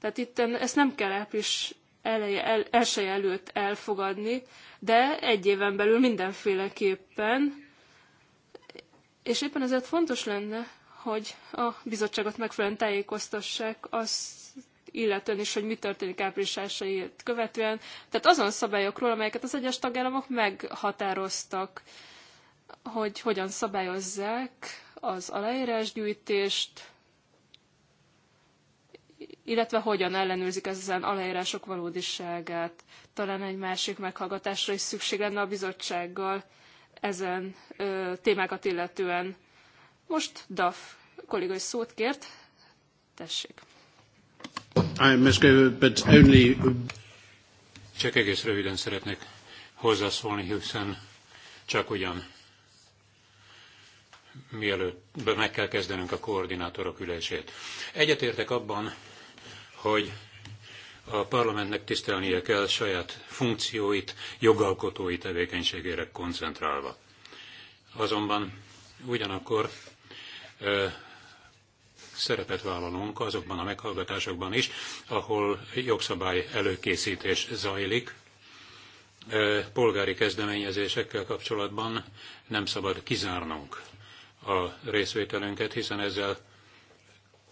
tehát itt ezt nem kell április eleje, el, elsője előtt elfogadni, de egy éven belül mindenféleképpen. És éppen ezért fontos lenne, hogy a bizottságot megfelelően tájékoztassák azt illetően is, hogy mi történik április 1 követően. Tehát azon szabályokról, amelyeket az egyes tagállamok meghatároztak, hogy hogyan szabályozzák az aláírásgyűjtést, illetve hogyan ellenőrzik ezen aláírások valódiságát. Talán egy másik meghallgatásra is szükség lenne a bizottsággal ezen ö, témákat illetően. Most DAF is szót kért. Tessék. Csak egész röviden szeretnék hozzászólni, hiszen csak ugyan mielőtt meg kell kezdenünk a koordinátorok ülését. Egyetértek abban, hogy a parlamentnek tisztelnie kell saját funkcióit, jogalkotói tevékenységére koncentrálva. Azonban ugyanakkor szerepet vállalunk azokban a meghallgatásokban is, ahol jogszabály előkészítés zajlik, e, polgári kezdeményezésekkel kapcsolatban nem szabad kizárnunk a részvételünket, hiszen ezzel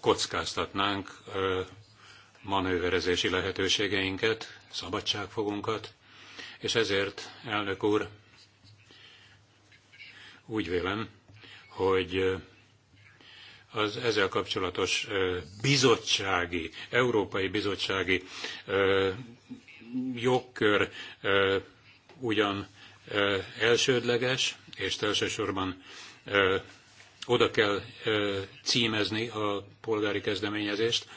kockáztatnánk e, manőverezési lehetőségeinket, szabadságfogunkat, és ezért, elnök úr, úgy vélem, hogy az ezzel kapcsolatos bizottsági, európai bizottsági jogkör ugyan elsődleges, és elsősorban oda kell címezni a polgári kezdeményezést,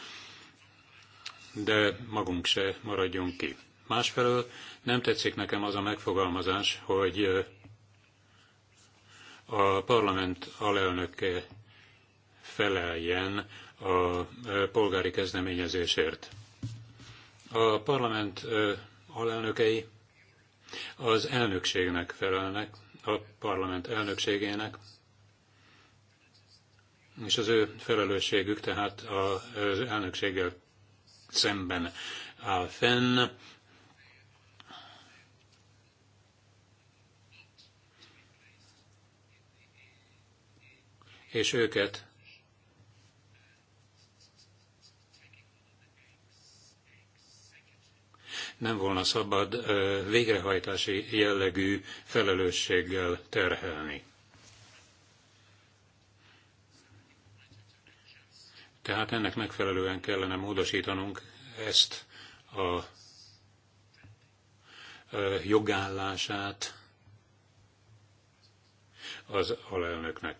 de magunk se maradjunk ki. Másfelől nem tetszik nekem az a megfogalmazás, hogy a parlament alelnöke feleljen a e, polgári kezdeményezésért. A parlament e, alelnökei az elnökségnek felelnek, a parlament elnökségének, és az ő felelősségük tehát az elnökséggel szemben áll fenn. És őket nem volna szabad végrehajtási jellegű felelősséggel terhelni. Tehát ennek megfelelően kellene módosítanunk ezt a jogállását az alelnöknek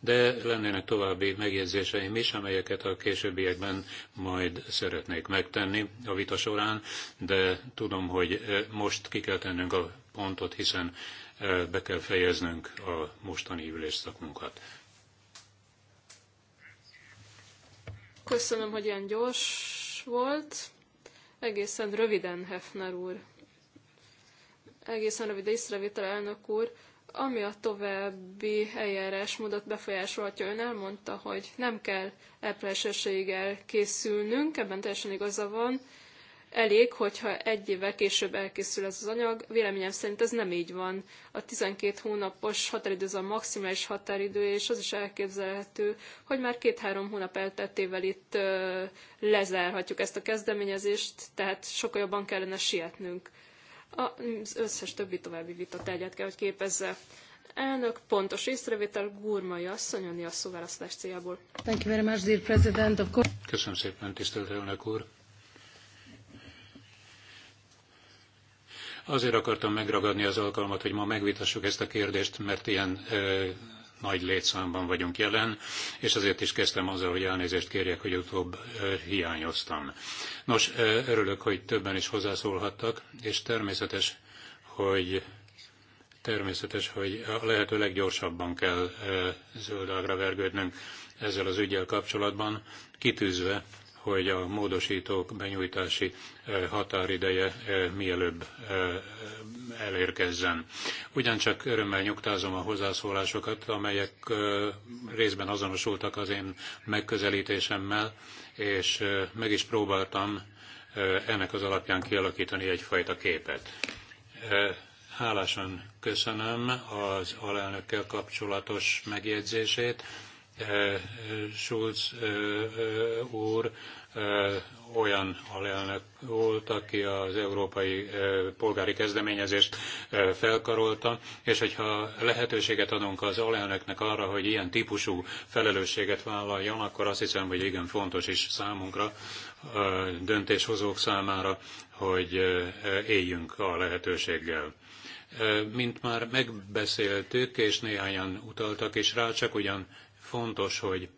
de lennének további megjegyzéseim is, amelyeket a későbbiekben majd szeretnék megtenni a vita során, de tudom, hogy most ki kell tennünk a pontot, hiszen be kell fejeznünk a mostani ülésszakunkat. Köszönöm, hogy ilyen gyors volt. Egészen röviden, Hefner úr. Egészen rövid észrevétel, elnök úr. Ami a további eljárásmódot befolyásolhatja, ön elmondta, hogy nem kell elplelsőséggel készülnünk, ebben teljesen igaza van, elég, hogyha egy évvel később elkészül ez az anyag. Véleményem szerint ez nem így van. A 12 hónapos határidő az a maximális határidő, és az is elképzelhető, hogy már két-három hónap elteltével itt ö, lezárhatjuk ezt a kezdeményezést, tehát sokkal jobban kellene sietnünk az összes többi további vita tárgyát kell, hogy képezze. Elnök, pontos észrevétel, Gurmai asszony, a szóválasztás céljából. Thank you very much, dear President. Of course. Köszönöm szépen, tisztelt elnök úr. Azért akartam megragadni az alkalmat, hogy ma megvitassuk ezt a kérdést, mert ilyen nagy létszámban vagyunk jelen, és ezért is kezdtem azzal, hogy elnézést kérjek, hogy utóbb hiányoztam. Nos, örülök, hogy többen is hozzászólhattak, és természetes, hogy természetes, hogy a lehető leggyorsabban kell zöldágra vergődnünk ezzel az ügyel kapcsolatban, kitűzve hogy a módosítók benyújtási eh, határideje eh, mielőbb eh, elérkezzen. Ugyancsak örömmel nyugtázom a hozzászólásokat, amelyek részben azonosultak az én megközelítésemmel, és meg is próbáltam ennek az alapján kialakítani egyfajta képet. Hálásan köszönöm az alelnökkel kapcsolatos megjegyzését, Eh, eh, Schulz eh, úr olyan alelnök volt, aki az európai polgári kezdeményezést felkarolta, és hogyha lehetőséget adunk az alelnöknek arra, hogy ilyen típusú felelősséget vállaljon, akkor azt hiszem, hogy igen fontos is számunkra, döntéshozók számára, hogy éljünk a lehetőséggel mint már megbeszéltük, és néhányan utaltak is rá, csak ugyan fontos, hogy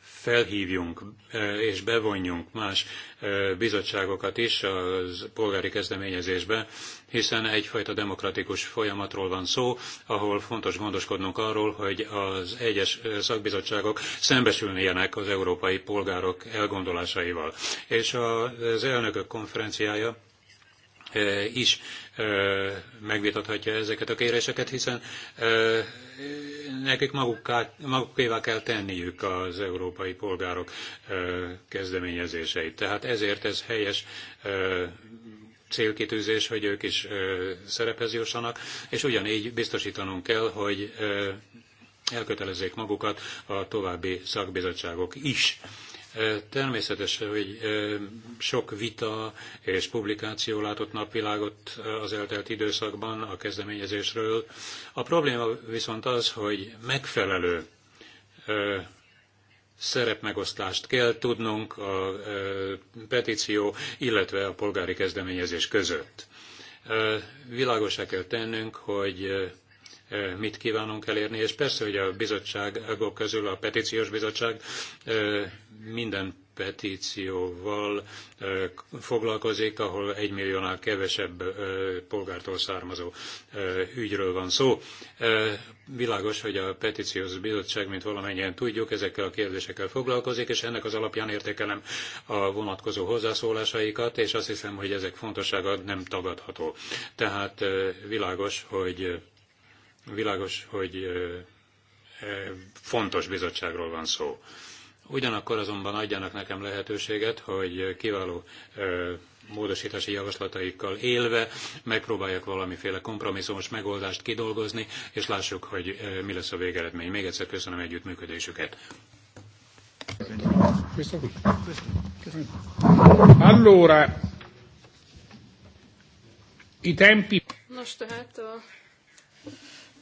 felhívjunk e, és bevonjunk más e, bizottságokat is a polgári kezdeményezésbe, hiszen egyfajta demokratikus folyamatról van szó, ahol fontos gondoskodnunk arról, hogy az egyes e, szakbizottságok szembesülnének az európai polgárok elgondolásaival. És az elnökök konferenciája is megvitathatja ezeket a kéréseket, hiszen nekik magukévá kell tenniük az európai polgárok kezdeményezéseit. Tehát ezért ez helyes célkitűzés, hogy ők is szerephez jussanak, és ugyanígy biztosítanunk kell, hogy elkötelezzék magukat a további szakbizottságok is Természetesen, hogy sok vita és publikáció látott napvilágot az eltelt időszakban a kezdeményezésről. A probléma viszont az, hogy megfelelő szerepmegosztást kell tudnunk a petíció, illetve a polgári kezdeményezés között. Világosá kell tennünk, hogy mit kívánunk elérni, és persze, hogy a bizottságok közül a petíciós bizottság minden petícióval foglalkozik, ahol egy milliónál kevesebb polgártól származó ügyről van szó. Világos, hogy a petíciós bizottság, mint valamennyien tudjuk, ezekkel a kérdésekkel foglalkozik, és ennek az alapján értékelem a vonatkozó hozzászólásaikat, és azt hiszem, hogy ezek fontossága nem tagadható. Tehát világos, hogy Világos, hogy fontos bizottságról van szó. Ugyanakkor azonban adjanak nekem lehetőséget, hogy kiváló módosítási javaslataikkal élve megpróbáljak valamiféle kompromisszumos megoldást kidolgozni, és lássuk, hogy mi lesz a végeredmény. Még egyszer köszönöm együttműködésüket. Allora, i tempi... Nos, tehát a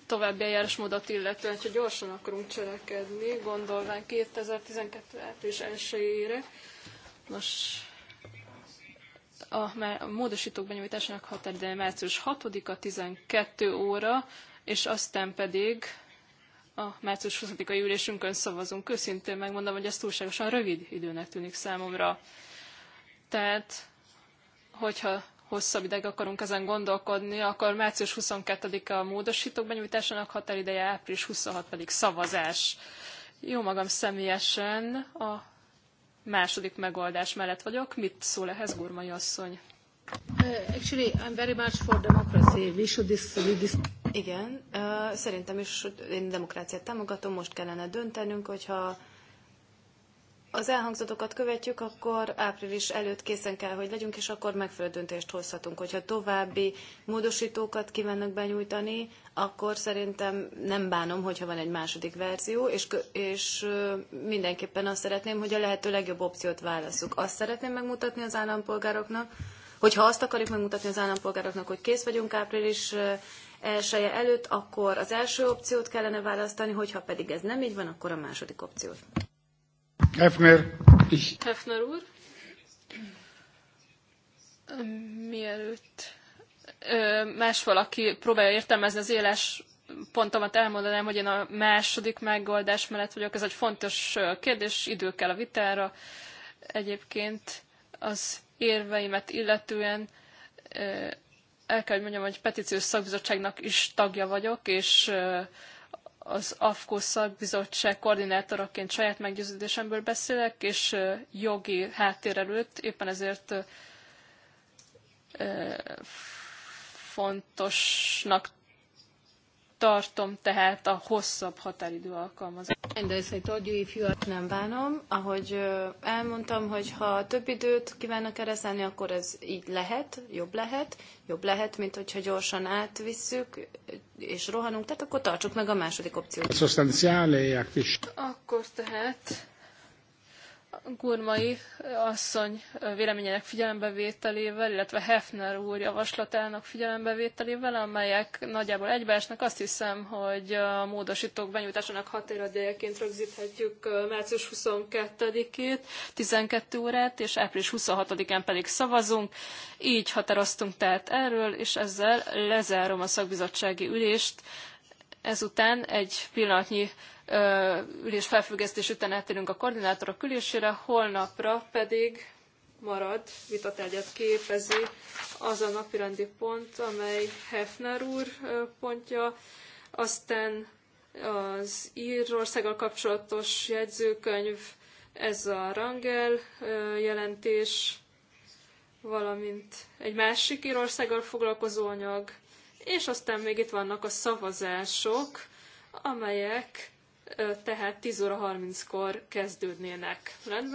további eljárásmódot illetően, hogyha gyorsan akarunk cselekedni, gondolván 2012. április 1-ére. Nos, a, a módosítók benyújtásának határideje március 6-a 12 óra, és aztán pedig a március 20 a ülésünkön szavazunk. Köszintén megmondom, hogy ez túlságosan rövid időnek tűnik számomra. Tehát, hogyha hosszabb ideig akarunk ezen gondolkodni, akkor március 22-e a módosítók benyújtásának határideje, április 26 pedig szavazás. Jó magam személyesen a második megoldás mellett vagyok. Mit szól ehhez Gurmai asszony? Uh, actually, I'm very much for democracy. We should this, Igen, uh, szerintem is én demokráciát támogatom, most kellene döntenünk, hogyha az elhangzatokat követjük, akkor április előtt készen kell, hogy legyünk, és akkor megfelelő döntést hozhatunk. Hogyha további módosítókat kívánnak benyújtani, akkor szerintem nem bánom, hogyha van egy második verzió, és, és mindenképpen azt szeretném, hogy a lehető legjobb opciót válaszuk. Azt szeretném megmutatni az állampolgároknak, hogyha azt akarjuk megmutatni az állampolgároknak, hogy kész vagyunk április elsője előtt, akkor az első opciót kellene választani, hogyha pedig ez nem így van, akkor a második opciót. Hefner. Hefner úr. Mielőtt más valaki próbálja értelmezni az éles pontomat, elmondanám, hogy én a második megoldás mellett vagyok. Ez egy fontos kérdés, idő kell a vitára. Egyébként az érveimet illetően el kell, hogy mondjam, hogy petíciós szakbizottságnak is tagja vagyok, és az AFKO szakbizottság koordinátoraként saját meggyőződésemből beszélek, és jogi háttér előtt éppen ezért fontosnak tartom tehát a hosszabb határidő alkalmazást. Nem bánom, ahogy elmondtam, hogy ha több időt kívánnak erre szállni, akkor ez így lehet, jobb lehet, jobb lehet, mint hogyha gyorsan átvisszük és rohanunk, tehát akkor tartsuk meg a második opciót. E akkor tehát Gurmai asszony véleményének figyelembevételével, illetve Hefner úr javaslatának figyelembevételével, amelyek nagyjából egybeesnek. Azt hiszem, hogy a módosítók benyújtásának határidőjeként rögzíthetjük március 22-ét, 12 órát, és április 26-án pedig szavazunk. Így határoztunk tehát erről, és ezzel lezárom a szakbizottsági ülést. Ezután egy pillanatnyi ülés felfüggesztés után áttérünk a koordinátorok ülésére, holnapra pedig marad, vitatárgyat képezi az a napirendi pont, amely Hefner úr pontja, aztán az Írországgal kapcsolatos jegyzőkönyv, ez a Rangel jelentés, valamint egy másik Írországgal foglalkozó anyag, és aztán még itt vannak a szavazások, amelyek tehát 10 óra 30-kor kezdődnének. Rendben?